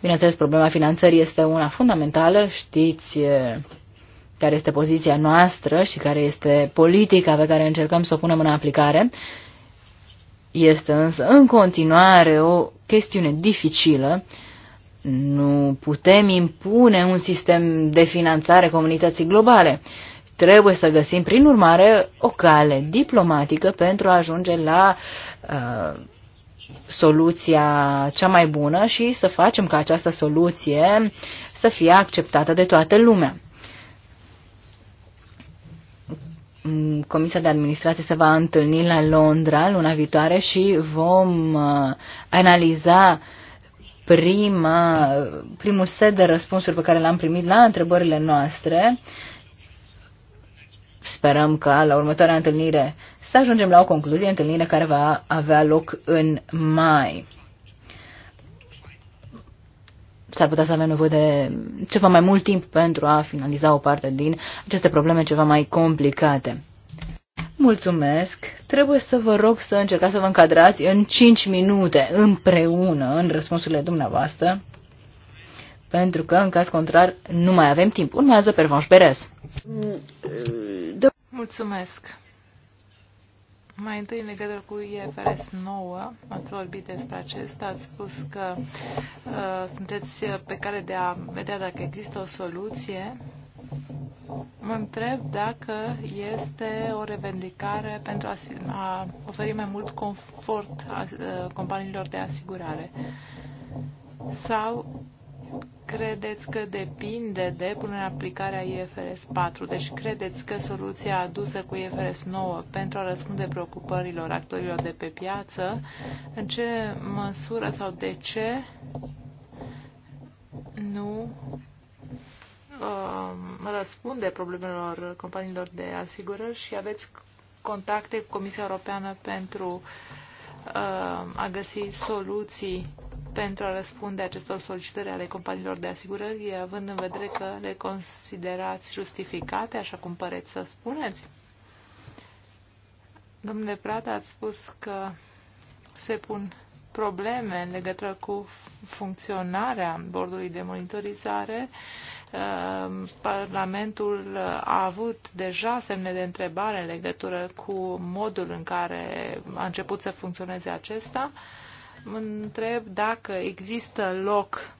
Bineînțeles, problema finanțării este una fundamentală, știți care este poziția noastră și care este politica pe care încercăm să o punem în aplicare. Este însă în continuare o chestiune dificilă. Nu putem impune un sistem de finanțare comunității globale. Trebuie să găsim, prin urmare, o cale diplomatică pentru a ajunge la uh, soluția cea mai bună și să facem ca această soluție să fie acceptată de toată lumea. Comisia de Administrație se va întâlni la Londra luna viitoare și vom uh, analiza prima, primul set de răspunsuri pe care l-am primit la întrebările noastre. Sperăm că la următoarea întâlnire să ajungem la o concluzie, întâlnire care va avea loc în mai s-ar putea să avem nevoie de ceva mai mult timp pentru a finaliza o parte din aceste probleme ceva mai complicate. Mulțumesc. Trebuie să vă rog să încercați să vă încadrați în 5 minute împreună în răspunsurile dumneavoastră, pentru că, în caz contrar, nu mai avem timp. Urmează Pervanș Perez. Mm, Mulțumesc. Mai întâi, în legătură cu IFRS 9, ați vorbit despre acesta, ați spus că uh, sunteți pe care de a vedea dacă există o soluție. Mă întreb dacă este o revendicare pentru a, a oferi mai mult confort a, uh, a, companiilor de asigurare sau credeți că depinde de punerea în aplicare a IFRS 4? Deci credeți că soluția adusă cu IFRS 9 pentru a răspunde preocupărilor actorilor de pe piață, în ce măsură sau de ce nu uh, răspunde problemelor companiilor de asigurări și aveți contacte cu Comisia Europeană pentru uh, a găsi soluții pentru a răspunde acestor solicitări ale companiilor de asigurări, având în vedere că le considerați justificate, așa cum păreți să spuneți? Domnule Prat, ați spus că se pun probleme în legătură cu funcționarea bordului de monitorizare. Ehm, Parlamentul a avut deja semne de întrebare în legătură cu modul în care a început să funcționeze acesta. Mă întreb dacă există loc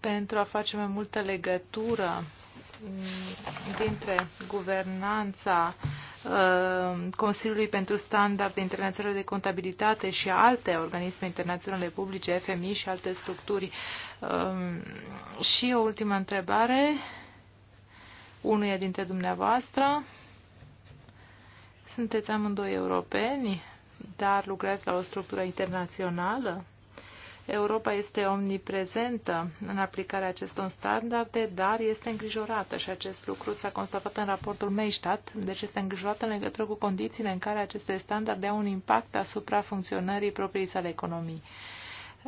pentru a face mai multă legătură mm, dintre guvernanța uh, Consiliului pentru Standarde Internaționale de Contabilitate și alte organisme internaționale publice, FMI și alte structuri. Um, și o ultimă întrebare, unuia dintre dumneavoastră. Sunteți amândoi europeni, dar lucrați la o structură internațională. Europa este omniprezentă în aplicarea acestor standarde, dar este îngrijorată și acest lucru s-a constatat în raportul Meistat, deci este îngrijorată în legătură cu condițiile în care aceste standarde au un impact asupra funcționării proprii sale economii.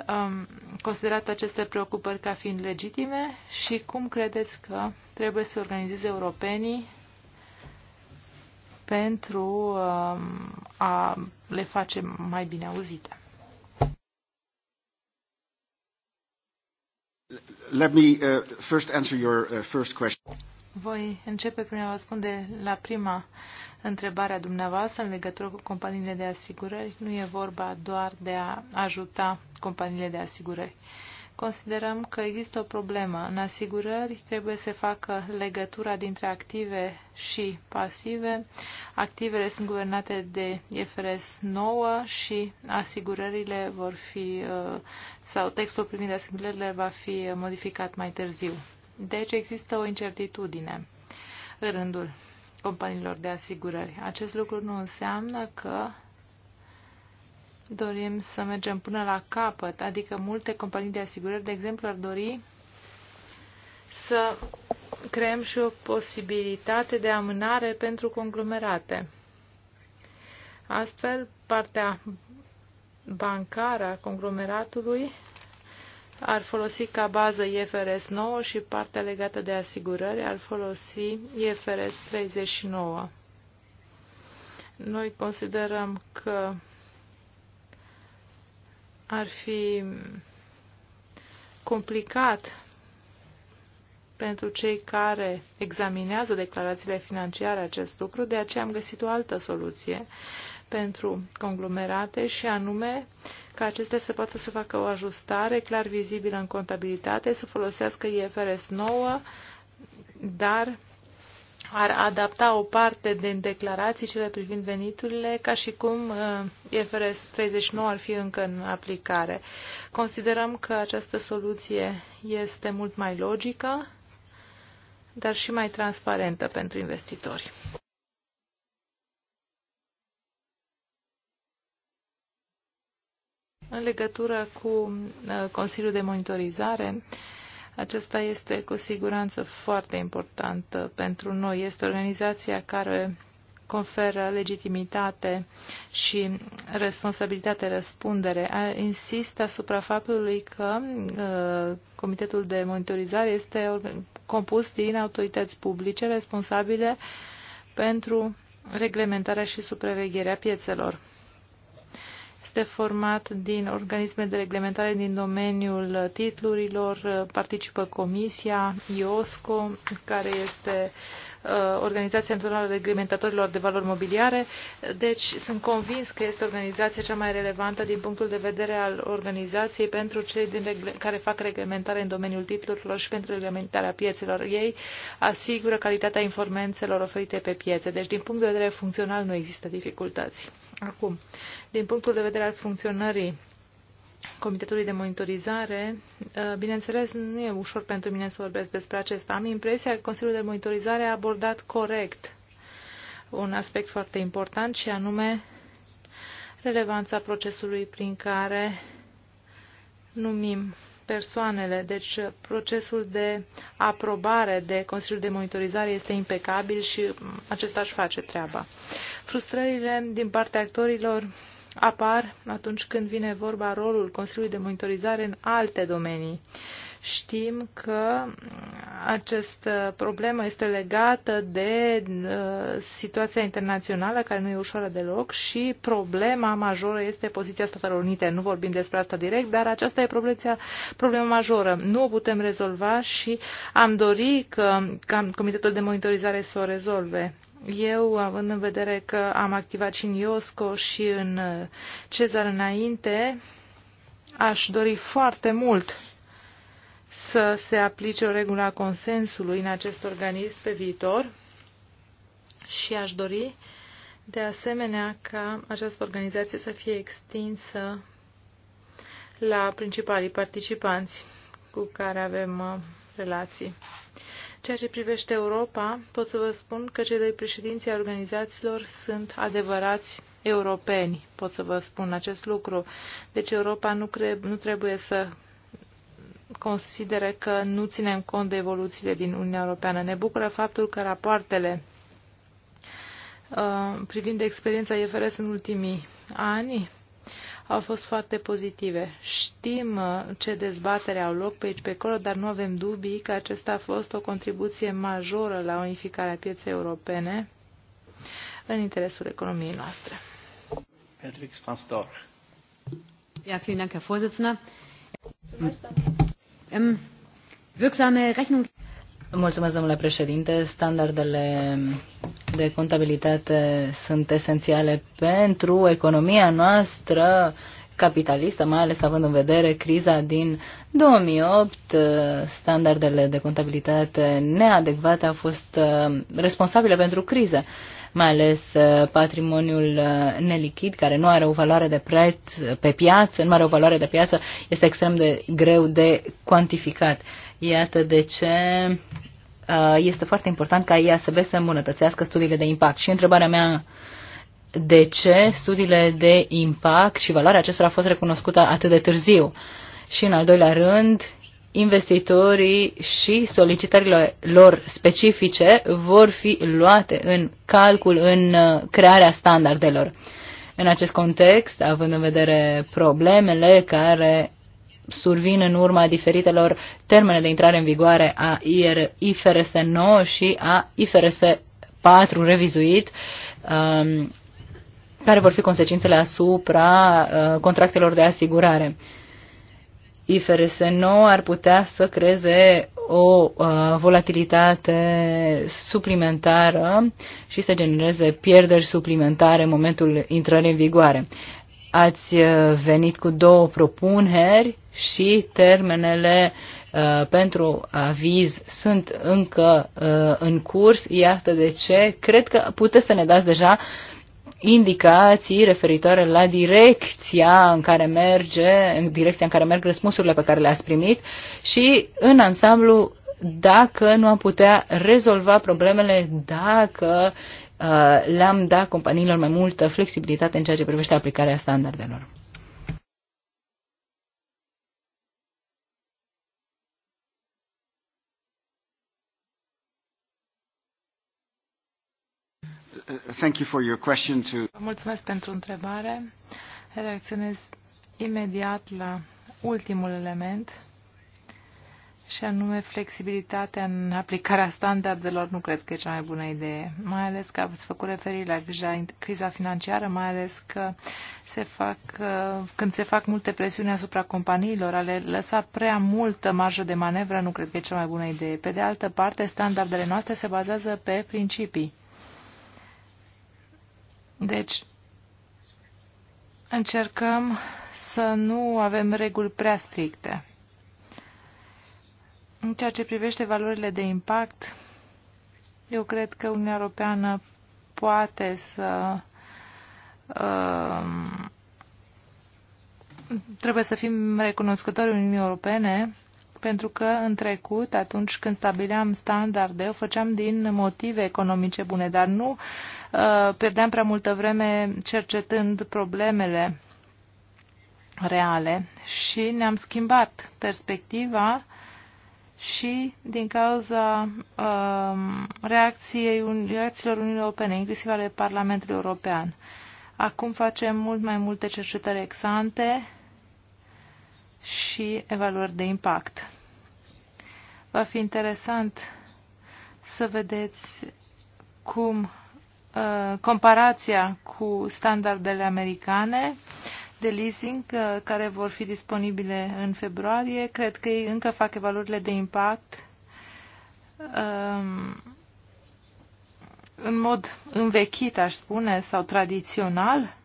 Um, considerați aceste preocupări ca fiind legitime și cum credeți că trebuie să organizeze europenii pentru um, a le face mai bine auzite. Let me uh, first answer your uh, first question. Voi începe prin a răspunde la prima întrebare a dumneavoastră în legătură cu companiile de asigurări. Nu e vorba doar de a ajuta companiile de asigurări. Uh, Considerăm că există o problemă. În asigurări trebuie să facă legătura dintre active și pasive. Activele sunt guvernate de IFRS 9 și asigurările vor fi, uh, sau textul de asigurările va fi modificat mai târziu. Deci există o incertitudine în rândul companiilor de asigurări. Acest lucru nu înseamnă că dorim să mergem până la capăt, adică multe companii de asigurări, de exemplu, ar dori să creăm și o posibilitate de amânare pentru conglomerate. Astfel, partea bancară a conglomeratului ar folosi ca bază IFRS 9 și partea legată de asigurări ar folosi IFRS 39. Noi considerăm că ar fi complicat pentru cei care examinează declarațiile financiare acest lucru, de aceea am găsit o altă soluție pentru conglomerate și anume ca acestea să poată să facă o ajustare clar vizibilă în contabilitate, să folosească IFRS 9, dar ar adapta o parte din declarații cele privind veniturile ca și cum uh, IFRS 39 ar fi încă în aplicare. Considerăm că această soluție este mult mai logică, dar și mai transparentă pentru investitori. În legătură cu uh, Consiliul de Monitorizare, acesta este cu siguranță foarte important pentru noi. Este organizația care conferă legitimitate și responsabilitate, răspundere. Insist asupra faptului că uh, Comitetul de Monitorizare este compus din autorități publice responsabile pentru reglementarea și supravegherea piețelor este format din organisme de reglementare din domeniul titlurilor, participă Comisia, IOSCO, care este Uh, organizația Națională de Reglementatorilor de Valori Mobiliare. Deci sunt convins că este organizația cea mai relevantă din punctul de vedere al organizației pentru cei din care fac reglementare în domeniul titlurilor și pentru reglementarea piețelor. Ei asigură calitatea informențelor oferite pe piețe. Deci din punct de vedere funcțional nu există dificultăți. Acum, din punctul de vedere al funcționării Comitetului de Monitorizare. Uh, bineînțeles, nu e ușor pentru mine să vorbesc despre acesta. Am impresia că Consiliul de Monitorizare a abordat corect un aspect foarte important și anume relevanța procesului prin care numim persoanele. Deci procesul de aprobare de Consiliul de Monitorizare este impecabil și acesta își face treaba. Frustrările din partea actorilor apar atunci când vine vorba rolul Consiliului de Monitorizare în alte domenii. Știm că această problemă este legată de uh, situația internațională, care nu e ușoară deloc, și problema majoră este poziția Statelor Unite. Nu vorbim despre asta direct, dar aceasta e problema, problema majoră. Nu o putem rezolva și am dori că, că Comitetul de Monitorizare să o rezolve. Eu, având în vedere că am activat și în IOSCO și în uh, Cezar înainte, aș dori foarte mult să se aplice o regulă a consensului în acest organism pe viitor și aș dori de asemenea ca această organizație să fie extinsă la principalii participanți cu care avem uh, relații ceea ce privește Europa, pot să vă spun că cei doi președinții organizațiilor sunt adevărați europeni, pot să vă spun acest lucru. Deci Europa nu, cre- nu trebuie să considere că nu ținem cont de evoluțiile din Uniunea Europeană. Ne bucură faptul că rapoartele uh, privind experiența IFRS în ultimii ani au fost foarte pozitive. Știm uh, ce dezbatere au loc pe aici pe acolo, dar nu avem dubii că acesta a fost o contribuție majoră la unificarea pieței europene în interesul economiei noastre. Patrick Spansdor. Ja, vielen Dank, Herr Vorsitzender. Da. Ähm, wirksame Rechnungs Mulțumesc, domnule președinte. Standardele de contabilitate sunt esențiale pentru economia noastră capitalistă, mai ales având în vedere criza din 2008. Standardele de contabilitate neadecvate au fost uh, responsabile pentru criză, mai ales uh, patrimoniul uh, nelichid, care nu are o valoare de preț pe piață, nu are o valoare de piață, este extrem de greu de cuantificat. Iată de ce uh, este foarte important ca IASB să îmbunătățească studiile de impact. Și întrebarea mea, de ce studiile de impact și valoarea acestora a fost recunoscută atât de târziu? Și în al doilea rând, investitorii și solicitările lor specifice vor fi luate în calcul în uh, crearea standardelor. În acest context, având în vedere problemele care survin în urma diferitelor termene de intrare în vigoare a IFRS 9 și a IFRS 4 revizuit, um, care vor fi consecințele asupra uh, contractelor de asigurare. IFRS 9 ar putea să creeze o uh, volatilitate suplimentară și să genereze pierderi suplimentare în momentul intrării în vigoare. Ați uh, venit cu două propuneri și termenele uh, pentru aviz sunt încă uh, în curs. Iată de ce. Cred că puteți să ne dați deja indicații referitoare la direcția în care merge, în direcția în care merg răspunsurile pe care le-ați primit și în ansamblu dacă nu am putea rezolva problemele, dacă uh, le-am dat companiilor mai multă flexibilitate în ceea ce privește aplicarea standardelor. thank you for your question to... mulțumesc pentru întrebare. Reacționez imediat la ultimul element și anume flexibilitatea în aplicarea standardelor nu cred că e cea mai bună idee. Mai ales că ați făcut referire la criza, criza financiară, mai ales că se fac, uh, când se fac multe presiuni asupra companiilor, ale lăsa prea multă marjă de manevră nu cred că e cea mai bună idee. Pe de altă parte, standardele noastre se bazează pe principii. Deci, încercăm să nu avem reguli prea stricte. În ceea ce privește valorile de impact, eu cred că Uniunea Europeană poate să uh, trebuie să fim recunoscători Uniunii Europene pentru că în trecut, atunci când stabileam standarde, o făceam din motive economice bune, dar nu uh, pierdeam prea multă vreme cercetând problemele reale și ne-am schimbat perspectiva și din cauza um, reacției, reacțiilor Uniunii Europene, inclusiv ale Parlamentului European. Acum facem mult mai multe cercetări exante și evaluări de impact. Va fi interesant să vedeți cum uh, comparația cu standardele americane de leasing uh, care vor fi disponibile în februarie. Cred că ei încă fac evaluările de impact um, în mod învechit, aș spune, sau tradițional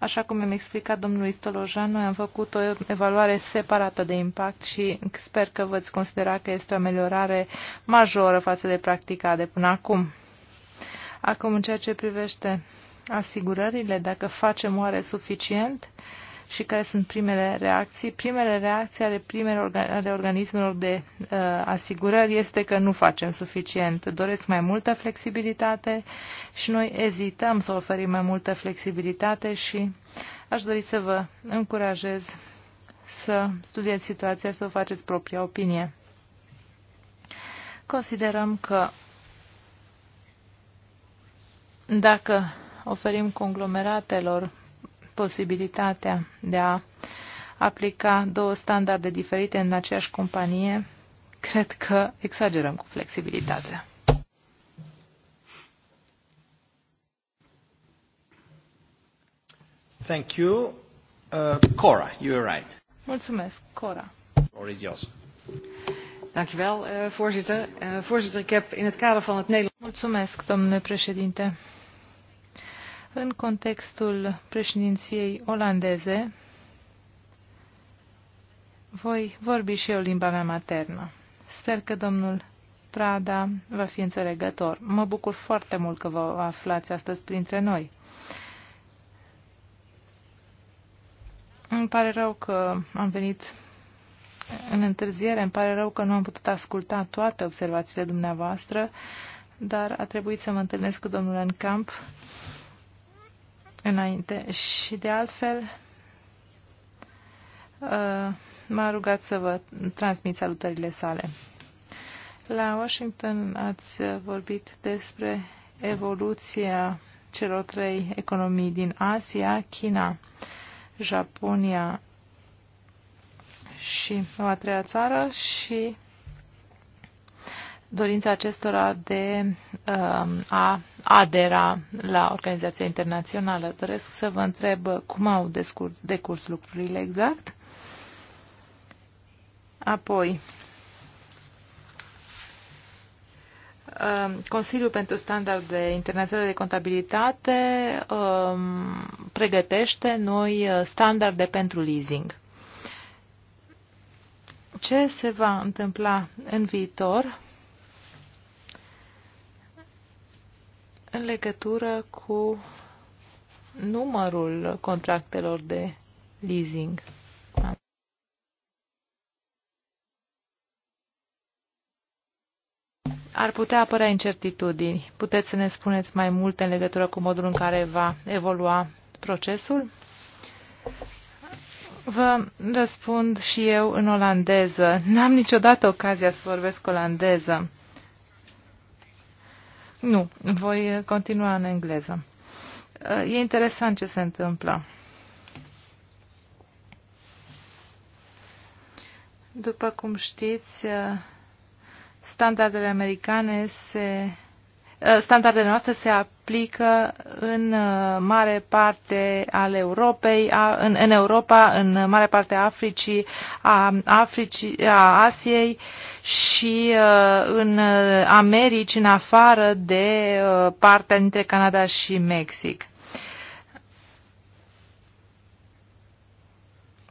Așa cum mi-am explicat domnului Stolojan, noi am făcut o evaluare separată de impact și sper că veți considera că este o ameliorare majoră față de practica de până acum. Acum, în ceea ce privește asigurările, dacă facem oare suficient, uh, și care sunt primele reacții. Primele reacții ale, primele orga ale organismelor de uh, asigurări este că nu facem suficient. Doresc mai multă flexibilitate și noi ezităm să oferim mai multă flexibilitate și aș dori să vă încurajez să studiați situația, să faceți propria opinie. Considerăm că dacă oferim conglomeratelor posibilitatea de a aplica două standarde diferite în aceeași companie, cred că exagerăm cu flexibilitatea. Thank you. Uh, Cora, you are right. Mulțumesc, Cora. Or uh, eh, voorzitter. Uh, voorzitter, ik heb in het kader van het Nederlands... Mulțumesc, domnule președinte. În contextul președinției olandeze, voi vorbi și eu limba mea maternă. Sper că domnul Prada va fi înțelegător. Mă bucur foarte mult că vă aflați astăzi printre noi. Îmi pare rău că am venit în întârziere, îmi pare rău că nu am putut asculta toate observațiile dumneavoastră, dar a trebuit să mă întâlnesc cu domnul Camp înainte. Și de altfel, uh, m-a rugat să vă transmit salutările sale. La Washington ați vorbit despre evoluția celor trei economii din Asia, China, Japonia și o a treia țară și dorința acestora de um, a adera la organizația internațională. Doresc să vă întreb cum au descurs, decurs lucrurile exact. Apoi, um, Consiliul pentru Standarde Internaționale de Contabilitate um, pregătește noi uh, standarde pentru leasing. Ce se va întâmpla în viitor? în legătură cu numărul contractelor de leasing. Ar putea apărea incertitudini. Puteți să ne spuneți mai multe în legătură cu modul în care va evolua procesul? Vă răspund și eu în olandeză. N-am niciodată ocazia să vorbesc olandeză. Nu, voi continua în engleză. E interesant ce se întâmplă. După cum știți, standardele americane se Eh, standardele noastre se aplică în eh, mare parte al Europei, a, în, în Europa, în mare parte a Africii, a, Africii, a Asiei și eh, în Americi, în afară de partea dintre Canada și Mexic.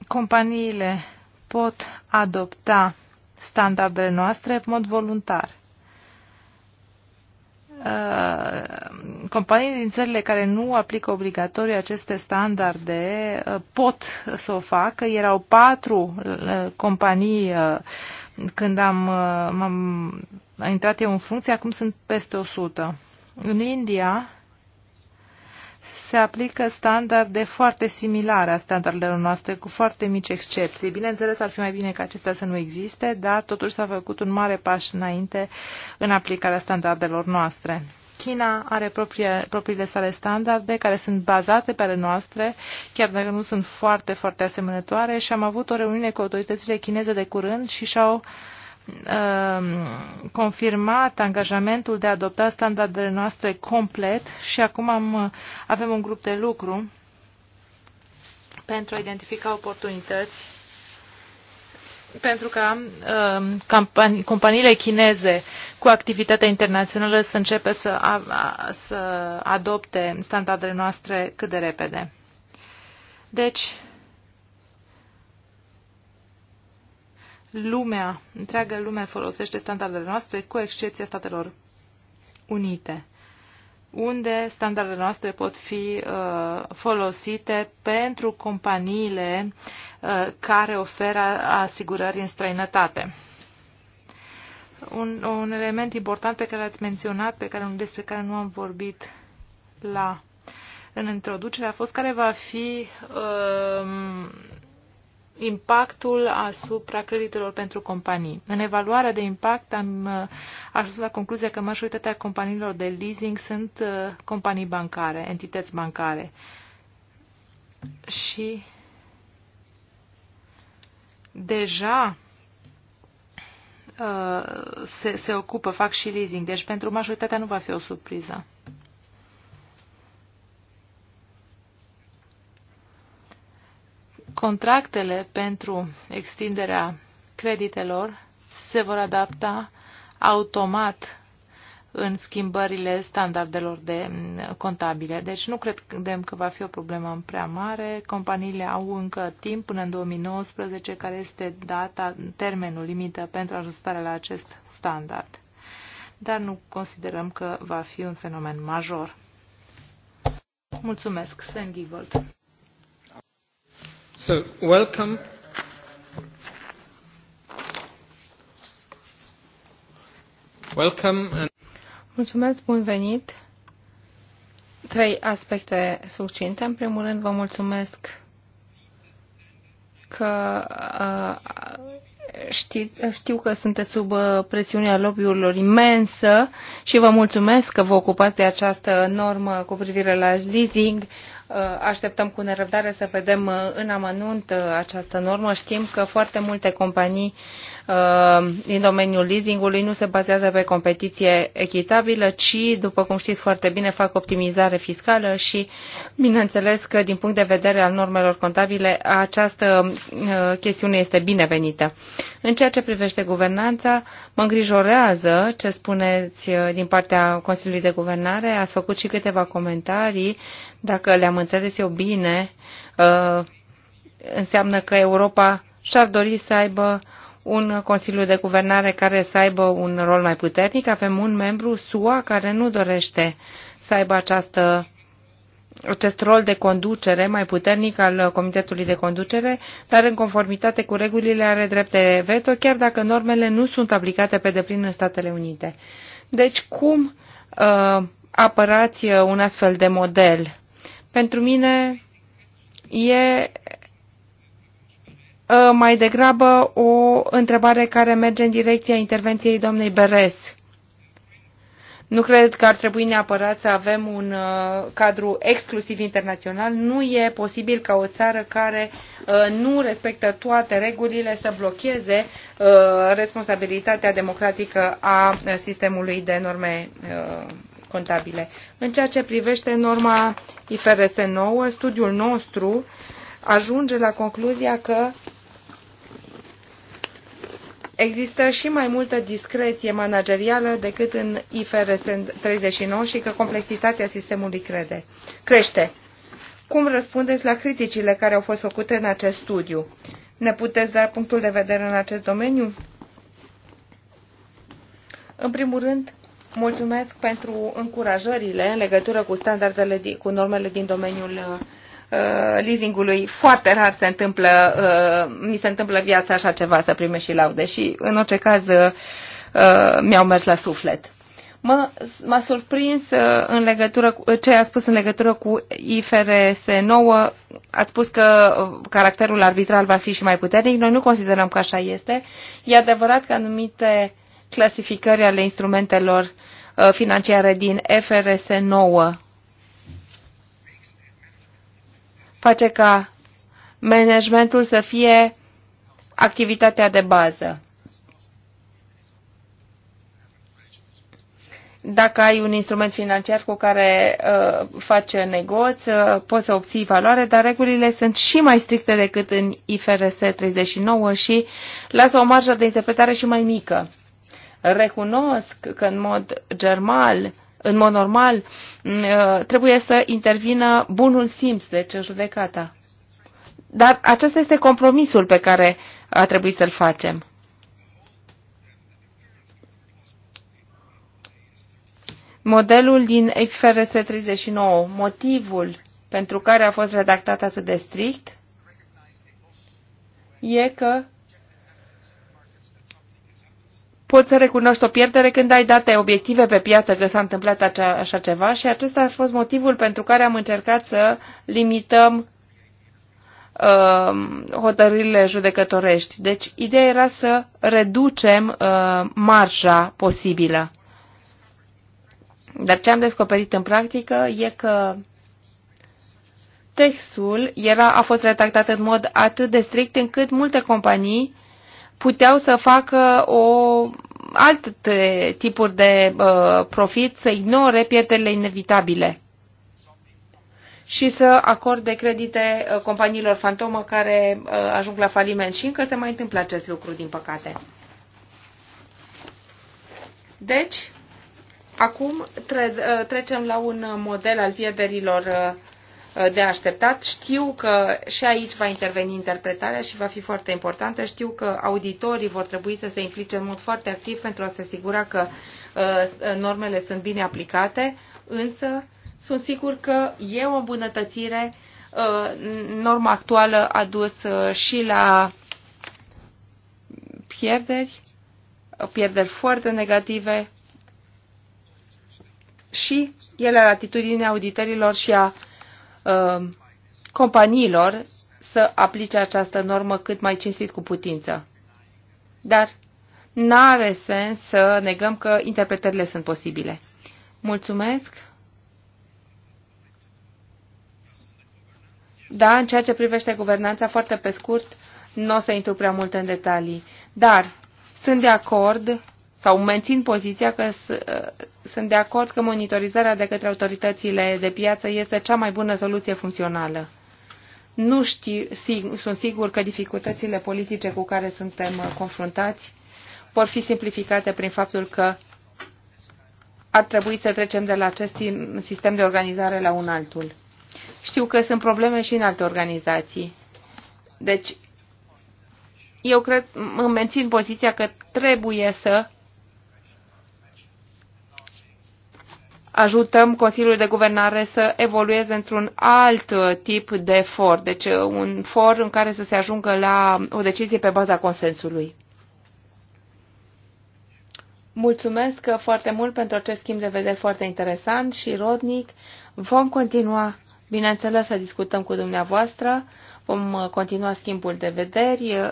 Companiile pot adopta standardele noastre în mod voluntar. Uh, companiile din țările care nu aplică obligatoriu aceste standarde uh, pot să o facă. Erau patru uh, companii când am, am, am intrat eu în funcție, acum sunt peste 100. În India se aplică standarde foarte similare a standardelor noastre, cu foarte mici excepții. Bineînțeles, ar fi mai bine ca acestea să nu existe, dar totuși s-a făcut un mare pas înainte în aplicarea standardelor noastre. China are proprie, propriile sale standarde care sunt bazate pe ale noastre, chiar dacă nu sunt foarte, foarte asemănătoare și am avut o reuniune cu autoritățile chineze de curând și și-au uh, Um, confirmat angajamentul de a adopta standardele noastre complet și acum am, avem un grup de lucru pentru a identifica oportunități pentru ca um, compani, companiile chineze cu activitatea internațională să începe să, a, a, să adopte standardele noastre cât de repede. Deci, lumea, întreaga lume folosește standardele noastre, cu excepția Statelor Unite, unde standardele noastre pot fi uh, folosite pentru companiile uh, care oferă asigurări în străinătate. Un, un element important pe care l-ați menționat, pe care, despre care nu am vorbit la în introducere a fost care va fi uh, impactul asupra creditelor pentru companii. În evaluarea de impact am uh, ajuns la concluzia că majoritatea companiilor de leasing sunt uh, companii bancare, entități bancare. Și deja uh, se, se ocupă, fac și leasing, deci pentru majoritatea nu va fi o surpriză. contractele pentru extinderea creditelor se vor adapta automat în schimbările standardelor de contabile. Deci nu credem că va fi o problemă prea mare. Companiile au încă timp până în 2019, care este data, termenul limită pentru ajustarea la acest standard. Dar nu considerăm că va fi un fenomen major. Mulțumesc, Sven Giegold. So, welcome. Welcome and... Mulțumesc, bun venit. Trei aspecte succinte. În primul rând, vă mulțumesc că uh, știu, știu că sunteți sub uh, presiunea lobby-urilor imensă și vă mulțumesc că vă ocupați de această normă cu privire la leasing. Uh, așteptăm cu nerăbdare să vedem uh, în amănunt uh, această normă. Știm că foarte multe companii uh, din uh, domeniul leasingului nu se bazează pe competiție echitabilă, ci, după cum știți foarte bine, fac optimizare fiscală și, bineînțeles că, din punct de vedere al normelor contabile, această uh, chestiune este binevenită. În ceea ce privește guvernanța, mă îngrijorează ce spuneți uh, din partea Consiliului de Guvernare. Ați făcut și câteva comentarii, dacă le-am înțeles eu bine, înseamnă că Europa și-ar dori să aibă un Consiliu de Guvernare care să aibă un rol mai puternic. Avem un membru SUA care nu dorește să aibă această acest rol de conducere mai puternic al Comitetului de Conducere, dar în conformitate cu regulile are drept de veto, chiar dacă normele nu sunt aplicate pe deplin în Statele Unite. Deci, cum uh, apărați un astfel de model? Pentru mine e Uh, mai degrabă o întrebare care merge în direcția intervenției doamnei Beres. Nu cred că ar trebui neapărat să avem un uh, cadru exclusiv internațional. Nu e posibil ca o țară care uh, nu respectă toate regulile să blocheze uh, responsabilitatea democratică a uh, sistemului de norme uh, contabile. În ceea ce privește norma IFRS 9, studiul nostru ajunge la concluzia că există și mai multă discreție managerială decât în IFRS 39 și că complexitatea sistemului crede, crește. Cum răspundeți la criticile care au fost făcute în acest studiu? Ne puteți da punctul de vedere în acest domeniu? În primul rând, mulțumesc pentru încurajările în legătură cu standardele, cu normele din domeniul uh, Uh, leasingului foarte rar se întâmplă, uh, mi se întâmplă viața așa ceva să primești și laude și în orice caz uh, mi-au mers la suflet. m-a surprins în legătură cu ce a spus în legătură cu IFRS 9. Ați spus că caracterul arbitral va fi și mai puternic. Noi nu considerăm că așa este. E adevărat că anumite clasificări ale instrumentelor financiare din FRS 9 face ca managementul să fie activitatea de bază. Dacă ai un instrument financiar cu care uh, faci negoț, uh, poți să obții valoare, dar regulile sunt și mai stricte decât în IFRS 39 și lasă o marjă de interpretare și mai mică. Recunosc că în mod germal în mod normal, mm, uh, trebuie să intervină bunul simț, deci judecata. Dar acesta este compromisul pe care a trebuit să-l facem. Modelul din FRS 39, motivul pentru care a fost redactat atât de strict, e că poți să recunoști o pierdere când ai date obiective pe piață că s-a întâmplat acea, așa ceva și acesta a fost motivul pentru care am încercat să limităm uh, hotărârile judecătorești. Deci, ideea era să reducem uh, marja posibilă. Dar ce am descoperit în practică e că textul era, a fost redactat în mod atât de strict încât multe companii puteau să facă o alte tipuri de uh, profit, să ignore pierderile inevitabile și să acorde credite uh, companiilor fantomă care uh, ajung la faliment. Și încă se mai întâmplă acest lucru, din păcate. Deci, acum tre uh, trecem la un model al pierderilor uh, de așteptat. Știu că și aici va interveni interpretarea și va fi foarte importantă. Știu că auditorii vor trebui să se implice în mod foarte activ pentru a se asigura că uh, normele sunt bine aplicate, însă sunt sigur că e o îmbunătățire. Uh, norma actuală a dus uh, și la pierderi, pierderi foarte negative și ele la latitudinea auditorilor și a Uh, companiilor să aplice această normă cât mai cinstit cu putință. Dar n-are sens să negăm că interpretările sunt posibile. Mulțumesc! Da, în ceea ce privește guvernanța, foarte pe scurt, nu o să intru prea mult în detalii, dar sunt de acord sau mențin poziția că sunt de acord că monitorizarea de către autoritățile de piață este cea mai bună soluție funcțională. Nu știu, sig, sunt sigur că dificultățile politice cu care suntem uh, confruntați vor fi simplificate prin faptul că ar trebui să trecem de la acest sistem de organizare la un altul. Știu că sunt probleme și în alte organizații. Deci, eu cred, mă mențin poziția că trebuie să ajutăm Consiliul de Guvernare să evolueze într-un alt uh, tip de for, deci uh, un for în care să se ajungă la o decizie pe baza consensului. Mulțumesc uh, foarte mult pentru acest schimb de vedere foarte interesant și rodnic. Vom continua, bineînțeles, să discutăm cu dumneavoastră, vom continua schimbul de vederi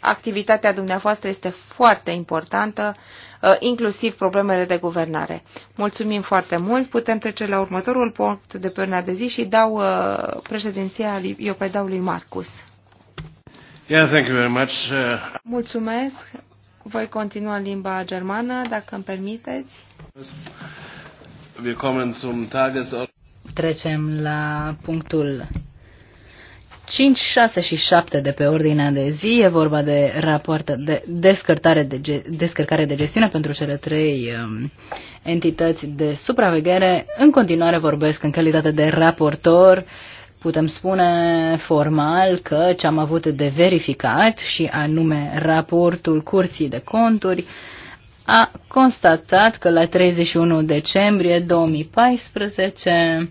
activitatea dumneavoastră este foarte importantă, uh, inclusiv problemele de guvernare. Mulțumim foarte mult. Putem trece la următorul punct de pe de zi și dau uh, președinția, eu pe dau lui Marcus. Yeah, thank you very much. Uh, Mulțumesc. Voi continua în limba germană, dacă îmi permiteți. Trecem la punctul 5, 6 și 7 de pe ordinea de zi. E vorba de rapoarte de descărcare de, ge- descărcare de gestiune pentru cele trei um, entități de supraveghere. În continuare vorbesc în calitate de raportor. Putem spune formal că ce am avut de verificat și anume raportul Curții de Conturi a constatat că la 31 decembrie 2014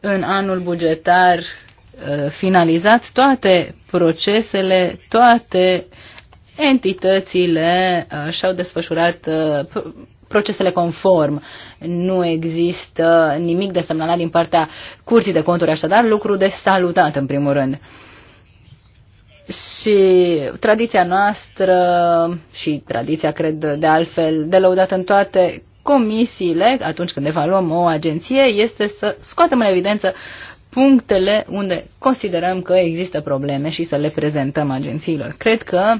în anul bugetar Uh, finalizat toate procesele, toate entitățile uh, și-au desfășurat uh, procesele conform. Nu există nimic de semnalat din partea curții de conturi, așadar lucru de salutat în primul rând. Și tradiția noastră și tradiția, cred, de altfel, de lăudat în toate comisiile, atunci când evaluăm o agenție, este să scoatem în evidență punctele unde considerăm că există probleme și să le prezentăm agențiilor. Cred că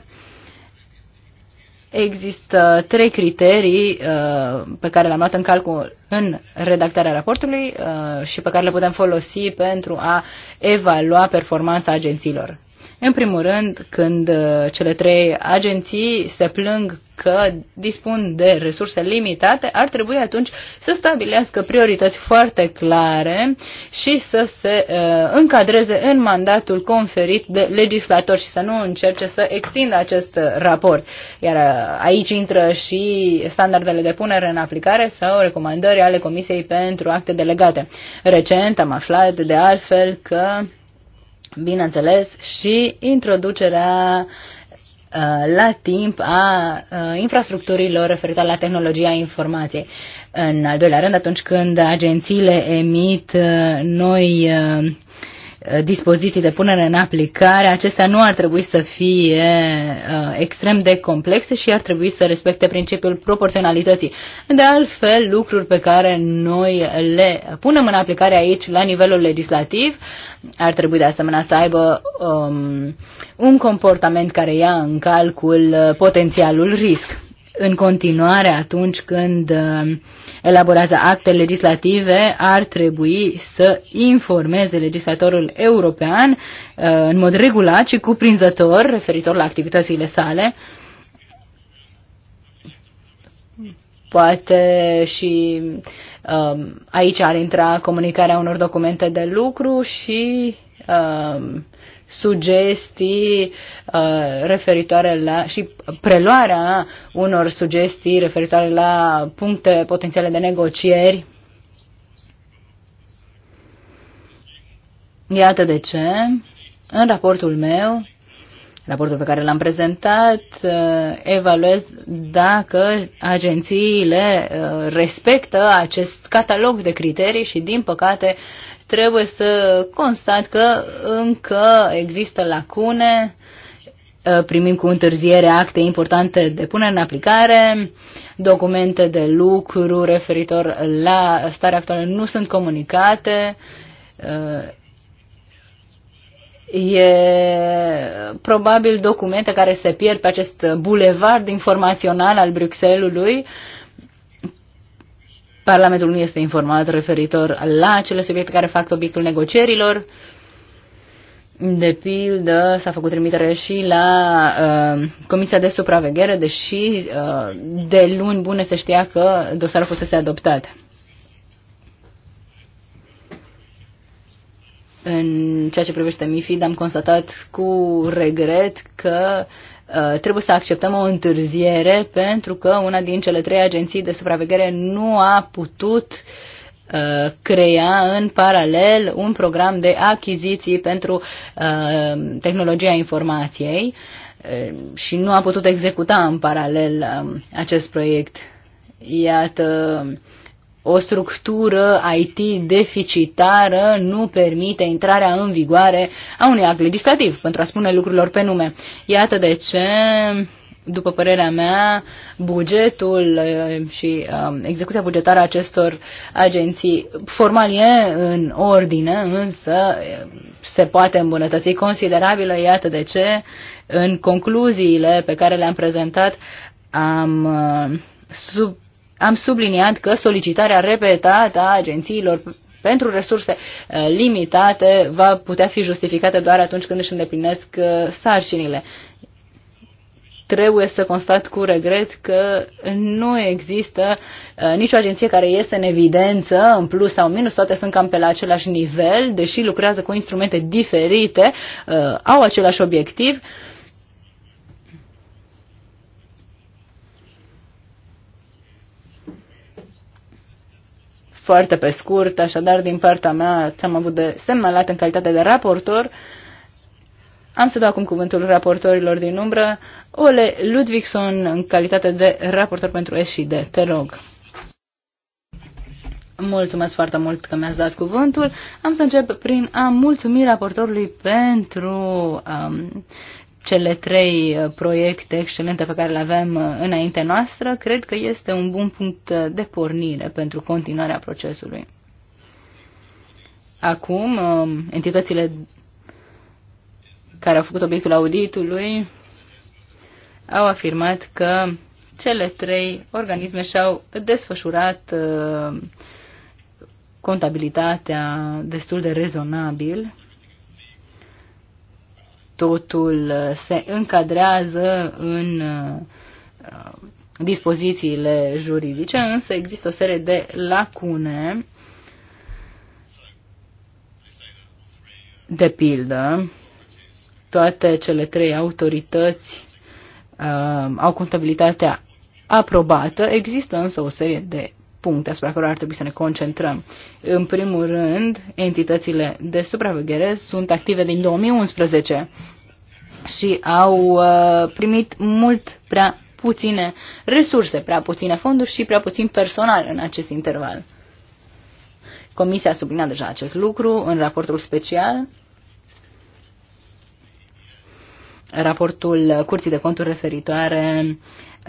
există trei criterii uh, pe care le-am luat în calcul în redactarea raportului uh, și pe care le putem folosi pentru a evalua performanța agențiilor. În primul rând, când uh, cele trei agenții se plâng că dispun de resurse limitate, ar trebui atunci să stabilească priorități foarte clare și să se uh, încadreze în mandatul conferit de legislator și să nu încerce să extindă acest raport. Iar uh, aici intră și standardele de punere în aplicare sau recomandări ale Comisiei pentru acte delegate. Recent am aflat de altfel că uh, bineînțeles, și introducerea uh, la timp a uh, infrastructurilor referitoare la tehnologia informației. În al doilea rând, atunci când agențiile emit uh, noi Uh, dispoziții de punere în aplicare, acestea nu ar trebui să fie uh, extrem de complexe și ar trebui să respecte principiul proporționalității. De altfel, lucruri pe care noi le punem în aplicare aici la nivelul legislativ ar trebui de asemenea să aibă um, un comportament care ia în calcul uh, potențialul risc în continuare atunci când uh, elaborează acte legislative, ar trebui să informeze legislatorul european uh, în mod regulat și cuprinzător referitor la activitățile sale. Poate și um, aici ar intra comunicarea unor documente de lucru și um, sugestii uh, referitoare la și preluarea unor sugestii referitoare la puncte potențiale de negocieri. Iată de ce, în raportul meu, raportul pe care l-am prezentat, uh, evaluez dacă agențiile uh, respectă acest catalog de criterii și, din păcate, trebuie să constat că încă există lacune, ă, primim cu întârziere acte importante de punere în aplicare, documente de lucru referitor la starea actuală nu sunt comunicate, ă, e probabil documente care se pierd pe acest bulevard informațional al Bruxellesului, Parlamentul nu este informat referitor la acele subiecte care fac obiectul negocierilor. De pildă, s-a făcut trimitere și la uh, Comisia de Supraveghere, deși uh, de luni bune se știa că dosarul fusese adoptat. În ceea ce privește MIFID, am constatat cu regret că uh, Uh, trebuie să acceptăm o întârziere pentru că una din cele trei agenții de supraveghere nu a putut uh, crea în paralel un program de achiziții pentru uh, tehnologia informației și nu a putut executa în paralel um, acest proiect. Iată, o structură IT deficitară nu permite intrarea în vigoare a unui act legislativ, pentru a spune lucrurilor pe nume. Iată de ce, după părerea mea, bugetul eh, și eh, execuția bugetară a acestor agenții formal e în ordine, însă eh, se poate îmbunătăți considerabilă. Iată de ce, în concluziile pe care le-am prezentat, am sub am subliniat că solicitarea repetată a agențiilor pentru resurse eh, limitate va putea fi justificată doar atunci când își îndeplinesc eh, sarcinile. Trebuie să constat cu regret că nu există eh, nicio agenție care iese în evidență, în plus sau minus, toate sunt cam pe la același nivel, deși lucrează cu instrumente diferite, au același obiectiv. Foarte pe scurt, așadar, din partea mea, ce am avut de semnalat în calitate de raportor, am să dau acum cuvântul raportorilor din umbră. Ole Ludvigson, în calitate de raportor pentru SID, te rog. Mulțumesc foarte mult că mi-ați dat cuvântul. Am să încep prin a mulțumi raportorului pentru um, cele trei uh, proiecte excelente pe care le avem uh, înainte noastră, cred că este un bun punct de pornire pentru continuarea procesului. Acum, um, entitățile care au făcut obiectul auditului au afirmat că cele trei organisme și-au desfășurat uh, contabilitatea destul de rezonabil totul uh, se încadrează în uh, dispozițiile juridice, însă există o serie de lacune. De pildă, toate cele trei autorități uh, au contabilitatea aprobată, există însă o serie de puncte asupra care ar trebui să ne concentrăm. În primul rând, entitățile de supraveghere sunt active din 2011 și au uh, primit mult prea puține resurse, prea puține fonduri și prea puțin personal în acest interval. Comisia a subliniat deja acest lucru în raportul special. Raportul Curții de Conturi referitoare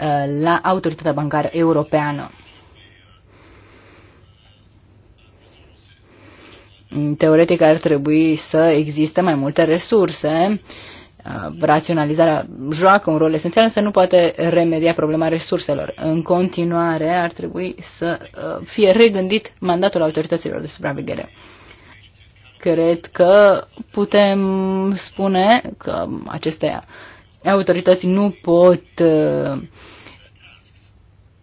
uh, la Autoritatea Bancară Europeană. Teoretic ar trebui să existe mai multe resurse. Uh, raționalizarea joacă un rol esențial, însă nu poate remedia problema resurselor. În continuare ar trebui să uh, fie regândit mandatul autorităților de supraveghere cred că putem spune că aceste autorități nu pot uh,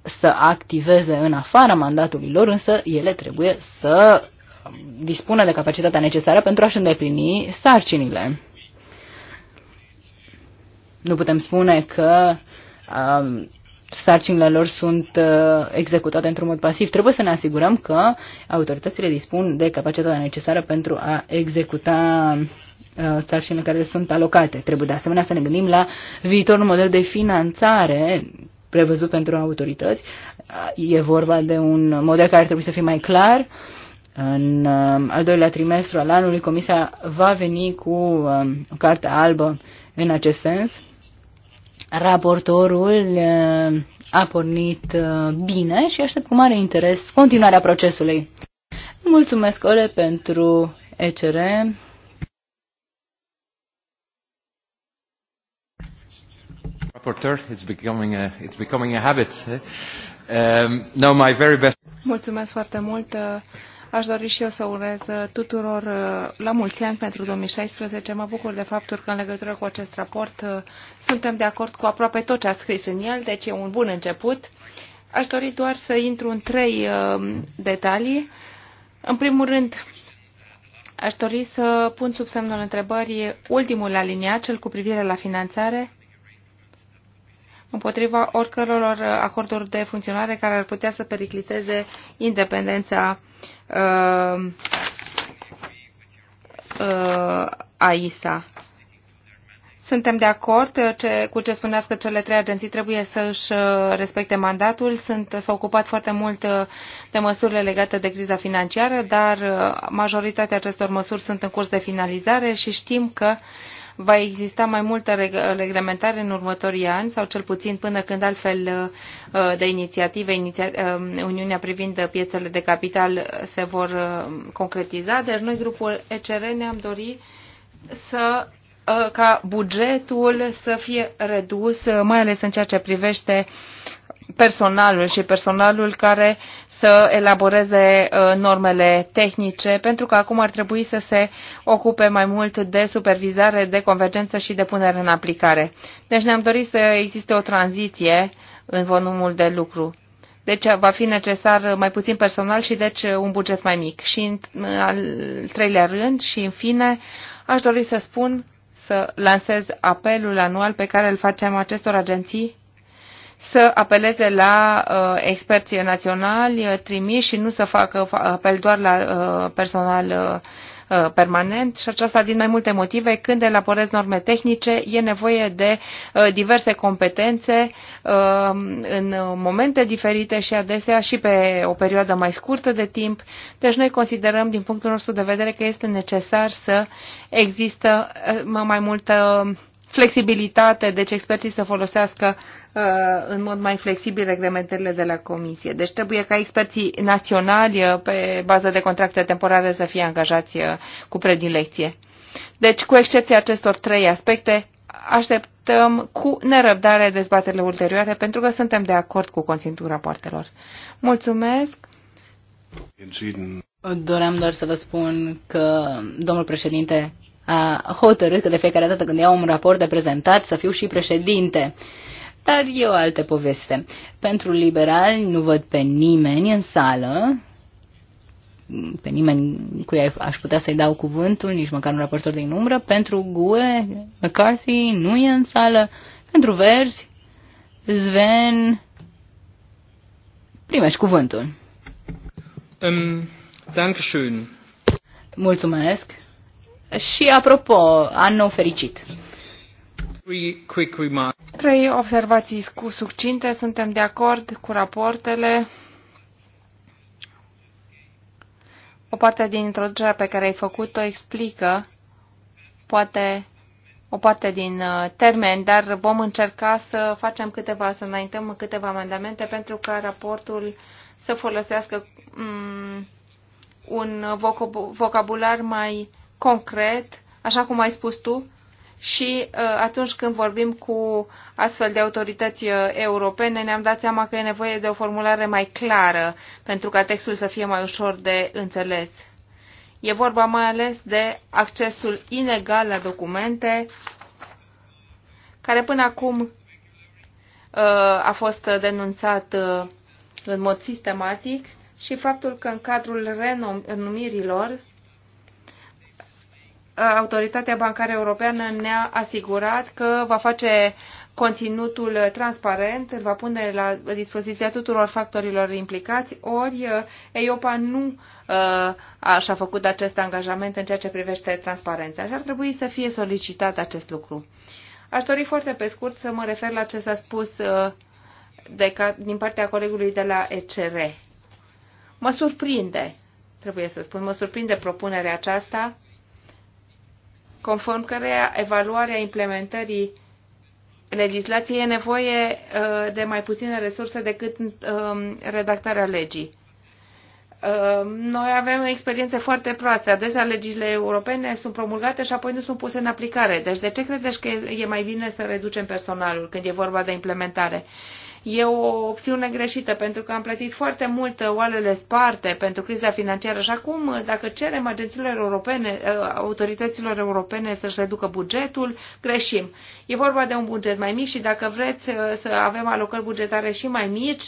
să activeze în afara mandatului lor, însă ele trebuie să dispună de capacitatea necesară pentru a-și îndeplini sarcinile. Nu putem spune că uh, sarcinile lor sunt uh, executate într-un mod pasiv. Trebuie să ne asigurăm că autoritățile dispun de capacitatea necesară pentru a executa uh, sarcinile care le sunt alocate. Trebuie de asemenea să ne gândim la viitorul model de finanțare prevăzut pentru autorități. Uh, e vorba de un model care trebuie să fie mai clar uh, în um, al doilea trimestru al anului, Comisia va veni cu um, o carte albă în acest sens. Raportorul um, a pornit uh, bine și aștept cu mare interes continuarea procesului. Mulțumesc, Ole, pentru ECR. Eh? Mulțumesc foarte mult. Aș dori și eu să urez uh, tuturor uh, la mulți ani pentru 2016. Mă bucur de faptul că în legătură cu acest raport uh, suntem de acord cu aproape tot ce ați scris în el, deci e un bun început. Aș dori doar să intru în trei detalii. În primul rând, aș dori să pun sub semnul întrebării ultimul aliniat, cel cu privire la finanțare, împotriva oricăror uh, acorduri de funcționare care ar putea să pericliteze independența uh, uh, AISA. Suntem de acord uh, ce, cu ce spuneați că cele trei agenții trebuie să își uh, respecte mandatul. Sunt, s-au ocupat foarte mult de măsurile legate de criza financiară, dar majoritatea acestor măsuri sunt în curs de finalizare și știm că uh, va exista mai multă reglementare în următorii ani sau cel puțin până când altfel uh, de inițiative, iniția, uh, Uniunea privind piețele de capital se vor uh, concretiza. Deci noi, grupul ECR, ne-am dorit să ca bugetul să fie redus, mai ales în ceea ce privește personalul și personalul care să elaboreze uh, normele tehnice, pentru că acum ar trebui să se ocupe mai mult de supervizare, de convergență și de punere în aplicare. Deci ne-am dorit să existe o tranziție în volumul de lucru. Deci va fi necesar mai puțin personal și deci un buget mai mic. Și în uh, al treilea rând și în fine aș dori să spun să lansez apelul anual pe care îl facem acestor agenții să apeleze la uh, experții naționali uh, trimiși și nu să facă apel doar la uh, personal uh, uh, permanent și aceasta din mai multe motive. Când elaborezi norme tehnice, e nevoie de uh, diverse competențe în momente diferite și adesea și pe o perioadă mai scurtă de timp. Deci noi considerăm din punctul nostru de vedere că este necesar să există mai multă flexibilitate, deci experții să folosească uh, în mod mai flexibil reglementările de la Comisie. Deci trebuie ca experții naționali uh, pe bază de contracte temporare să fie angajați uh, cu predilecție. Deci, cu excepția acestor trei aspecte, așteptăm cu nerăbdare dezbaterile ulterioare pentru că suntem de acord cu conținutul rapoartelor. Mulțumesc! Doream doar să vă spun că domnul președinte a hotărât că de fiecare dată când iau un raport de prezentat să fiu și președinte. Dar e o altă poveste. Pentru liberali nu văd pe nimeni în sală, pe nimeni cu ei aș putea să-i dau cuvântul, nici măcar un raportor din umbră. Pentru GUE, McCarthy nu e în sală. Pentru Verzi, Sven, primești cuvântul. Um, Dankeschön. Mulțumesc. Și apropo, an nou fericit! Trei observații cu succinte. Suntem de acord cu rapoartele. O parte din introducerea pe care ai făcut-o explică poate o parte din uh, termen, dar vom încerca să facem câteva, să înaintăm câteva amendamente pentru ca raportul să folosească mm, un vocabular mai concret, așa cum ai spus tu, și uh, atunci când vorbim cu astfel de autorități uh, europene, ne-am dat seama că e nevoie de o formulare mai clară pentru ca textul să fie mai ușor de înțeles. E vorba mai ales de accesul inegal la documente, care până acum uh, a fost denunțat în mod sistematic și faptul că în cadrul renumirilor Autoritatea Bancară Europeană ne-a asigurat că va face conținutul transparent, îl va pune la dispoziția tuturor factorilor implicați, ori uh, EIOPA nu uh, așa a făcut acest angajament în ceea ce privește transparența și ar trebui să fie solicitat acest lucru. Aș dori foarte pe scurt să mă refer la ce s-a spus uh, de ca, din partea colegului de la ECR. Mă surprinde, trebuie să spun, mă surprinde propunerea aceasta conform căreia evaluarea implementării legislației e nevoie uh, de mai puține resurse decât um, redactarea legii. Uh, noi avem experiențe foarte proaste. Adesea legile europene sunt promulgate și apoi nu sunt puse în aplicare. Deci de ce credeți că e mai bine să reducem personalul când e vorba de implementare? e o opțiune greșită pentru că am plătit foarte mult oalele sparte pentru criza financiară și acum dacă cerem agențiilor europene, eh, autorităților europene să-și reducă bugetul, greșim. E vorba de un buget mai mic și dacă vreți eh, să avem alocări bugetare și mai mici,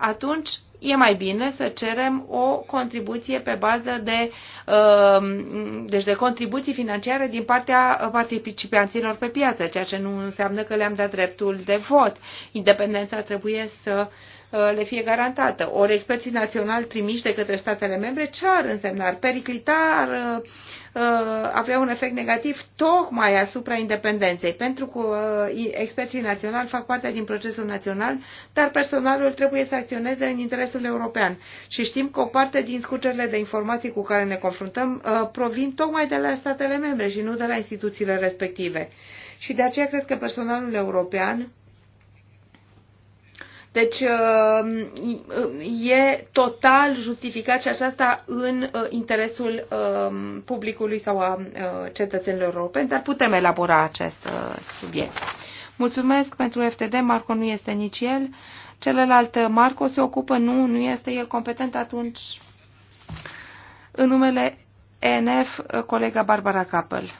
atunci e mai bine să cerem o contribuție pe bază de, um, deci de contribuții financiare din partea participanților pe piață, ceea ce nu înseamnă că le-am dat dreptul de vot. Independența trebuie să Uh, le fie garantată. Ori experții naționali trimiși de către statele membre, ce ar însemna? Ar periclita, ar uh, avea un efect negativ tocmai asupra independenței, pentru că uh, experții naționali fac parte din procesul național, dar personalul trebuie să acționeze în interesul european. Și știm că o parte din scurgerile de informații cu care ne confruntăm provin tocmai de la statele membre și nu de la instituțiile respective. Și de aceea cred că personalul european deci um, e total justificat și aceasta în uh, interesul um, publicului sau a uh, cetățenilor europeni, dar putem elabora acest uh, subiect. Mulțumesc pentru FTD, Marco nu este nici el. Celălalt Marco se ocupă, nu, nu este el competent atunci. În numele ENF, colega Barbara Capel.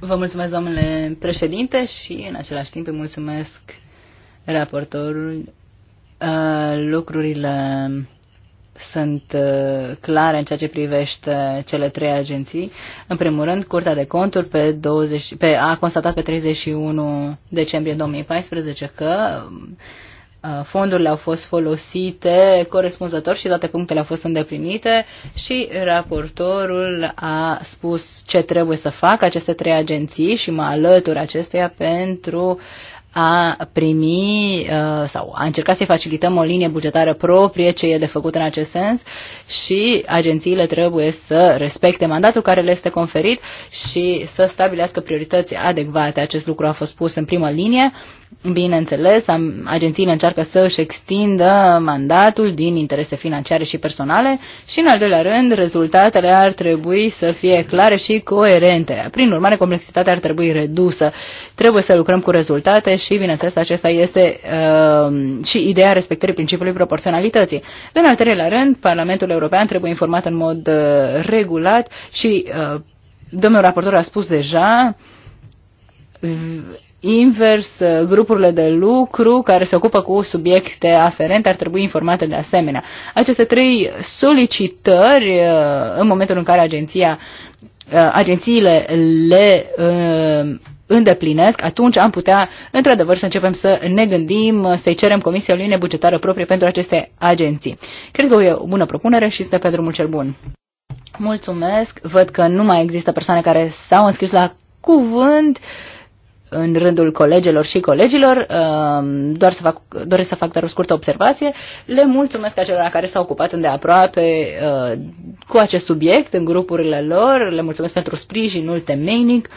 Vă mulțumesc, domnule președinte, și în același timp îi mulțumesc raportorul. Lucrurile sunt clare în ceea ce privește cele trei agenții. În primul rând, Curtea de Conturi pe 20, pe, a constatat pe 31 decembrie 2014 că fondurile au fost folosite corespunzător și toate punctele au fost îndeplinite și raportorul a spus ce trebuie să facă aceste trei agenții și mă alătur acestuia pentru a primi uh, sau a încerca să-i facilităm o linie bugetară proprie ce e de făcut în acest sens și agențiile trebuie să respecte mandatul care le este conferit și să stabilească priorități adecvate. Acest lucru a fost pus în primă linie. Bineînțeles, agențiile încearcă să își extindă mandatul din interese financiare și personale și, în al doilea rând, rezultatele ar trebui să fie clare și coerente. Prin urmare, complexitatea ar trebui redusă. Trebuie să lucrăm cu rezultate și, bineînțeles, acesta este uh, și ideea respectării principiului proporționalității. În al treilea rând, Parlamentul European trebuie informat în mod uh, regulat și uh, domnul raportor a spus deja invers, uh, grupurile de lucru care se ocupă cu subiecte aferente ar trebui informate de asemenea. Aceste trei solicitări, uh, în momentul în care agenția, uh, agențiile le îndeplinesc, atunci am putea, într-adevăr, să începem să ne gândim, să-i cerem Comisia Linie Bugetară proprie pentru aceste agenții. Cred că e o bună propunere și este pe drumul cel bun. Mulțumesc. Văd că nu mai există persoane care s-au înscris la cuvânt în rândul colegelor și colegilor. Ehm, doar să fac, doresc să fac doar o scurtă observație. Le mulțumesc acelora care s-au ocupat îndeaproape ehm, cu acest subiect în grupurile lor. Le mulțumesc pentru sprijinul temeinic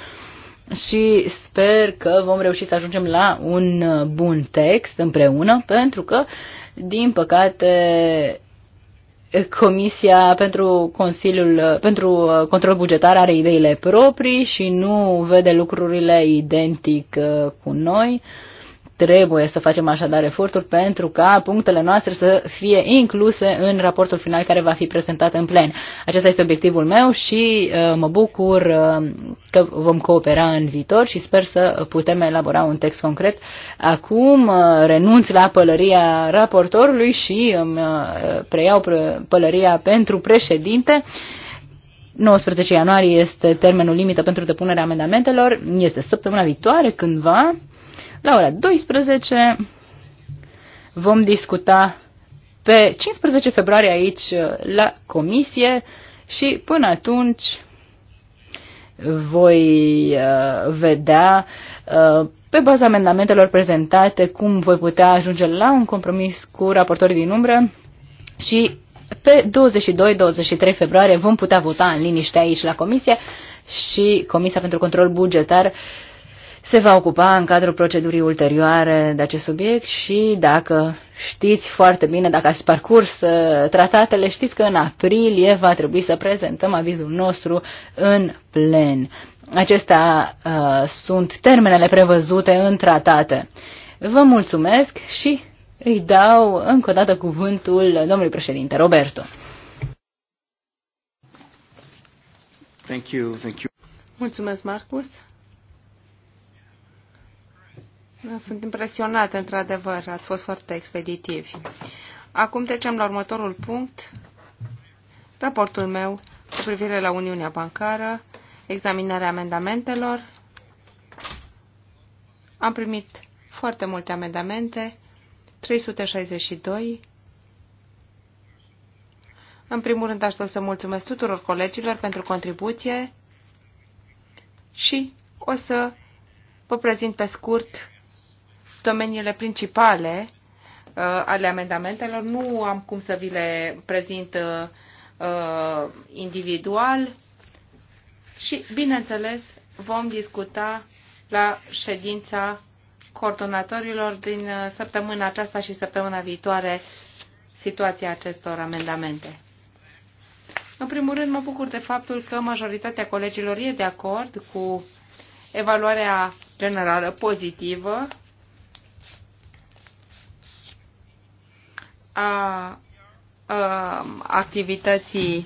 și sper că vom reuși să ajungem la un uh, bun text împreună, pentru că, din păcate, Comisia pentru Consiliul uh, pentru uh, Control Bugetar are ideile proprii și nu vede lucrurile identic cu noi. Trebuie să facem așadar eforturi pentru ca punctele noastre să fie incluse în raportul final care va fi prezentat în plen. Acesta este obiectivul meu și uh, mă bucur uh, că vom coopera în viitor și sper să putem elabora un text concret. Acum uh, renunț la pălăria raportorului și îmi uh, preiau pălăria pentru președinte. 19 ianuarie este termenul limită pentru depunerea amendamentelor. Este săptămâna viitoare, cândva. La ora 12 vom discuta pe 15 februarie aici uh, la comisie și până atunci voi uh, vedea uh, pe baza amendamentelor prezentate cum voi putea ajunge la un compromis cu raportorii din umbră și pe 22-23 februarie vom putea vota în liniște aici la comisie și Comisia pentru Control Bugetar uh, se va ocupa în cadrul procedurii ulterioare de acest subiect și dacă știți foarte bine, dacă ați parcurs uh, tratatele, știți că în aprilie va trebui să prezentăm avizul nostru în plen. Acestea uh, sunt termenele prevăzute în tratate. Vă mulțumesc și îi dau încă o dată cuvântul domnului președinte Roberto. Thank you, thank you. Mulțumesc, Marcus. Da, sunt impresionată, într-adevăr. Ați fost foarte expeditivi. Acum trecem la următorul punct. Raportul meu cu privire la Uniunea Bancară, examinarea amendamentelor. Am primit foarte multe amendamente, 362. În primul rând aș vrea să mulțumesc tuturor colegilor pentru contribuție și o să vă prezint pe scurt domeniile principale uh, ale amendamentelor. Nu am cum să vi le prezint uh, uh, individual și, bineînțeles, vom discuta la ședința coordonatorilor din săptămâna aceasta și săptămâna viitoare situația acestor amendamente. În primul rând, mă bucur de faptul că majoritatea colegilor e de acord cu evaluarea generală pozitivă a, a activității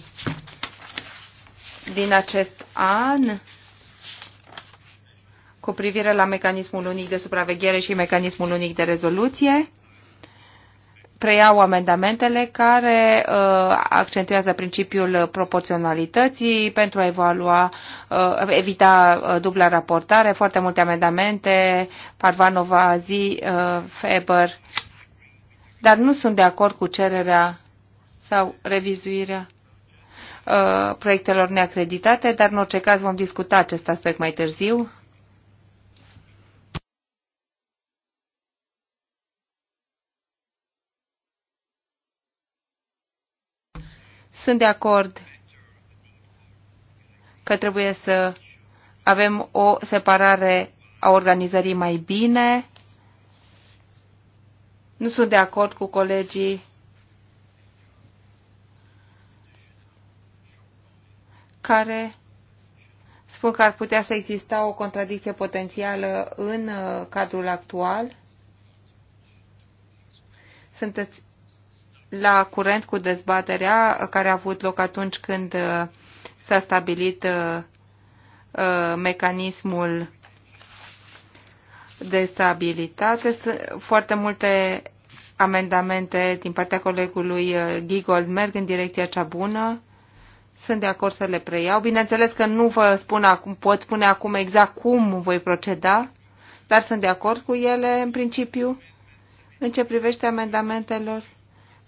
din acest an cu privire la mecanismul unic de supraveghere și mecanismul unic de rezoluție. Preiau amendamentele care uh, accentuează principiul proporționalității pentru a evalua, uh, evita uh, dubla raportare. Foarte multe amendamente, Parvanova, Zi, uh, Feber, dar nu sunt de acord cu cererea sau revizuirea uh, proiectelor neacreditate, dar în orice caz vom discuta acest aspect mai târziu. Sunt de acord că trebuie să avem o separare a organizării mai bine nu sunt de acord cu colegii care spun că ar putea să exista o contradicție potențială în uh, cadrul actual. Sunteți la curent cu dezbaterea care a avut loc atunci când uh, s-a stabilit uh, mecanismul de stabilitate. Sunt foarte multe amendamente din partea colegului uh, Guy Goldberg în direcția cea bună. Sunt de acord să le preiau. Bineînțeles că nu vă spun acum, pot spune acum exact cum voi proceda, dar sunt de acord cu ele în principiu. În ce privește amendamentelor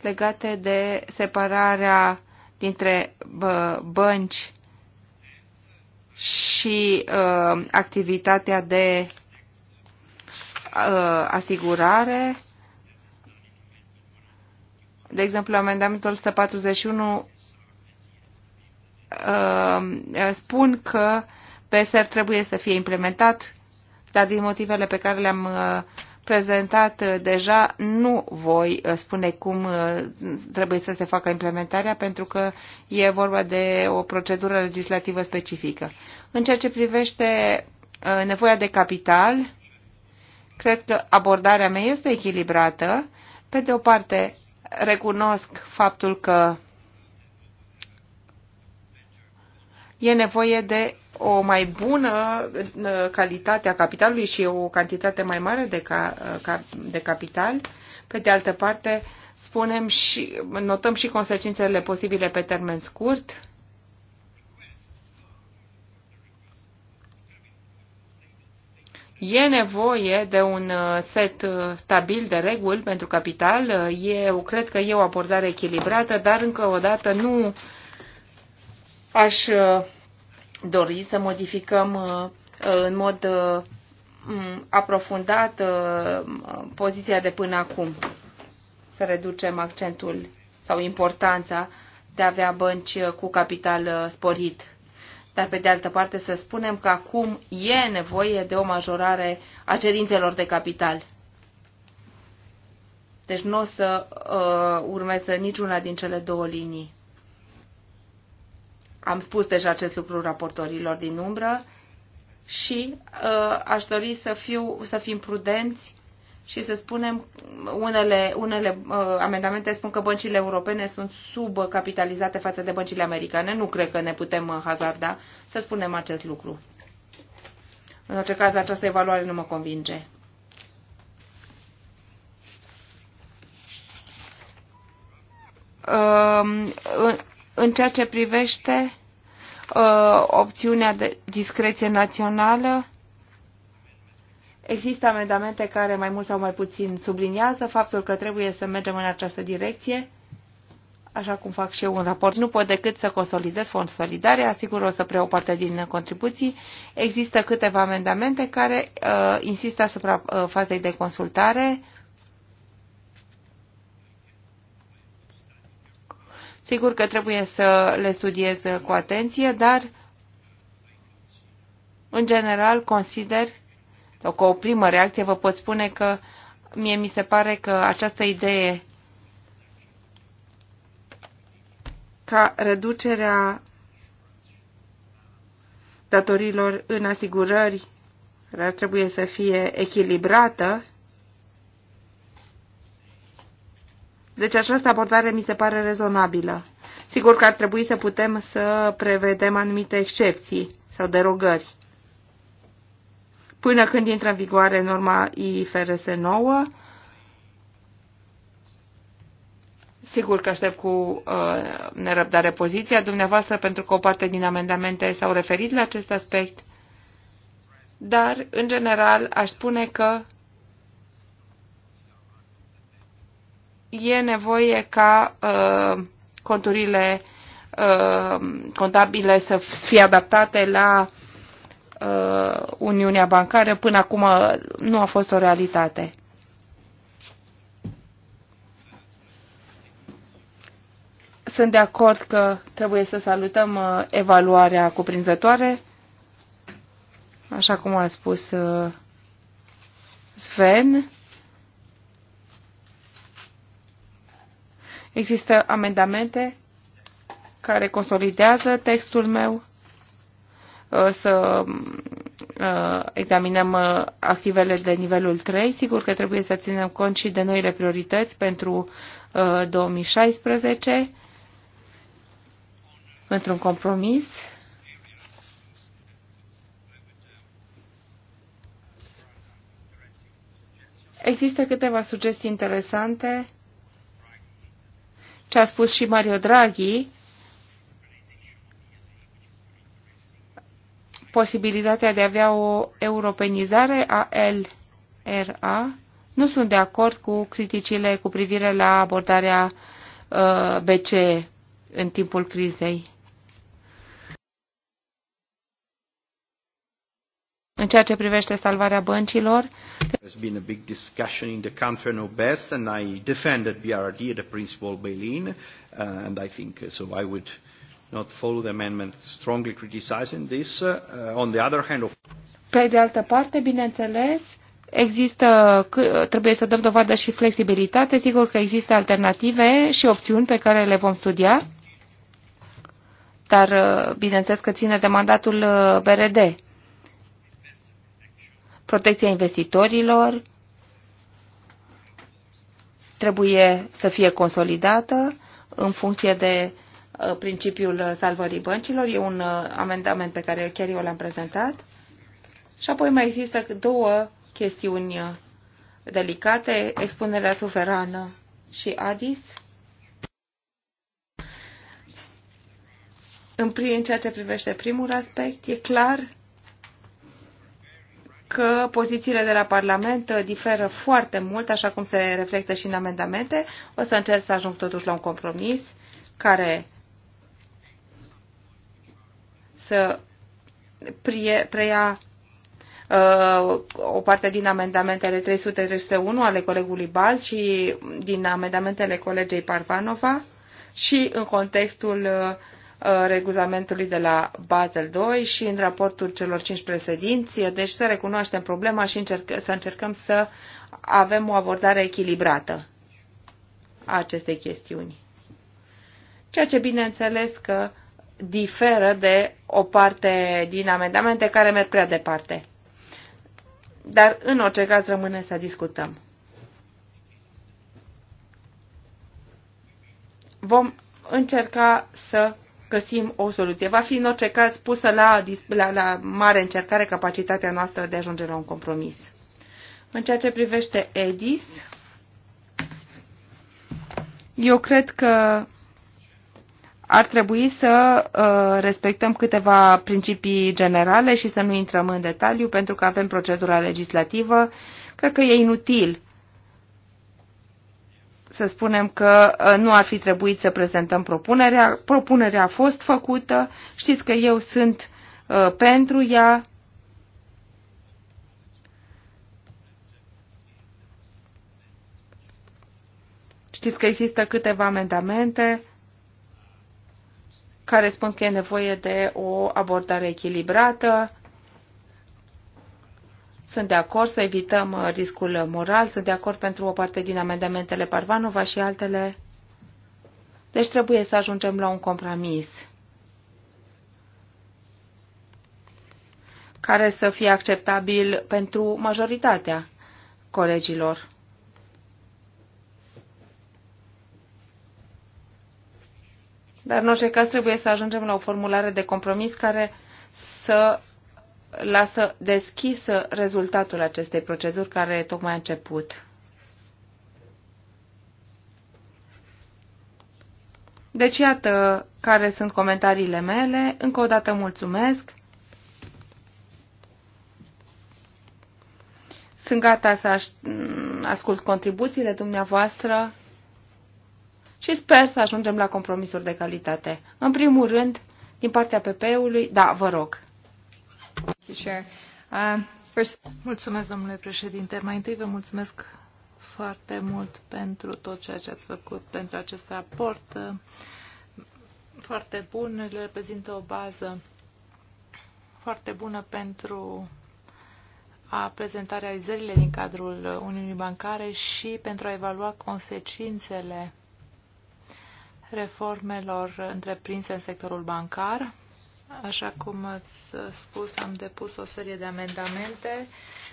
legate de separarea dintre bă, bănci și uh, activitatea de Uh, asigurare. De exemplu, amendamentul 141 uh, spun că PSR trebuie să fie implementat, dar din motivele pe care le-am uh, prezentat deja, nu voi spune cum trebuie să se facă implementarea, pentru că e vorba de o procedură legislativă specifică. În ceea ce privește nevoia de capital, Cred că abordarea mea este echilibrată. Pe de o parte, recunosc faptul că e nevoie de o mai bună uh, calitate a capitalului și o cantitate mai mare de, uh, ca, de capital. Pe de altă parte, spunem și notăm și consecințele posibile pe termen scurt E nevoie de un uh, set uh, stabil de reguli pentru capital. Uh, Eu cred că e o abordare echilibrată, dar încă o dată nu aș dori să modificăm în mod aprofundat poziția de până acum. Să reducem accentul sau importanța de a avea bănci cu capital sporit dar pe de altă parte să spunem că acum e nevoie de o majorare a cerințelor de capital. Deci nu o să uh, urmeze niciuna din cele două linii. Am spus deja acest lucru raportorilor din umbră și uh, aș dori să, fiu, să fim prudenți și să spunem, unele, unele uh, amendamente spun că băncile europene sunt subcapitalizate față de băncile americane. Nu cred că ne putem uh, hazarda să spunem acest lucru. În orice caz, această evaluare nu mă convinge. Um, în ceea ce privește uh, opțiunea de discreție națională, Există amendamente care mai mult sau mai puțin subliniază faptul că trebuie să mergem în această direcție, așa cum fac și eu un raport. Nu pot decât să consolidez fondul solidare, asigur o să preiau parte din contribuții. Există câteva amendamente care uh, insistă asupra uh, fazei de consultare. Sigur că trebuie să le studiez cu atenție, dar în general consider sau cu o primă reacție vă pot spune că mie mi se pare că această idee ca reducerea datorilor în asigurări care trebui să fie echilibrată. Deci această abordare mi se pare rezonabilă. Sigur că ar trebui să putem să prevedem anumite excepții sau derogări până când intră în vigoare norma IFRS 9. Sigur că aștept cu uh, nerăbdare poziția dumneavoastră, pentru că o parte din amendamente s-au referit la acest aspect, dar, în general, aș spune că e nevoie ca uh, conturile uh, contabile să fie adaptate la Uh, Uniunea Bancară până acum nu a fost o realitate. Sunt de acord că trebuie să salutăm uh, evaluarea cuprinzătoare, așa cum a spus uh, Sven. Există amendamente care consolidează textul meu Uh, să uh, examinăm uh, activele de nivelul 3. Sigur că trebuie să ținem cont și de noile priorități pentru 2016 într-un compromis. Există câteva sugestii interesante. Ce a spus și Mario Draghi posibilitatea de a avea o europenizare a LRA, nu sunt de acord cu criticile cu privire la abordarea uh, BCE în timpul crizei. În ceea ce privește salvarea băncilor, There's been a big discussion in the country no best and I defended BRD, the principal bail-in, uh, and I think uh, so I would uh, not follow the amendment, strongly criticizing this. Uh, uh, on the other hand, of pe de altă parte, bineînțeles, există, trebuie să dăm dovadă și flexibilitate. Sigur că există alternative și opțiuni pe care le vom studia, dar uh, bineînțeles că ține de mandatul uh, BRD. Protecția investitorilor trebuie să fie consolidată în funcție de Uh, principiul salvării băncilor. E un uh, amendament pe care chiar eu l-am prezentat. Și apoi mai există două chestiuni uh, delicate, expunerea suverană și ADIS. În, în ceea ce privește primul aspect, e clar că pozițiile de la Parlament diferă foarte mult, așa cum se reflectă și în amendamente. O să încerc să ajung totuși la un compromis care să preia uh, o parte din amendamentele 300-301 ale colegului Bal și din amendamentele colegei Parvanova și în contextul uh, uh, reguzamentului de la Basel II și în raportul celor cinci președinți, deci să recunoaștem problema și încerc, să încercăm să avem o abordare echilibrată a acestei chestiuni. Ceea ce bineînțeles că diferă de o parte din amendamente care merg prea departe. Dar, în orice caz, rămâne să discutăm. Vom încerca să găsim o soluție. Va fi, în orice caz, pusă la, la, la mare încercare capacitatea noastră de a ajunge la un compromis. În ceea ce privește EDIS, eu cred că ar trebui să uh, respectăm câteva principii generale și să nu intrăm în detaliu pentru că avem procedura legislativă. Cred că e inutil să spunem că uh, nu ar fi trebuit să prezentăm propunerea. Propunerea a fost făcută, știți că eu sunt uh, pentru ea. Știți că există câteva amendamente care spun că e nevoie de o abordare echilibrată. Sunt de acord să evităm uh, riscul moral, sunt de acord pentru o parte din amendamentele Parvanova și altele. Deci trebuie să ajungem la un compromis care să fie acceptabil pentru majoritatea colegilor. Dar în orice caz trebuie să ajungem la o formulare de compromis care să lasă deschisă rezultatul acestei proceduri care tocmai a început. Deci iată care sunt comentariile mele. Încă o dată mulțumesc. Sunt gata să ascult contribuțiile dumneavoastră și sper să ajungem la compromisuri de calitate. În primul rând, din partea PP-ului, da, vă rog. Uh, mulțumesc, domnule președinte. Mai întâi vă mulțumesc foarte mult pentru tot ceea ce ați făcut pentru acest raport. Uh, foarte bun, îl reprezintă o bază foarte bună pentru a prezenta realizările din cadrul Uniunii Bancare și pentru a evalua consecințele reformelor întreprinse în sectorul bancar. Așa cum ați spus, am depus o serie de amendamente,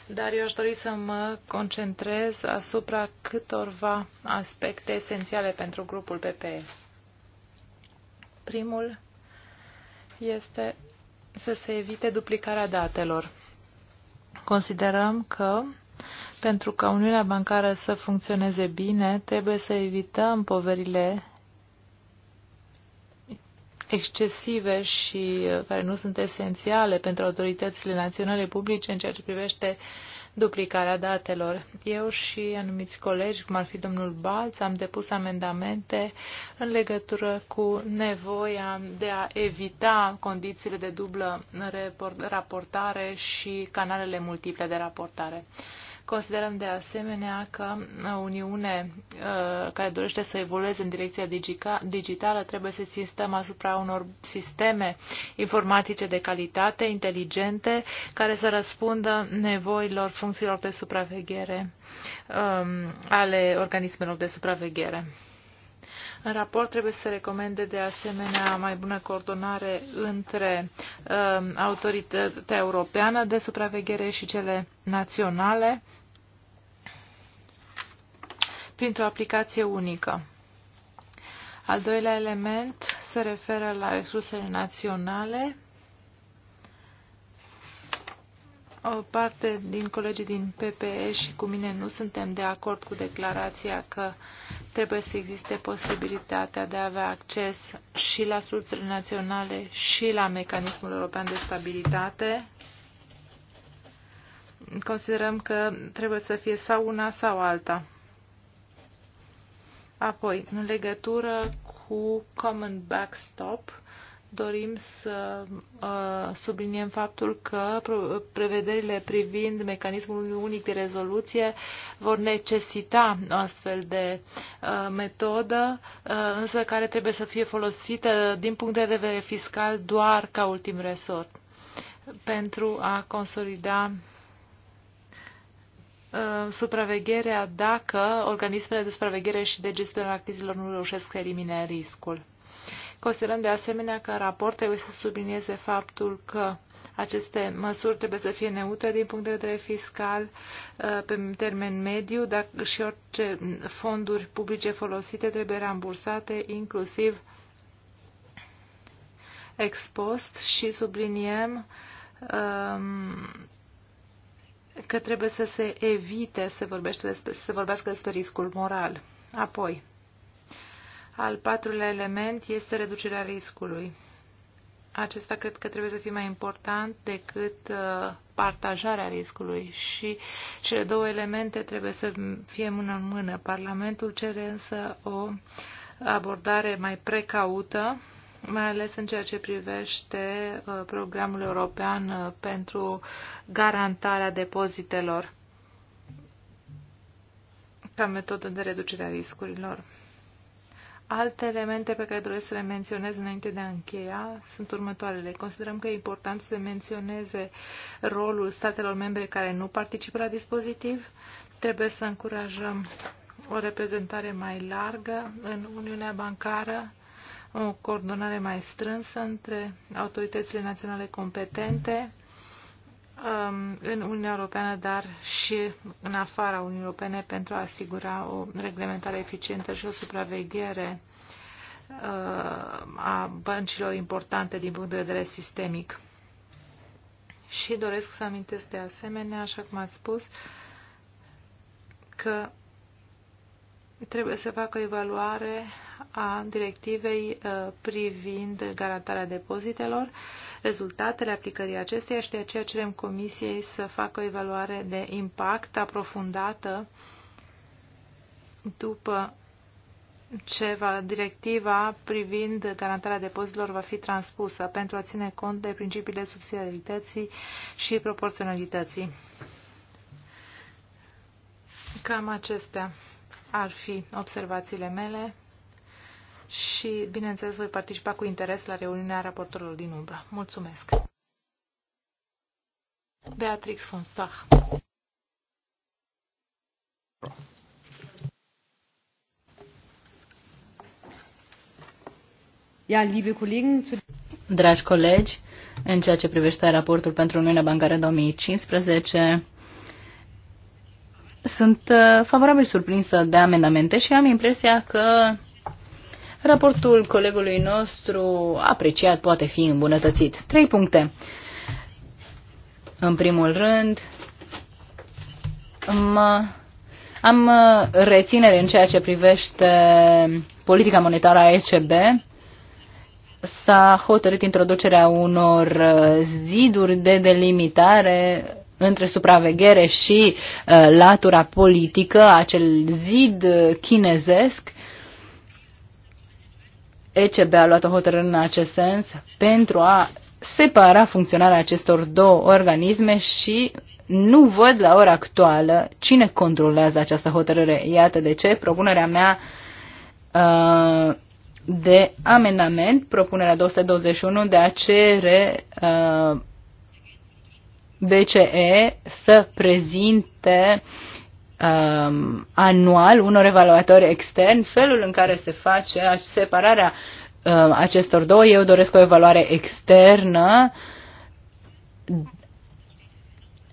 dar eu aș dori să mă concentrez asupra câtorva aspecte esențiale pentru grupul PPE. Primul este să se evite duplicarea datelor. Considerăm că pentru ca Uniunea Bancară să funcționeze bine, trebuie să evităm poverile excesive și uh, care nu sunt esențiale pentru autoritățile naționale publice în ceea ce privește duplicarea datelor. Eu și anumiți colegi, cum ar fi domnul Balț, am depus amendamente în legătură cu nevoia de a evita condițiile de dublă raportare și canalele multiple de raportare. Considerăm de asemenea că o Uniune uh, care dorește să evolueze în direcția digitală trebuie să insistăm asupra unor sisteme informatice de calitate, inteligente, care să răspundă nevoilor funcțiilor de supraveghere um, ale organismelor de supraveghere. În raport trebuie să recomande de asemenea mai bună coordonare între uh, autoritatea europeană de supraveghere și cele naționale printr-o aplicație unică. Al doilea element se referă la resursele naționale o parte din colegii din PPE și cu mine nu suntem de acord cu declarația că trebuie să existe posibilitatea de a avea acces și la surțele naționale și la mecanismul european de stabilitate. Considerăm că trebuie să fie sau una sau alta. Apoi, în legătură cu Common Backstop, dorim să uh, subliniem faptul că prevederile privind mecanismul unic de rezoluție vor necesita o astfel de uh, metodă, uh, însă care trebuie să fie folosită din punct de vedere fiscal doar ca ultim resort pentru a consolida supravegherea dacă organismele de supraveghere și de gestionare a crizelor nu reușesc să elimine riscul. Considerăm de asemenea că raport trebuie să sublinieze faptul că aceste măsuri trebuie să fie neutre din punct de vedere fiscal uh, pe termen mediu dar și orice fonduri publice folosite trebuie rambursate, inclusiv ex post și subliniem um, că trebuie să se evite să, vorbește despre, să vorbească despre riscul moral. Apoi, al patrulea element este reducerea riscului. Acesta cred că trebuie să fie mai important decât uh, partajarea riscului și cele două elemente trebuie să fie mână în mână. Parlamentul cere însă o abordare mai precaută, mai ales în ceea ce privește uh, programul european uh, pentru garantarea depozitelor ca metodă de reducere a riscurilor. Alte elemente pe care doresc să le menționez înainte de a încheia sunt următoarele. Considerăm că e important să menționeze rolul statelor membre care nu participă la dispozitiv. Trebuie să încurajăm o reprezentare mai largă în Uniunea Bancară, o coordonare mai strânsă între autoritățile naționale competente, Um, în Uniunea Europeană, dar și în afara Uniunii Europene pentru a asigura o reglementare eficientă și o supraveghere uh, a băncilor importante din punct de vedere sistemic. Și doresc să amintesc de asemenea, așa cum ați spus, că trebuie să facă o evaluare a directivei uh, privind garantarea depozitelor rezultatele aplicării acesteia și de aceea cerem Comisiei să facă o evaluare de impact aprofundată după ce va, directiva privind garantarea depozitelor va fi transpusă pentru a ține cont de principiile subsidiarității și proporționalității. Cam acestea ar fi observațiile mele și, bineînțeles, voi participa cu interes la reuniunea raportorilor din umbră. Mulțumesc! Beatrix von Stach Ja, liebe Kollegen, zu Dragi colegi, în ceea ce privește raportul pentru Uniunea Bancară 2015, sunt uh, favorabil surprinsă de amendamente și am impresia că Raportul colegului nostru apreciat poate fi îmbunătățit. Trei puncte. În primul rând, mă, am reținere în ceea ce privește politica monetară a ECB. S-a hotărât introducerea unor ziduri de delimitare între supraveghere și uh, latura politică, acel zid chinezesc ECB a luat o hotărâre în acest sens pentru a separa funcționarea acestor două organisme și nu văd la ora actuală cine controlează această hotărâre. Iată de ce propunerea mea uh, de amendament, propunerea 221 de a cere uh, BCE să prezinte uh, um, anual unor evaluatori externi felul în care se face separarea um, acestor două. Eu doresc o evaluare externă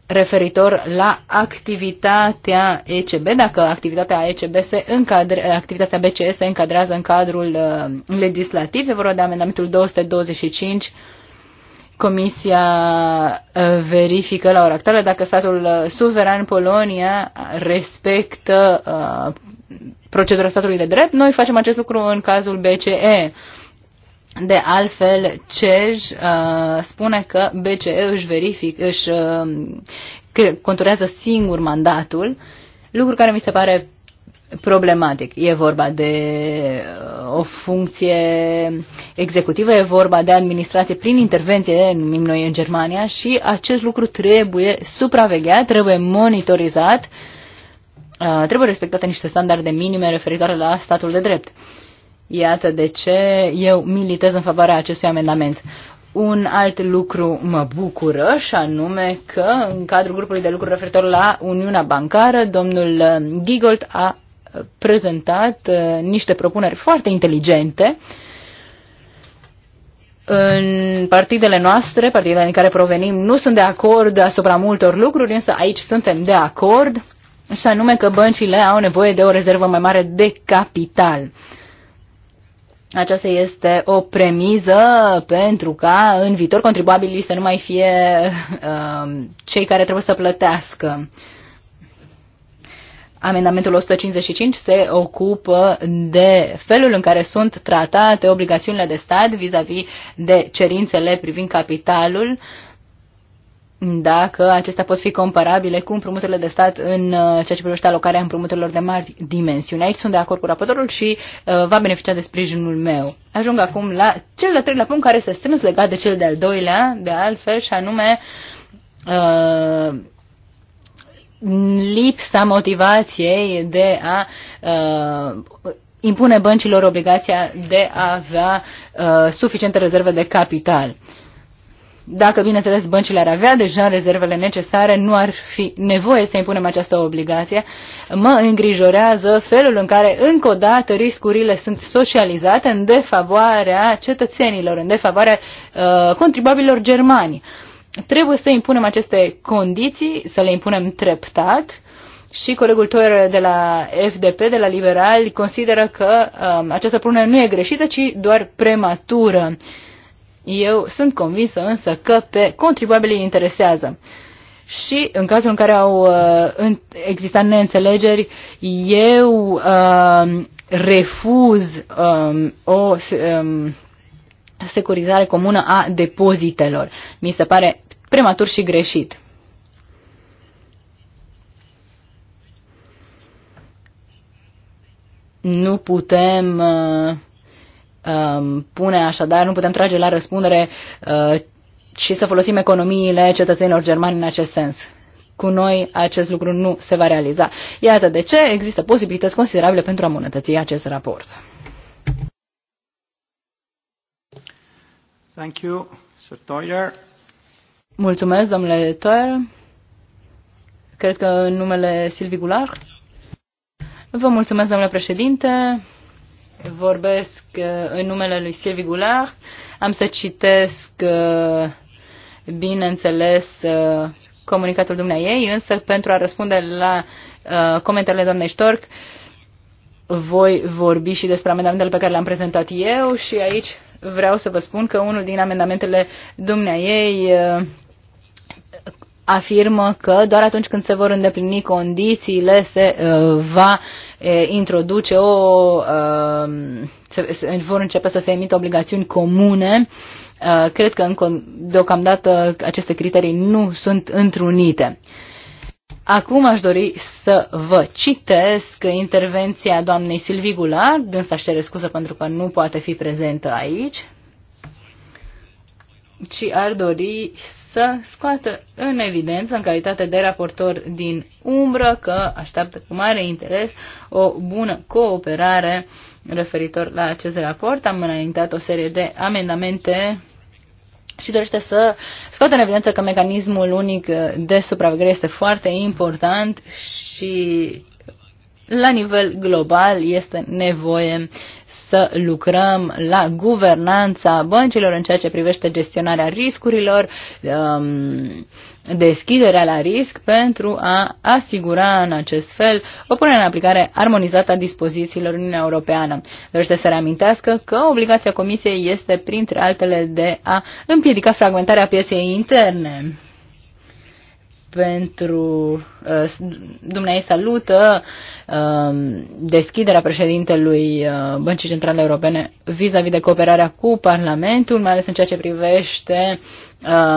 referitor la activitatea ECB, dacă activitatea ECB se încadre, activitatea BCS se încadrează în cadrul uh, legislativ, e vorba de amendamentul 225 Comisia uh, verifică la ora actuală dacă statul uh, suveran Polonia respectă uh, procedura statului de drept. Noi facem acest lucru în cazul BCE. De altfel, CEJ uh, spune că BCE își verific, își uh, conturează singur mandatul, lucru care mi se pare problematic. E vorba de uh, o funcție executivă, e vorba de administrație prin intervenție, numim noi în Germania, și acest lucru trebuie supravegheat, trebuie monitorizat, uh, trebuie respectate niște standarde minime referitoare la statul de drept. Iată de ce eu militez în favoarea acestui amendament. Un alt lucru mă bucură și anume că în cadrul grupului de lucru referitor la Uniunea Bancară, domnul Gigold a prezentat uh, niște propuneri foarte inteligente în partidele noastre, partidele în care provenim, nu sunt de acord asupra multor lucruri, însă aici suntem de acord, și anume că băncile au nevoie de o rezervă mai mare de capital. Aceasta este o premiză pentru ca în viitor contribuabilii să nu mai fie uh, cei care trebuie să plătească. Uh, Amendamentul 155 se ocupă de felul în care sunt tratate obligațiunile de stat vis-a-vis -vis de cerințele privind capitalul, dacă acestea pot fi comparabile cu împrumuturile de stat în uh, ceea ce privește alocarea împrumuturilor de mari dimensiuni. Aici sunt de acord cu raportorul și uh, va beneficia de sprijinul meu. Ajung acum la cel de-al treilea punct care se strâns legat de cel de-al doilea, de altfel, și anume uh, lipsa motivației de a uh, impune băncilor obligația de a avea uh, suficiente rezerve de capital. Dacă, bineînțeles, băncile ar avea deja rezervele necesare, nu ar fi nevoie să impunem această obligație. Mă îngrijorează felul în care, încă o dată, riscurile sunt socializate în defavoarea cetățenilor, în defavoarea uh, contribuabililor germani. Uh, Trebuie să impunem aceste condiții, să le impunem treptat și colegul Toer de la FDP, de la Liberali, consideră că um, această propunere nu e greșită, ci doar prematură. Eu sunt convinsă însă că pe contribuabilii interesează. Și în cazul în care au uh, existat neînțelegeri, eu uh, refuz um, o um, securizare comună a depozitelor. Mi se pare prematur și greșit. Nu putem uh, uh, pune așadar, nu putem trage la răspundere uh, și să folosim economiile cetățenilor germani în acest sens. Cu noi acest lucru nu se va realiza. Iată de ce există posibilități considerabile pentru a îmbunătăți acest raport. Thank you, Sir Toyer. Mulțumesc, domnule Toyer. Cred că în numele Silvi Gular. Vă mulțumesc, domnule președinte. Vorbesc uh, în numele lui Silvi Gular. Am să citesc, uh, bineînțeles, uh, comunicatul dumneai, însă pentru a răspunde la comentariile doamnei Ștorc, voi vorbi și despre amendamentele pe care le-am prezentat eu și aici vreau să vă spun că unul din amendamentele dumnea ei uh, afirmă că doar atunci când se vor îndeplini condițiile se uh, va uh, introduce o uh, se, se, vor începe să se emită obligațiuni comune. Uh, cred că în, deocamdată aceste criterii nu sunt întrunite. Uh, Acum aș dori să vă citesc intervenția doamnei Silvii Gular, dânsa își cere scuză pentru că nu poate fi prezentă aici, ci ar dori să scoată în evidență, în calitate de raportor din umbră, că așteaptă cu mare interes o bună cooperare referitor la acest raport. Am înaintat o serie de amendamente și dorește să scoată în evidență că mecanismul unic de supraveghere este foarte important și la nivel global este nevoie să lucrăm la guvernanța băncilor în ceea ce privește gestionarea riscurilor, um, deschiderea la risc pentru a asigura în acest fel o punere în aplicare armonizată a dispozițiilor Uniunea Europeană. Dorește să reamintească că obligația Comisiei este, printre altele, de a împiedica fragmentarea pieței interne pentru uh, dumneai salută um, deschiderea președintelui uh, Băncii Centrale Europene vis-a-vis -vis de cooperarea cu Parlamentul, mai ales în ceea ce privește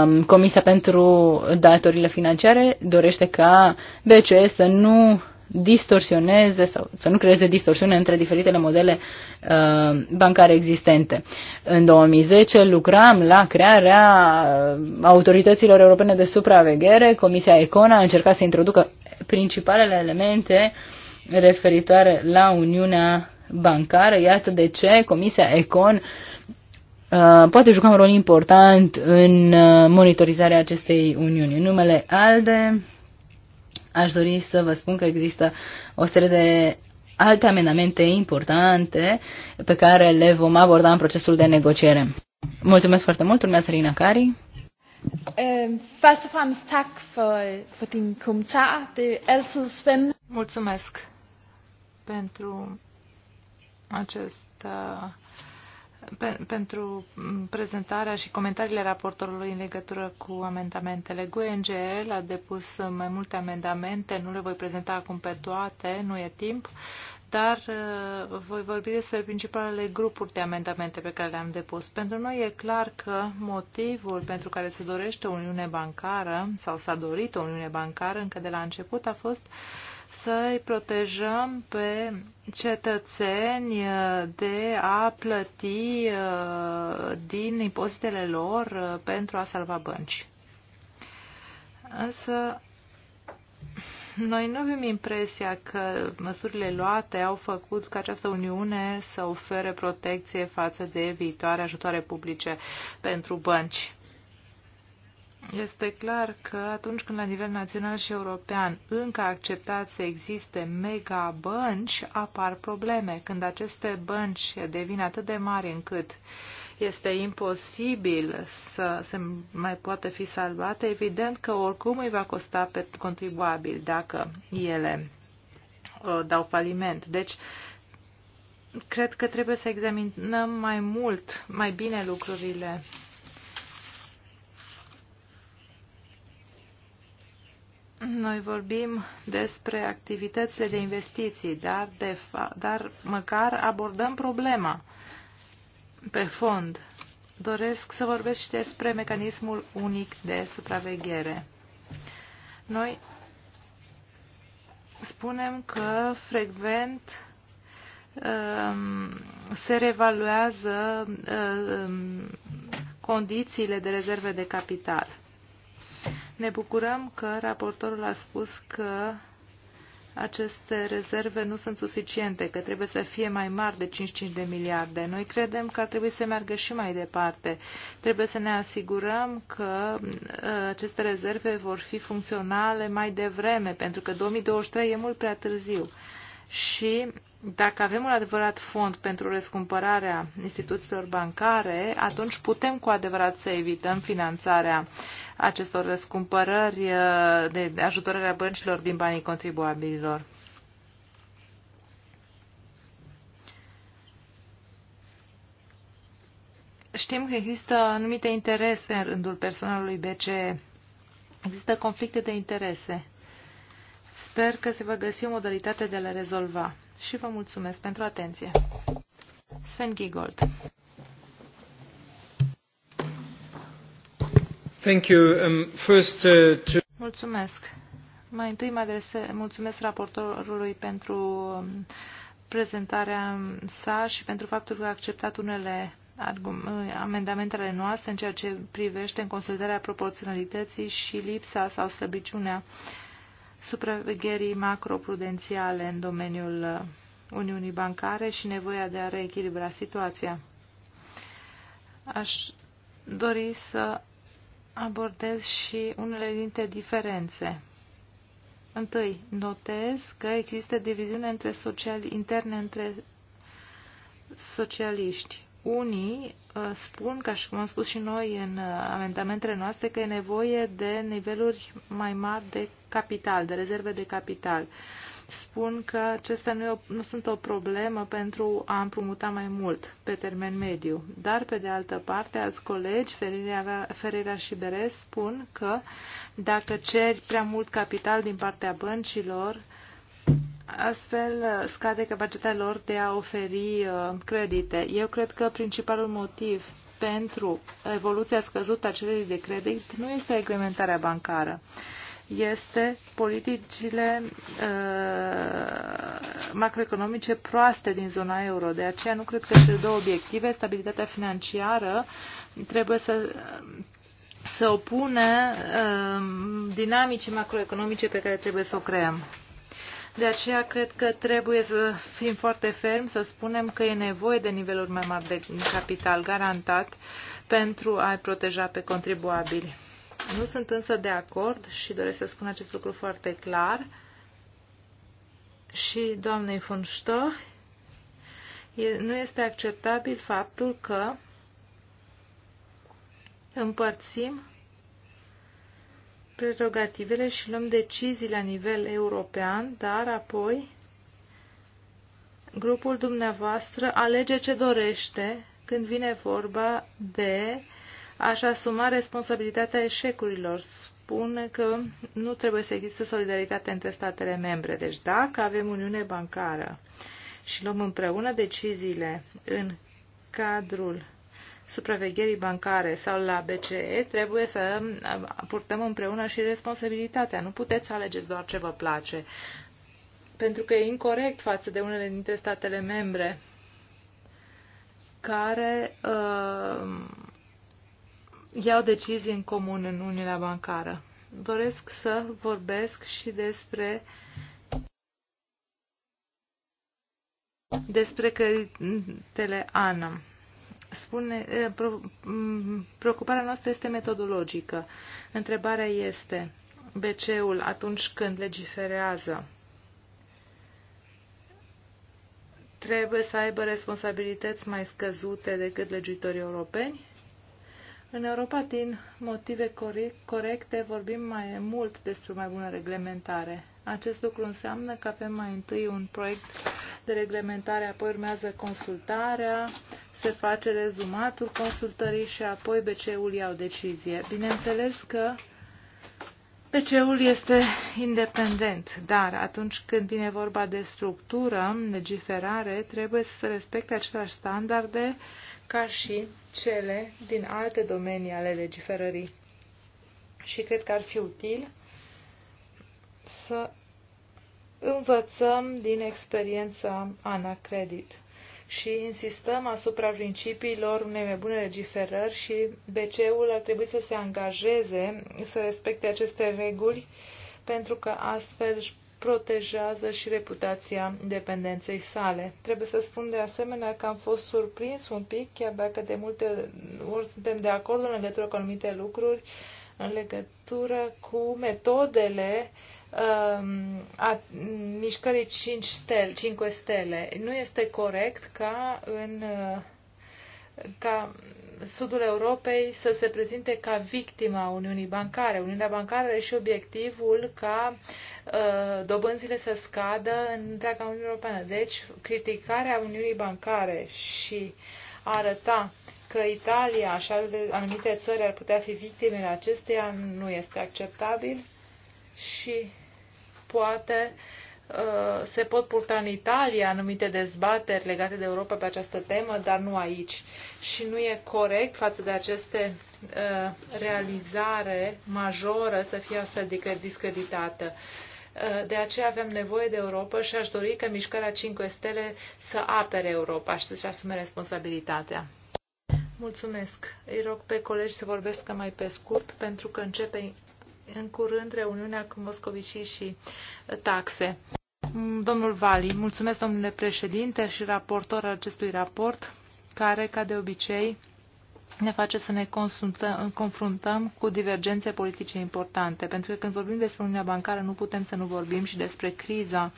um, Comisia pentru Datorile Financiare, dorește ca BCE să nu distorsioneze sau să nu creeze distorsiune între diferitele modele uh, bancare existente. În 2010 lucram la crearea uh, autorităților europene de supraveghere. Comisia Econ a încercat să introducă principalele elemente referitoare la Uniunea Bancară. Iată de ce Comisia Econ uh, poate juca un rol important în uh, monitorizarea acestei uniuni. numele ALDE, Aș dori să vă spun că există o serie de alte amendamente importante pe care le vom aborda în procesul de negociere. Mulțumesc foarte mult, urmează Rina Cari. Ehm, er Mulțumesc pentru acest uh, pe, pentru prezentarea și comentariile raportorului în legătură cu amendamentele. GUNGL a depus mai multe amendamente, nu le voi prezenta acum pe toate, nu e timp, dar uh, voi vorbi despre principalele grupuri de amendamente pe care le-am depus. Pentru noi e clar că motivul pentru care se dorește o uniune bancară sau s-a dorit o uniune bancară încă de la început a fost uh, să-i protejăm pe cetățeni uh, de a plăti uh, din impozitele lor uh, pentru a salva bănci. Însă, noi nu avem impresia că măsurile luate au făcut ca această Uniune să ofere protecție față de viitoare ajutoare publice pentru bănci. Este clar că atunci când la nivel național și european încă acceptați să existe mega bănci, apar probleme. Când aceste bănci devin atât de mari încât este imposibil să se mai poată fi salvate, evident că oricum îi va costa pe contribuabil dacă ele uh, dau faliment. Deci, cred că trebuie să examinăm mai mult, mai bine lucrurile Noi vorbim despre activitățile de investiții, dar, de dar măcar abordăm problema pe fond. Doresc să vorbesc și despre mecanismul unic de supraveghere. Noi spunem că frecvent um, se revaluează uh, um, condițiile de rezerve de capital. Ne bucurăm că raportorul a spus că aceste rezerve nu sunt suficiente, că trebuie să fie mai mari de 55 de miliarde. Noi credem că ar trebui să meargă și mai departe. Trebuie să ne asigurăm că uh, aceste rezerve vor fi funcționale mai devreme, pentru că 2023 e mult prea târziu. Și dacă avem un adevărat fond pentru răscumpărarea instituțiilor bancare, atunci putem cu adevărat să evităm finanțarea acestor răscumpărări uh, de ajutorarea băncilor din banii contribuabililor. Știm că există anumite interese în rândul personalului BCE. Există conflicte de interese. Sper că se va găsi o modalitate de a le rezolva și vă mulțumesc pentru atenție. Sven Giegold. Thank you. Um, first, uh, to... Mulțumesc. Mai întâi mă adrese, mulțumesc raportorului pentru um, prezentarea sa și pentru faptul că a acceptat unele uh, amendamentele noastre în ceea ce privește în consolidarea proporționalității și lipsa sau slăbiciunea uh, supravegherii macroprudențiale în domeniul uh, Uniunii Bancare și nevoia de a reechilibra situația. Aș dori să abordez și unele dintre diferențe. Întâi, notez că există diviziune între sociali, interne între socialiști. Unii uh, spun, ca și cum am spus și noi în uh, amendamentele noastre, că e nevoie de niveluri mai mari de capital, de rezerve de capital. Spun că acestea nu, o, nu sunt o problemă pentru a împrumuta mai mult pe termen mediu. Dar, pe de altă parte, alți colegi, Ferirea și Beres, spun că dacă ceri prea mult capital din partea băncilor, astfel scade capacitatea lor de a oferi uh, credite. Eu cred că principalul motiv pentru evoluția scăzută a cererii de credit nu este reglementarea bancară, este politicile uh, macroeconomice proaste din zona euro. De aceea nu cred că cele două obiective, stabilitatea financiară, trebuie să se opune uh, dinamicii macroeconomice pe care trebuie să o creăm. De aceea cred că trebuie să fim foarte fermi, să spunem că e nevoie de niveluri mai mari de capital garantat pentru a-i proteja pe contribuabili. Nu sunt însă de acord și doresc să spun acest lucru foarte clar și doamnei von Stoch, nu este acceptabil faptul că împărțim prerogativele și luăm decizii la nivel european, dar apoi grupul dumneavoastră alege ce dorește când vine vorba de a-și asuma responsabilitatea eșecurilor. Spune că nu trebuie să existe solidaritate între statele membre. Deci dacă avem Uniune Bancară și luăm împreună deciziile în cadrul supravegherii bancare sau la BCE, trebuie să uh, purtăm împreună și responsabilitatea. Nu puteți să alegeți doar ce vă place, pentru că e incorrect față de unele dintre statele membre care uh, iau decizii în comun în Uniunea Bancară. Doresc să vorbesc și despre despre creditele ANAM spune, eh, preocuparea noastră este metodologică. Întrebarea este, BC-ul atunci când legiferează trebuie să aibă responsabilități mai scăzute decât legiuitorii europeni? În Europa, din motive corecte, vorbim mai mult despre mai bună reglementare. Acest lucru înseamnă că avem mai întâi un proiect de reglementare, apoi urmează consultarea, se face rezumatul consultării și apoi BCE-ul ia decizie. Bineînțeles că BCE-ul este independent, dar atunci când vine vorba de structură, legiferare, trebuie să se respecte aceleași standarde ca și cele din alte domenii ale legiferării. Și cred că ar fi util să învățăm din experiența Ana Credit și insistăm asupra principiilor unei mai bune legiferări și BCE-ul ar trebui să se angajeze să respecte aceste reguli pentru că astfel își protejează și reputația independenței sale. Trebuie să spun de asemenea că am fost surprins un pic, chiar dacă de multe ori suntem de acord în legătură cu anumite lucruri, în legătură cu metodele uh, Um, a mișcării 5 stele, 5 stele. Nu este corect ca în uh, ca sudul Europei să se prezinte ca victima Uniunii Bancare. Uniunea Bancară are și obiectivul ca uh, dobânzile să scadă în întreaga Uniune Europeană. Deci, criticarea Uniunii Bancare și a arăta că Italia și anumite țări ar putea fi victimele acesteia nu este acceptabil și poate uh, se pot purta în Italia anumite dezbateri legate de Europa pe această temă, dar nu aici. Și nu e corect față de aceste uh, realizare majoră să fie astfel discreditată. Uh, de aceea avem nevoie de Europa și aș dori ca mișcarea 5 stele să apere Europa și să-și asume responsabilitatea. Mulțumesc. Îi rog pe colegi să vorbesc mai pe scurt, pentru că începe în curând reuniunea cu Moscovici și taxe. Domnul Vali, mulțumesc domnule președinte și raportor al acestui raport, care, ca de obicei, ne face să ne confruntăm cu divergențe politice importante. Pentru că când vorbim despre Uniunea Bancară, nu putem să nu vorbim și despre criza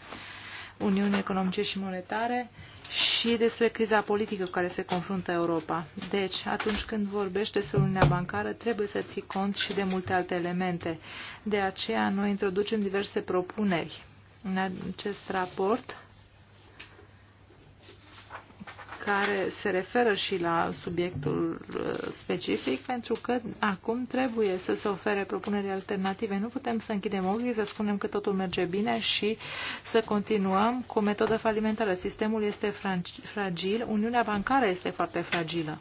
Uniunii Economice și Monetare și despre criza politică cu care se confruntă Europa. Deci, atunci când vorbești despre Uniunea Bancară, trebuie să ții cont și de multe alte elemente. De aceea, noi introducem diverse propuneri în acest raport care se referă și la subiectul uh, specific, pentru că acum trebuie să se ofere propuneri alternative. Nu putem să închidem ochii, să spunem că totul merge bine și să continuăm cu o metodă falimentară. Sistemul este fragil, Uniunea Bancară este foarte fragilă.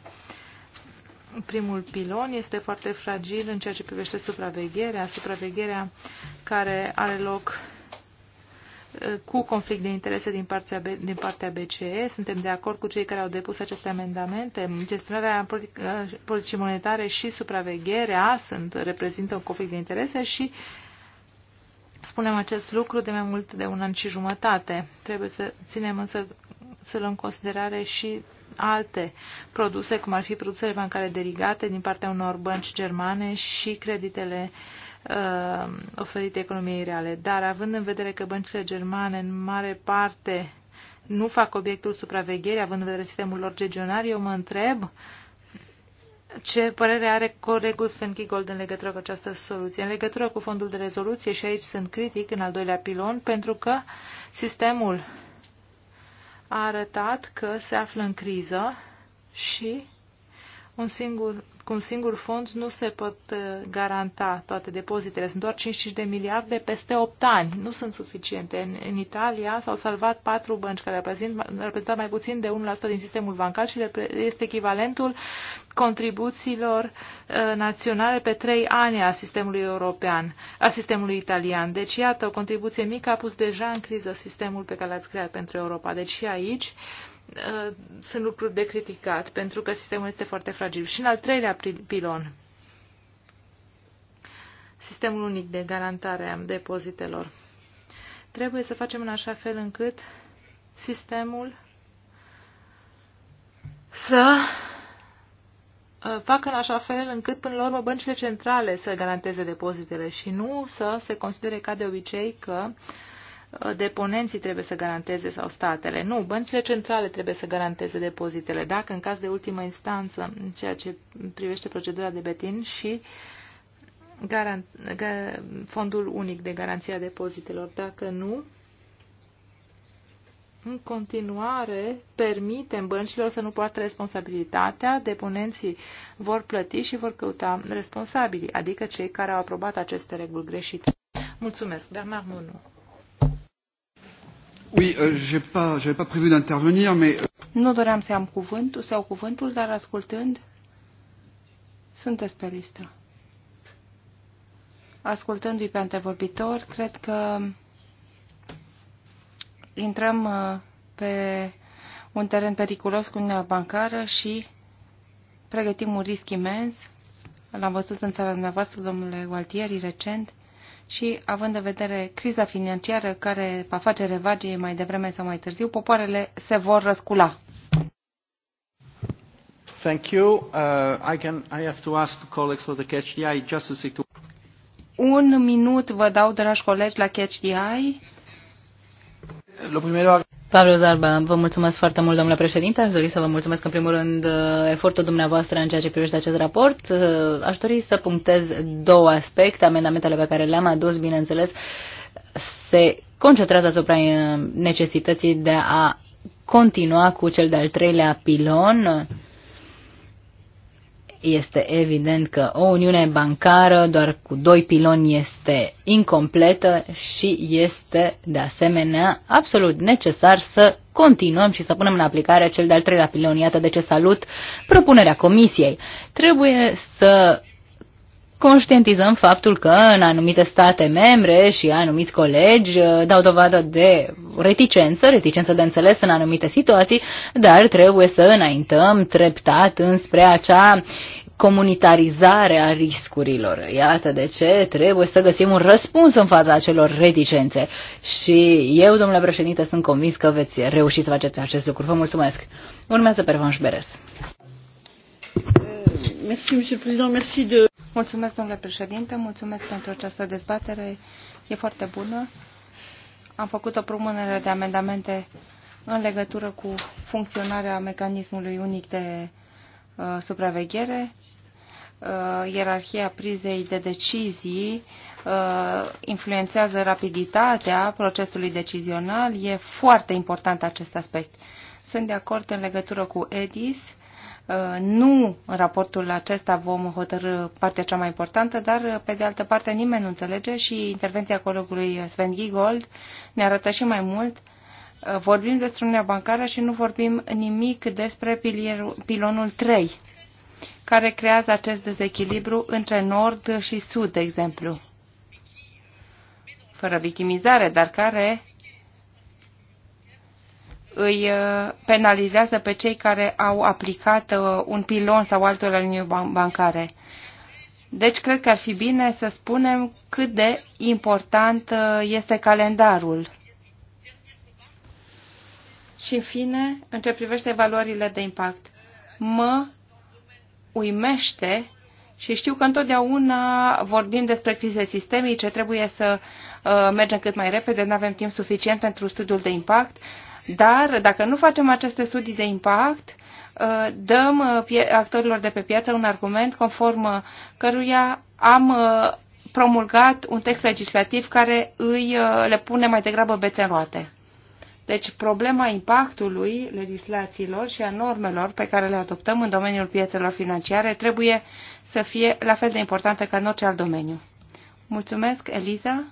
Primul pilon este foarte fragil în ceea ce privește supravegherea, supravegherea care are loc cu conflict de interese din partea, din partea BCE. Suntem de acord cu cei care au depus aceste amendamente. Gestionarea politicii monetare și supravegherea sunt, reprezintă un conflict de interese și spunem acest lucru de mai mult de un an și jumătate. Trebuie să ținem însă să luăm în considerare și alte produse, cum ar fi produsele bancare derigate din partea unor bănci germane și creditele uh, uh, oferite economiei reale. Dar având în vedere că băncile germane în mare parte nu fac obiectul supravegherii, având în vedere sistemul lor gestionar, eu mă întreb ce părere are colegul Sven Gold în legătură cu această soluție? În legătură cu fondul de rezoluție, și aici sunt critic în al doilea pilon, pentru că sistemul a arătat că se află în criză și un singur cu un singur fond nu se pot uh, garanta toate depozitele. Sunt doar 55 de miliarde peste 8 ani. Nu sunt suficiente. În, în Italia s-au salvat patru bănci care reprezintă mai puțin de 1% din sistemul bancar și este echivalentul contribuțiilor uh, naționale pe 3 ani a sistemului european, a sistemului italian. Deci, iată, o contribuție mică a pus deja în criză sistemul pe care l-ați creat pentru Europa. Deci și aici Uh, sunt lucruri de criticat, pentru că sistemul este foarte fragil. Și în al treilea pilon, sistemul unic de garantare a depozitelor. Trebuie să facem în așa fel încât sistemul să uh, facă în așa fel încât, până la urmă, băncile centrale să garanteze depozitele și nu să se considere ca de obicei că uh, Uh, deponenții trebuie să garanteze sau statele. Nu, băncile centrale trebuie să garanteze depozitele. Dacă în caz de ultimă instanță, în ceea ce privește procedura de betin și fondul unic de garanție a depozitelor, dacă nu, în continuare permitem băncilor să nu poartă responsabilitatea, deponenții vor plăti și vor căuta responsabili, adică cei care au aprobat aceste reguli greșite. Mulțumesc, Bernard Monu. Euh, euh, nu doream să am cuvântul, să cuvântul, dar ascultând, sunteți pe listă. Ascultându-i pe antevorbitor, cred că intrăm uh, pe un teren periculos cu Uniunea Bancară și pregătim un risc imens. L-am văzut în țara dumneavoastră, domnule Gualtieri, recent și, având în vedere criza financiară care va face revagie mai devreme sau mai târziu, popoarele se vor răscula. Thank you. Uh, I, can, I have to ask colleagues for the catch the eye just to see to... Un minut vă dau, dragi colegi, la catch the eye. Lo primero... Pablo Zarba, vă mulțumesc foarte mult, domnule președinte. Aș dori să vă mulțumesc, în primul rând, efortul dumneavoastră în ceea ce privește acest raport. Aș dori să punctez două aspecte. Amendamentele pe care le-am adus, bineînțeles, se concentrează asupra eh, necesității de a continua cu cel de-al treilea pilon este evident că o uniune bancară doar cu doi piloni este incompletă și este de asemenea absolut necesar să continuăm și să punem în aplicare cel de-al treilea pilon. Iată de ce salut propunerea comisiei. Trebuie să conștientizăm faptul că în anumite state membre și anumiți colegi uh, dau dovadă de reticență, reticență de înțeles în anumite situații, dar trebuie să înaintăm treptat înspre acea comunitarizare a riscurilor. Iată de ce trebuie să găsim un răspuns în fața acelor reticențe. Și eu, domnule președinte, sunt convins că veți reuși să faceți acest lucru. Vă mulțumesc. Urmează Pervanș Beres. Merci, monsieur le président. Merci de Mulțumesc, domnule președinte, mulțumesc pentru această dezbatere. E foarte bună. Am făcut o propunere de amendamente în legătură cu funcționarea mecanismului unic de uh, supraveghere, uh, ierarhia prizei de decizii, uh, influențează rapiditatea procesului decizional. E foarte important acest aspect. Sunt de acord în legătură cu EDIS. Uh, Uh, nu în raportul acesta vom hotărâ partea cea mai importantă, dar uh, pe de altă parte nimeni nu înțelege și intervenția colegului Sven Gigold ne arată și mai mult uh, vorbim despre Uniunea Bancară și nu vorbim nimic despre pilonul 3, care creează acest dezechilibru între nord și sud, de exemplu. Fără victimizare, dar care îi uh, penalizează pe cei care au aplicat uh, un pilon sau altul la linie bancare. Deci cred că ar fi bine să spunem cât de important uh, este calendarul. Și în fine, în ce privește valorile de impact, mă uimește și știu că întotdeauna vorbim despre crize sistemice, trebuie să mergem cât mai repede, nu avem timp suficient pentru studiul de impact, dar dacă nu facem aceste studii de impact, uh, dăm uh, actorilor de pe piață un argument conform uh, căruia am promulgat un text legislativ care îi le pune mai degrabă bețe în roate. Deci problema impactului legislațiilor și a normelor pe care le adoptăm în domeniul piețelor financiare trebuie să fie la fel de importantă ca în orice alt domeniu. Mulțumesc, Eliza.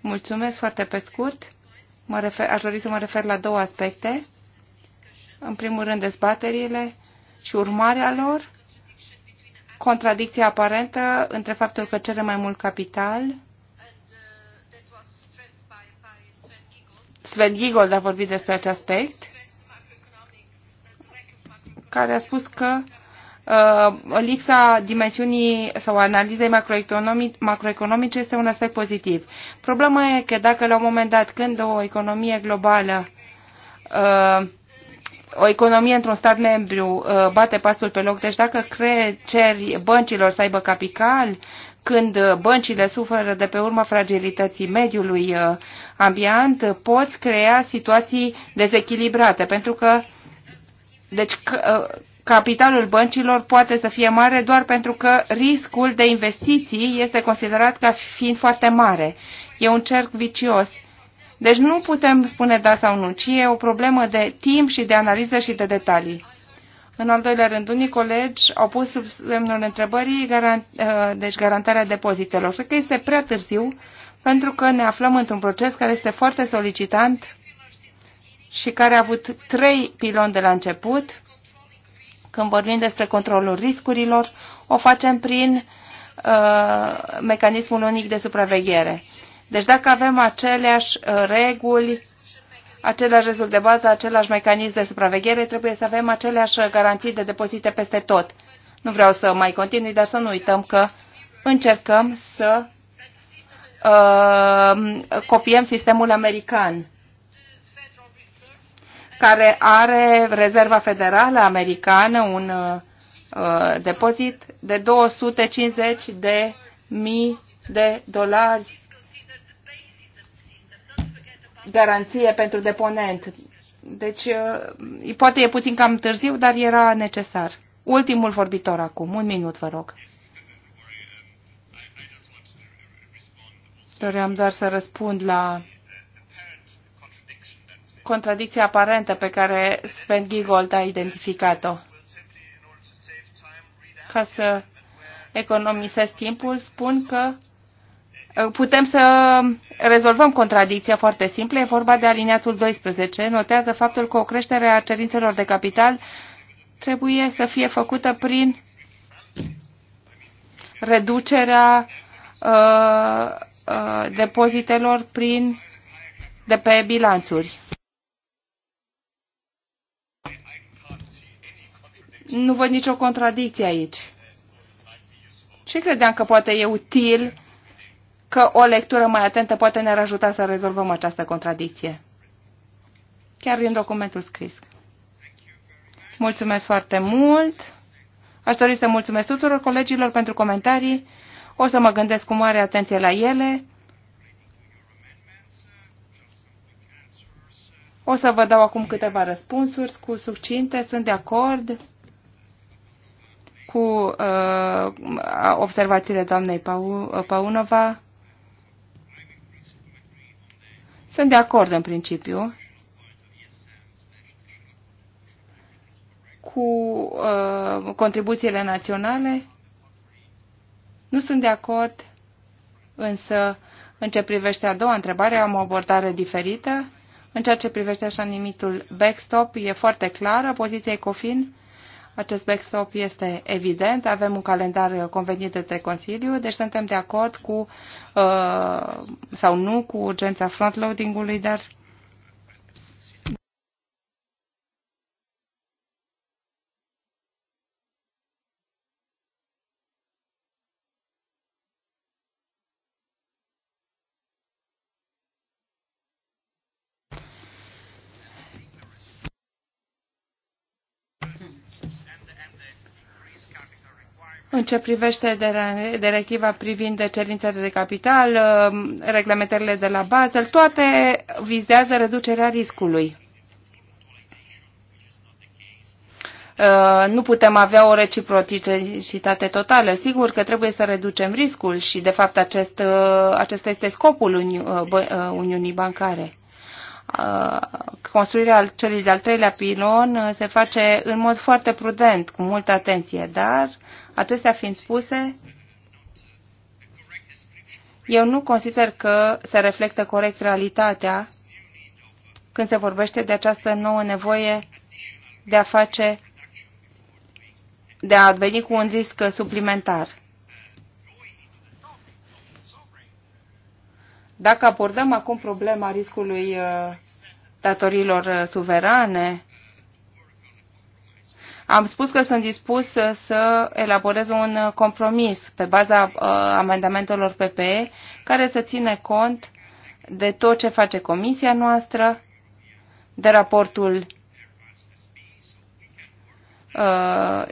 Mulțumesc foarte pe scurt mă refer, aș dori să mă refer la două aspecte. În primul rând, dezbaterile și urmarea lor, contradicția aparentă între faptul că cere mai mult capital. Sven Giegold a vorbit despre acest aspect, care a spus că Uh, lipsa dimensiunii sau analizei macroeconomice este un aspect pozitiv. Problema e că dacă la un moment dat, când o economie globală uh, o economie într-un stat membru uh, bate pasul pe loc, deci dacă cree, ceri băncilor să aibă capital, când băncile suferă de pe urma fragilității mediului ambient, poți crea situații dezechilibrate, pentru că deci capitalul băncilor poate să fie mare doar pentru că riscul de investiții este considerat ca fiind foarte mare. E un cerc vicios. Deci nu putem spune da sau nu, ci e o problemă de timp și de analiză și de detalii. În al doilea rând, unii colegi au pus sub semnul întrebării garant, ă, deci garantarea depozitelor. Cred că este prea târziu pentru că ne aflăm într-un proces care este foarte solicitant și care a avut trei piloni de la început când vorbim despre controlul riscurilor, o facem prin uh, mecanismul unic de supraveghere. Deci dacă avem aceleași uh, reguli, același rezult de bază, același mecanism de supraveghere, trebuie să avem aceleași uh, garanții de depozite peste tot. Nu vreau să mai continui, dar să nu uităm că încercăm să uh, copiem sistemul american care are Rezerva Federală Americană, un uh, uh depozit de 250 de mii de dolari garanție pentru deponent. Deci, uh, poate e puțin cam târziu, dar era necesar. Ultimul vorbitor acum. Un minut, vă rog. Doream doar să răspund la contradicție aparentă pe care Sven Giegold a identificat-o. Ca să economisesc timpul, spun că uh, putem să rezolvăm contradicția foarte simplă. E vorba de aliniatul 12. Notează faptul că o creștere a cerințelor de capital trebuie să fie făcută prin reducerea uh, uh, depozitelor prin, de pe bilanțuri. Nu văd nicio contradicție aici. Și credeam că poate e util că o lectură mai atentă poate ne-ar ajuta să rezolvăm această contradicție. Chiar din documentul scris. Mulțumesc foarte mult! Aș dori să mulțumesc tuturor colegilor pentru comentarii. O să mă gândesc cu mare atenție la ele. O să vă dau acum câteva răspunsuri cu succinte. Sunt de acord cu uh, observațiile doamnei Paunova. Sunt de acord în principiu cu uh, contribuțiile naționale. Nu sunt de acord, însă, în ce privește a doua întrebare, am o abordare diferită. În ceea ce privește așa numitul backstop, e foarte clară poziția ECOFIN acest backstop este evident, avem un calendar convenit de Consiliu, deci suntem de acord cu uh, sau nu cu urgența frontloading-ului, dar În ce privește directiva privind cerințele de capital, um, reglementările de la Basel, toate vizează reducerea riscului. Uh, nu putem avea o reciprocitate totală. Sigur că trebuie să reducem riscul și, de fapt, acest, uh, acesta este scopul uh, Uniunii Bancare. Uh, construirea celui de-al treilea pilon uh, se face în mod foarte prudent, cu multă atenție, dar acestea fiind spuse, eu nu consider că se reflectă corect realitatea când se vorbește de această nouă nevoie de a face, de a veni cu un risc suplimentar. Dacă abordăm acum problema riscului uh, datorilor uh, suverane, am spus că sunt dispus uh, să elaborez un compromis pe baza amendamentelor PPE care să ține cont de tot ce face comisia noastră, de raportul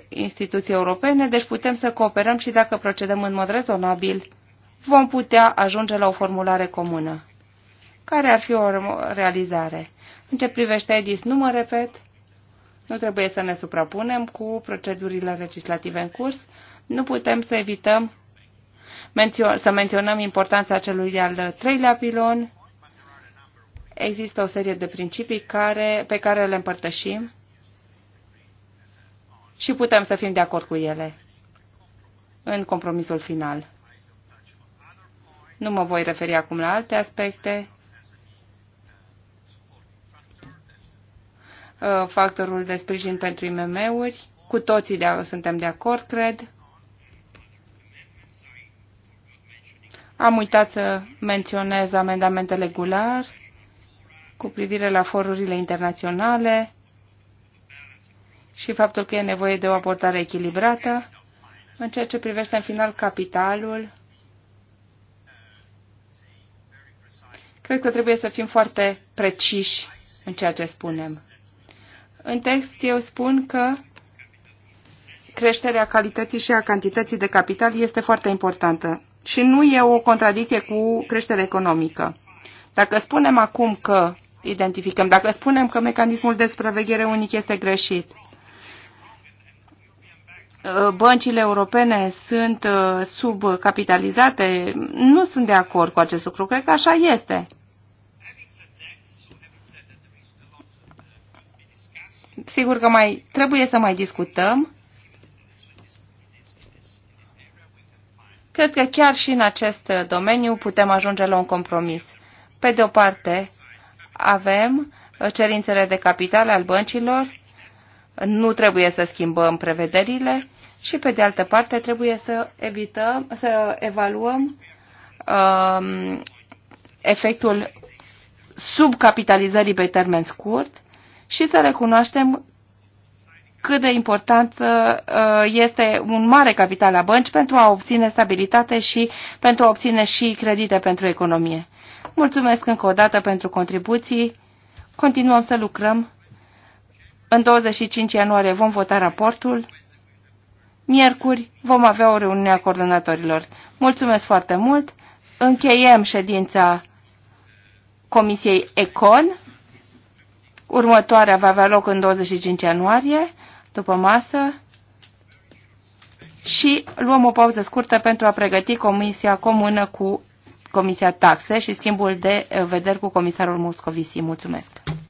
instituții europene, deci putem să cooperăm și dacă procedăm în mod rezonabil vom putea ajunge la o formulare comună. Care ar fi o realizare? În ce privește EDIS, nu mă repet, nu trebuie să ne suprapunem cu procedurile legislative în curs, nu putem să evităm mențio să menționăm importanța celui de-al treilea pilon. Există o serie de principii care, pe care le împărtășim și putem să fim de acord cu ele în compromisul final. Nu mă voi referi acum la alte aspecte. Uh, factorul de sprijin pentru IMM-uri. Cu toții de suntem de acord, cred. Am uitat să menționez amendamentele regular cu privire la forurile internaționale și faptul că e nevoie de o abordare echilibrată în ceea ce privește în final capitalul. Cred că trebuie să fim foarte preciși în ceea ce spunem. În text eu spun că creșterea calității și a cantității de capital este foarte importantă și nu e o contradicție cu creșterea economică. Dacă spunem acum că identificăm, dacă spunem că mecanismul de supraveghere unic este greșit, Uh, băncile europene sunt uh, subcapitalizate, nu sunt de acord cu acest lucru. Cred că așa este. Sigur că mai trebuie să mai discutăm. Cred că chiar și în acest domeniu putem ajunge la un compromis. Pe de o parte, avem uh, cerințele de capital al băncilor nu trebuie să schimbăm prevederile și, pe de altă parte, trebuie să evităm, să evaluăm um, efectul subcapitalizării pe termen scurt și să recunoaștem cât de important uh, este un mare capital la bănci pentru a obține stabilitate și pentru a obține și credite pentru economie. Mulțumesc încă o dată pentru contribuții. Continuăm să lucrăm în 25 ianuarie vom vota raportul. Miercuri vom avea o reuniune a coordonatorilor. Mulțumesc foarte mult. Încheiem ședința Comisiei ECON. Următoarea va avea loc în 25 ianuarie, după masă. Și luăm o pauză scurtă pentru a pregăti Comisia Comună cu Comisia Taxe și schimbul de vederi cu comisarul Moscovici. Mulțumesc!